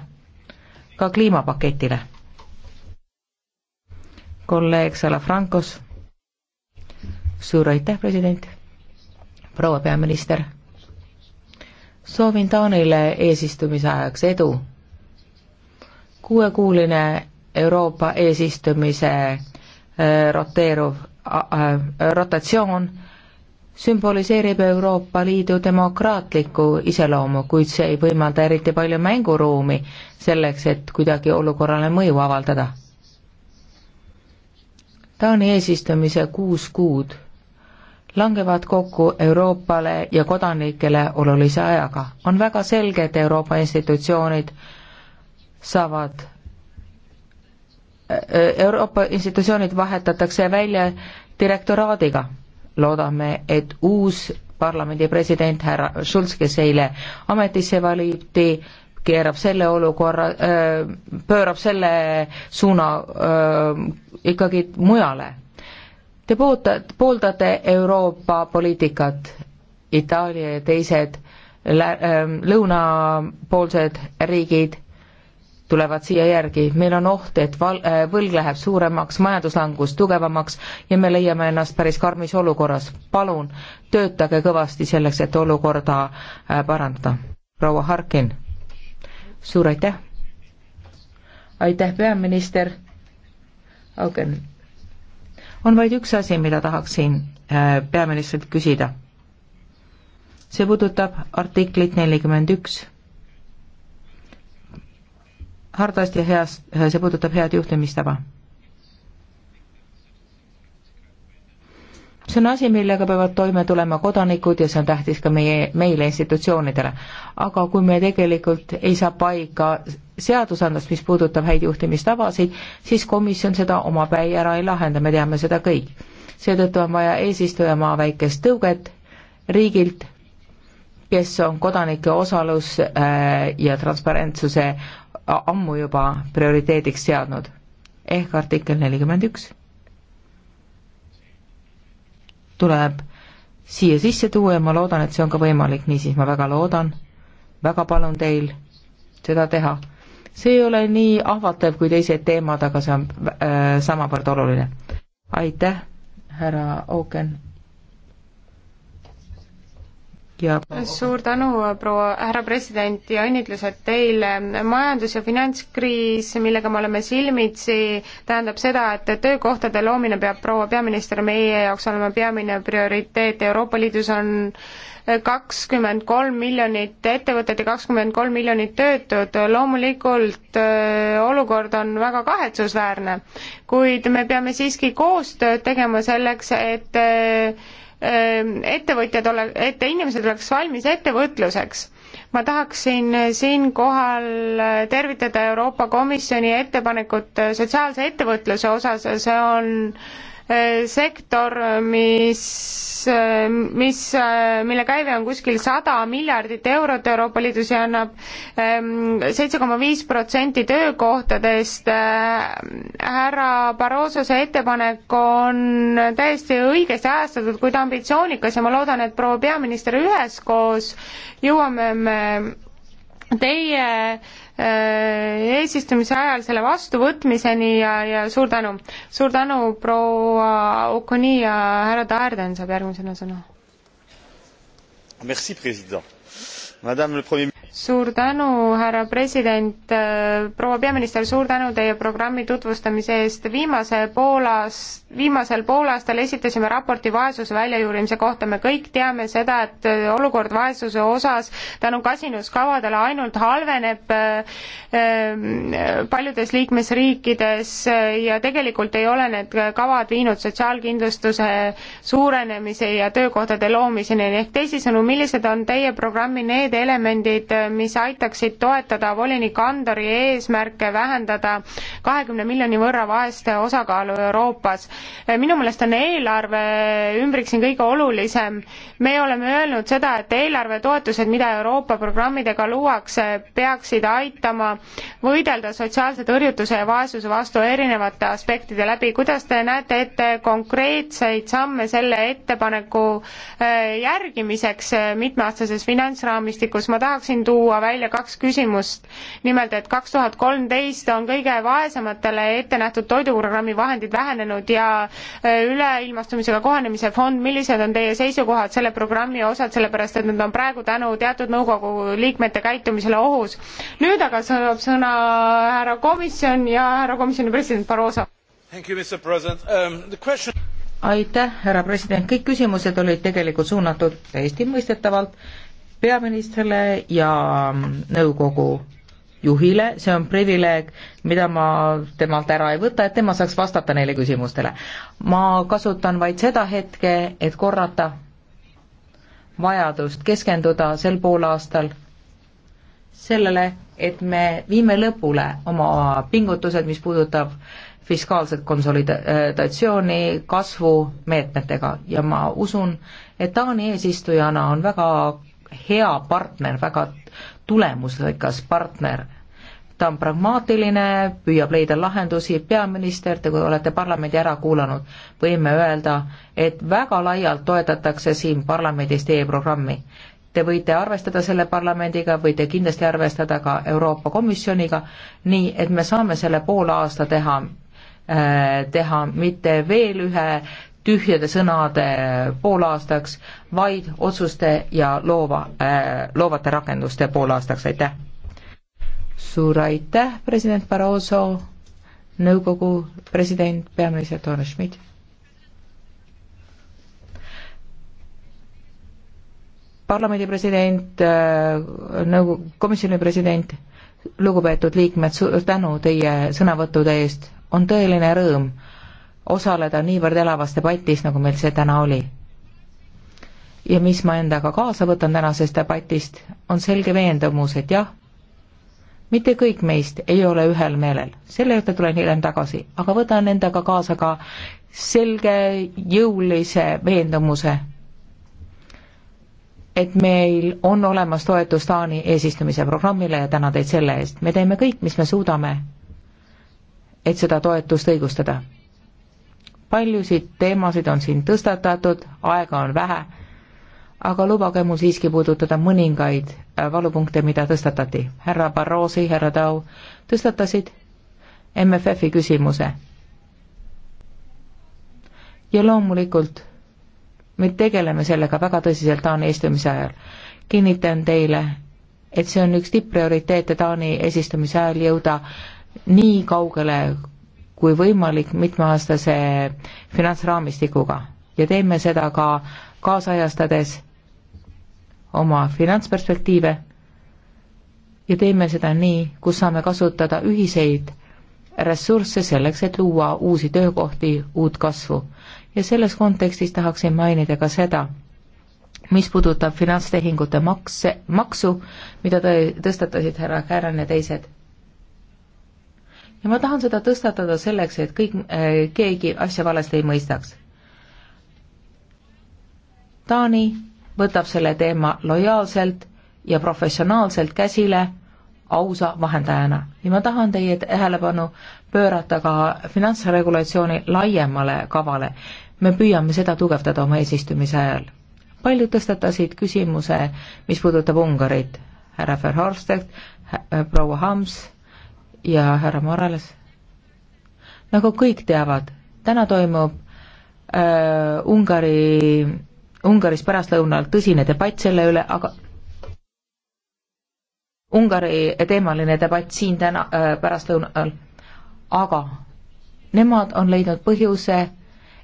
ka kliimapaketile. kolleeg Salafrancos, suur aitäh, president, proua peaminister, soovin Taanile eesistumise ajaks edu kuuekuuline Euroopa eesistumise äh, roteeruv rotatsioon sümboliseerib Euroopa Liidu demokraatlikku iseloomu, kuid see ei võimalda eriti palju mänguruumi selleks, et kuidagi olukorrale mõju avaldada. Taani eesistumise kuus kuud langevad kokku Euroopale ja kodanikele olulise ajaga. on väga selge, et Euroopa institutsioonid saavad e-, e-, Euroopa institutsioonid vahetatakse välja direktoraadiga. loodame, et uus parlamendi president härra Schulz, kes eile ametisse valiti, keerab selle olukorra, e-, pöörab selle suuna öö, ikkagi mujale. Te pooldate, pooldate Euroopa poliitikat, Itaalia ja teised lä-, lõunapoolsed riigid tulevad siia järgi. meil on oht, et val-, äh, võlg läheb suuremaks, majanduslangus tugevamaks ja me leiame ennast päris karmis olukorras. palun, töötage kõvasti selleks, et olukorda äh, parandada. proua Harkin, suur aitäh! aitäh, peaminister Auken okay.. on vaid üks asi, mida tahaksin äh, peaministrilt küsida. see puudutab artiklit nelikümmend üks hardast ja heast, see puudutab head juhtimistava. see on asi, millega peavad toime tulema kodanikud ja see on tähtis ka meie, meile institutsioonidele. aga kui me tegelikult ei saa paika seadusandlust, mis puudutab häid juhtimistavasid, siis komisjon seda omapäi ära ei lahenda, me teame seda kõik. seetõttu on vaja eesistujamaa väikest tõuget riigilt, kes on kodanike osalus äh, ja transparentsuse ammu juba prioriteediks seadnud ehk artikkel nelikümmend üks tuleb siia sisse tuua ja ma loodan, et see on ka võimalik, niisiis ma väga loodan, väga palun teil seda teha. see ei ole nii ahvatlev kui teised teemad, aga see on äh, samavõrd oluline. aitäh, härra Oken ja suur tänu, proua, härra president ja õnnitlused teile. majandus- ja finantskriis, millega me oleme silmitsi, tähendab seda, et töökohtade loomine peab, proua peaminister, meie jaoks olema peamine prioriteet. Euroopa Liidus on kakskümmend kolm miljonit ettevõtet ja kakskümmend kolm miljonit töötut, loomulikult äh, olukord on väga kahetsusväärne, kuid me peame siiski koostööd tegema selleks, et äh, Ehm, ettevõtjad ole, et inimesed oleks valmis ettevõtluseks. ma tahaksin siinkohal eh, tervitada Euroopa Komisjoni ettepanekut eh, sotsiaalse ettevõtluse osas, see on äh, sektor, mis, mis, mille käive on kuskil sada miljardit eurot Euroopa Liidus ja annab ehm, seitse koma viis protsenti töökohtadest. Ehm, härra Barroso see ettepanek on täiesti õigesti ajastatud, kuid ambitsioonikas ja ma loodan, et proua peaminister, üheskoos jõuame me teie Äh, eesistumise ajal selle vastuvõtmiseni ja, ja suur tänu. suur tänu, proua Okoni ja härra Taerden saab järgmisena sõna. Merci, president. Madame le premier suur tänu, härra president, proua peaminister, suur tänu teie programmi tutvustamise eest. viimase poolas, viimasel poolaastal esitasime raporti vaesuse väljajuurimise kohta. me kõik teame seda, et olukord vaesuse osas tänu kasinuskavadele ainult halveneb ehm, paljudes liikmesriikides ja tegelikult ei ole need kavad viinud sotsiaalkindlustuse suurenemise ja töökohtade loomiseni. ehk teisisõnu, millised on teie programmi need elemendid, mis aitaksid toetada volinik Andori eesmärke vähendada kahekümne miljoni võrra vaeste osakaalu Euroopas. minu meelest on eelarve ümbrik siin kõige olulisem. me oleme öelnud seda, et eelarvetoetused, mida Euroopa programmidega luuakse, peaksid aitama võidelda sotsiaalse tõrjutuse ja vaesuse vastu erinevate aspektide läbi. kuidas te näete ette konkreetseid samme selle ettepaneku eh, järgimiseks eh, mitmeaastases finantsraamistikus? ma tahaksin tuua tuua välja kaks küsimust. nimelt, et kaks tuhat kolmteist on kõige vaesematele ette nähtud toiduprogrammi vahendid vähenenud ja äh, üleilmastumisega kohanemise fond, millised on teie seisukohad selle programmi osad, sellepärast et nad on praegu tänu teatud nõukogu liikmete käitumisele ohus. nüüd aga saab sõna härra komisjon ja härra komisjoni president Barroso. Um, question... aitäh, härra president, kõik küsimused olid tegelikult suunatud täiesti mõistetavalt peaministrile ja nõukogu juhile, see on privileeg, mida ma temalt ära ei võta, et tema saaks vastata neile küsimustele. ma kasutan vaid seda hetke, et korrata vajadust keskenduda sel poolaastal sellele, et me viime lõpule oma pingutused, mis puudutab fiskaalset konsolidatsiooni kasvumeetmetega ja ma usun, et Taani eesistujana on väga hea partner, väga tulemusrikas partner. ta on pragmaatiline, püüab leida lahendusi, peaminister, te kui olete parlamendi ära kuulanud, võime öelda, et väga laialt toetatakse siin parlamendis teie programmi. Te võite arvestada selle parlamendiga, võite kindlasti arvestada ka Euroopa Komisjoniga, nii et me saame selle poole aasta teha äh, teha mitte veel ühe tühjade sõnade poolaastaks, vaid otsuste ja loova äh,, loovate rakenduste poolaastaks, aitäh! suur aitäh, president Barroso, nõukogu president, peaminister Toomas Schmidt! parlamendi president, äh, nõukogu, komisjoni president, lugupeetud liikmed, suur tänu teie sõnavõttude eest, on tõeline rõõm äh, osaleda niivõrd elavas debatis, nagu meil see täna oli. ja mis ma endaga kaasa võtan tänasest debatist, on selge veendumus, et jah, mitte kõik meist ei ole ühel meelel, selle juurde tulen hiljem tagasi, aga võtan endaga kaasa ka selge jõulise veendumuse, et meil on olemas toetus Taani eesistumise programmile ja täna teid selle eest. me teeme kõik, mis me suudame, et seda toetust õigustada paljusid teemasid on siin tõstatatud, aega on vähe, aga lubage mul siiski puudutada mõningaid äh, valupunkte, mida tõstatati. härra Barrosi, härra Tau tõstatasid MFF-i küsimuse. ja loomulikult me tegeleme sellega väga tõsiselt Taani eestimise ajal. kinnitan teile, et see on üks tipp-prioriteete Taani esistumise ajal jõuda nii kaugele, kui võimalik mitmeaastase finantsraamistikuga ja teeme seda ka kaasajastades oma finantsperspektiive ja teeme seda nii, kus saame kasutada ühiseid ressursse selleks, et luua uusi töökohti, uut kasvu. ja selles kontekstis tahaksin mainida ka seda, mis puudutab finantstehingute makse, maksu, mida tõ-, tõstatasid härra Kärn ja teised ja ma tahan seda tõstatada selleks, et kõik äh,, keegi asja valesti ei mõistaks. Taani võtab selle teema lojaalselt ja professionaalselt käsile ausa vahendajana ja ma tahan teie tähelepanu pöörata ka finantsregulatsiooni laiemale kavale. me püüame seda tugevdada oma eesistumise ajal. paljud tõstatasid küsimuse, mis puudutab Ungarit, härra Verhofstadt, proua Hams ja härra Morales. nagu kõik teavad, täna toimub äh, Ungari, Ungaris pärastlõunal tõsine debatt selle üle, aga Ungari teemaline debatt siin täna äh, pärastlõunal, aga nemad on leidnud põhjuse,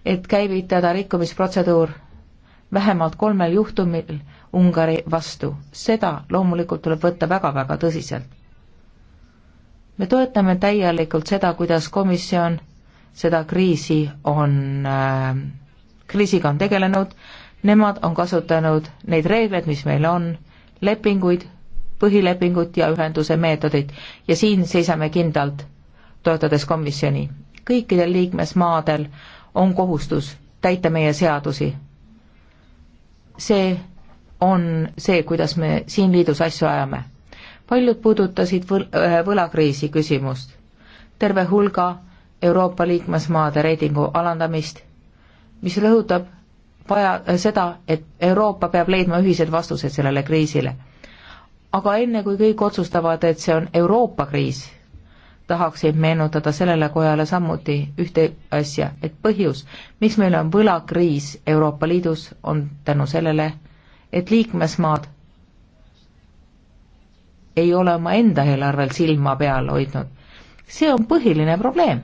et käivitada rikkumisprotseduur vähemalt kolmel juhtumil Ungari vastu. seda loomulikult tuleb võtta väga-väga tõsiselt me toetame täielikult seda, kuidas komisjon seda kriisi on, äh, kriisiga on tegelenud, nemad on kasutanud neid reegleid, mis meil on, lepinguid, põhilepingut ja ühenduse meetodit ja siin seisame kindlalt, toetades komisjoni. kõikidel liikmesmaadel on kohustus täita meie seadusi. see on see, kuidas me siin liidus asju ajame paljud puudutasid võl-, äh, võlakriisi küsimust, terve hulga Euroopa liikmesmaade reitingu alandamist, mis rõhutab vaja seda, et Euroopa peab leidma ühised vastused sellele kriisile. aga enne, kui kõik otsustavad, et see on Euroopa kriis, tahaksin meenutada sellele kojale samuti ühte asja, et põhjus, miks meil on võlakriis Euroopa Liidus, on tänu sellele, et liikmesmaad ei ole omaenda eelarvel silma peal hoidnud. see on põhiline probleem.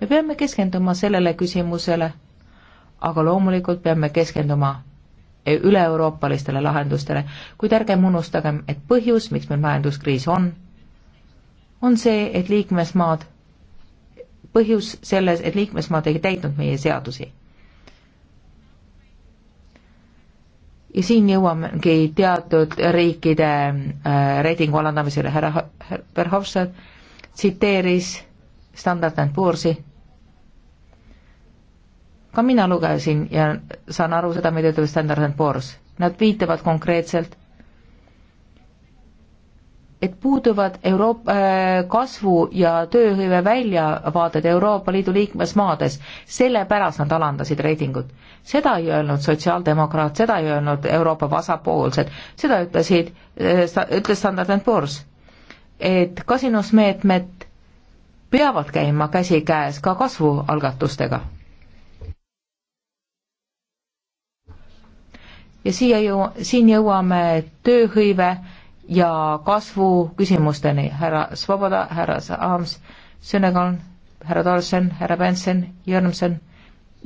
me peame keskenduma sellele küsimusele, aga loomulikult peame keskenduma e-, üle-euroopalistele lahendustele, kuid ärgem unustagem, et põhjus, miks meil majanduskriis on, on see, et liikmesmaad, põhjus selles, et liikmesmaad ei täitnud meie seadusi ja siin jõuamegi teatud riikide äh, reitingu alandamisele, härra Verhofstadt tsiteeris Standard and Poor'si. ka mina lugesin ja saan aru seda, mida ütleb Standard and Poor's. Nad viitavad konkreetselt et puuduvad Euroopa äh, kasvu- ja tööhõive väljavaated Euroopa Liidu liikmesmaades, sellepärast nad alandasid reitingut. seda ei öelnud sotsiaaldemokraat, seda ei öelnud Euroopa vasapoolsed, seda ütlesid, äh, ütles Standard and Poor's. et kasinusmeetmed peavad käima käsikäes ka kasvualgatustega. ja siia jõu-, siin jõuame tööhõive ja kasvu küsimusteni. härra Svoboda, härra Saams, Sünegal, härra Tolson, härra Benson, Jürmson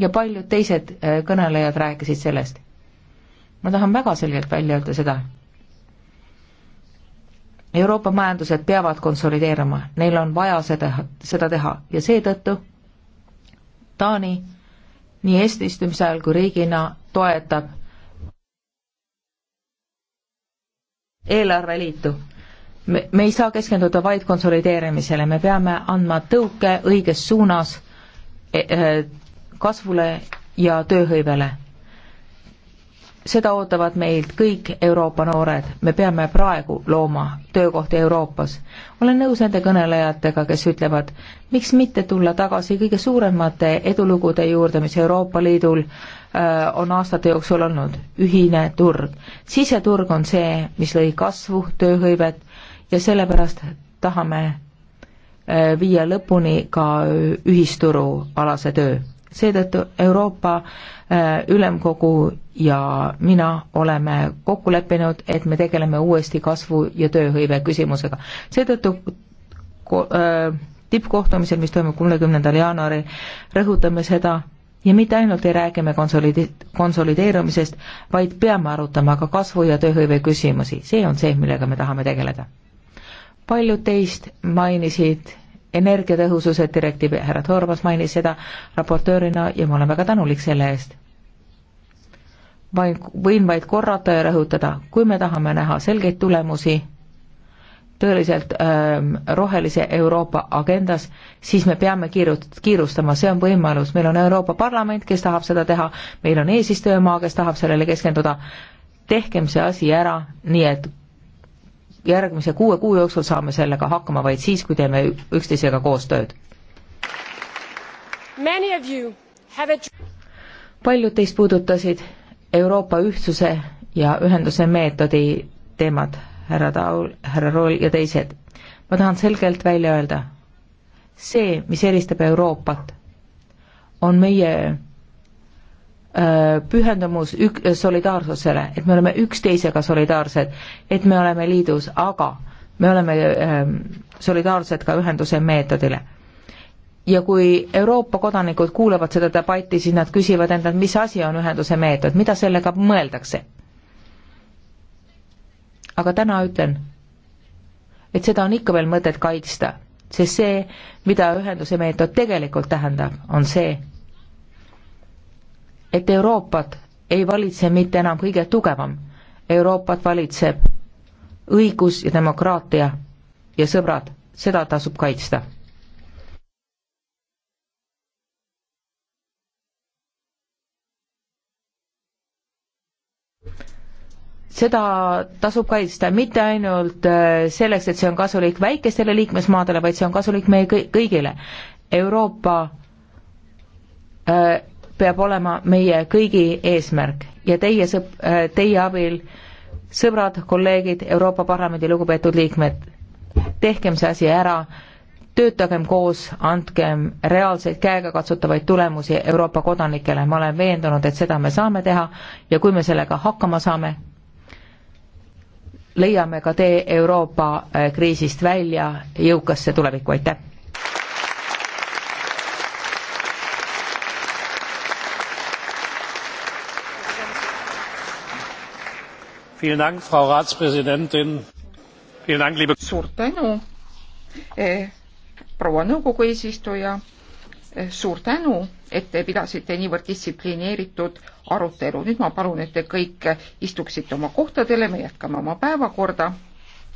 ja paljud teised äh, kõnelejad rääkisid sellest. ma tahan väga selgelt välja öelda seda. Euroopa majandused peavad konsolideeruma, neil on vaja seda, seda teha ja seetõttu Taani nii eestistumise ajal kui riigina toetab eelarveliitu. me, me ei saa keskenduda vaid konsolideerimisele, me peame andma tõuke õiges suunas e, e, kasvule ja tööhõivele seda ootavad meilt kõik Euroopa noored, me peame praegu looma töökohti Euroopas. olen nõus nende kõnelejatega, kes ütlevad, miks mitte tulla tagasi kõige suuremate edulugude juurde, mis Euroopa Liidul äh, on aastate jooksul olnud, ühine turg. siseturg on see, mis lõi kasvu, tööhõivet ja sellepärast tahame äh, viia lõpuni ka ühisturu alase töö seetõttu Euroopa äh, Ülemkogu ja mina oleme kokku leppinud, et me tegeleme uuesti kasvu- ja tööhõive küsimusega. seetõttu äh, tippkohtumisel, mis toimub kolmekümnendal jaanuaril, rõhutame seda, ja mitte ainult ei räägi me konsolide-, konsolideerumisest, vaid peame arutama ka kasvu- ja tööhõive küsimusi, see on see, millega me tahame tegeleda. paljud teist mainisid energiatõhususe direktiivi, härra Torvas mainis seda raportöörina ja ma olen väga tänulik selle eest. ma võin vaid korrata ja rõhutada, kui me tahame näha selgeid tulemusi tõeliselt ähm, rohelise Euroopa agendas, siis me peame kiirut-, kiirustama, see on võimalus, meil on Euroopa Parlament, kes tahab seda teha, meil on eesistujamaa, kes tahab sellele keskenduda, tehkem see asi ära, nii et järgmise kuue kuu jooksul saame sellega hakkama vaid siis, kui teeme üksteisega koostööd. paljud teist puudutasid Euroopa ühtsuse ja ühenduse meetodi teemad, härra Taul, härra Rool ja teised. ma tahan selgelt välja öelda, see, mis eristab Euroopat, on meie Äh, pühendumus ük-, solidaarsusele, et me oleme üksteisega solidaarsed, et me oleme liidus, aga me oleme ähm, solidaarsed ka ühenduse meetodile. ja kui Euroopa kodanikud kuulavad seda debatti, siis nad küsivad endalt, mis asi on ühenduse meetod, mida sellega mõeldakse. aga täna ütlen, et seda on ikka veel mõtet kaitsta, sest see, mida ühenduse meetod tegelikult tähendab, on see, et Euroopat ei valitse mitte enam kõige tugevam, Euroopat valitseb õigus ja demokraatia ja sõbrad, seda tasub kaitsta. seda tasub kaitsta mitte ainult äh, selleks, et see on kasulik väikestele liikmesmaadele, vaid see on kasulik meie kõigile. Euroopa äh, peab olema meie kõigi eesmärk ja teie sõp-, äh, teie abil, sõbrad, kolleegid, Euroopa Parlamendi lugupeetud liikmed, tehkem see asi ära, töötagem koos, andkem reaalseid käegakatsutavaid tulemusi Euroopa kodanikele, ma olen veendunud, et seda me saame teha ja kui me sellega hakkama saame, leiame ka tee Euroopa äh, kriisist välja jõukasse tulevikku, aitäh! suur tänu, eh, proua nõukogu eesistuja, eh, suur tänu, et te pidasite niivõrd distsiplineeritud arutelu. nüüd ma palun, et te kõik istuksite oma kohtadele, me jätkame oma päevakorda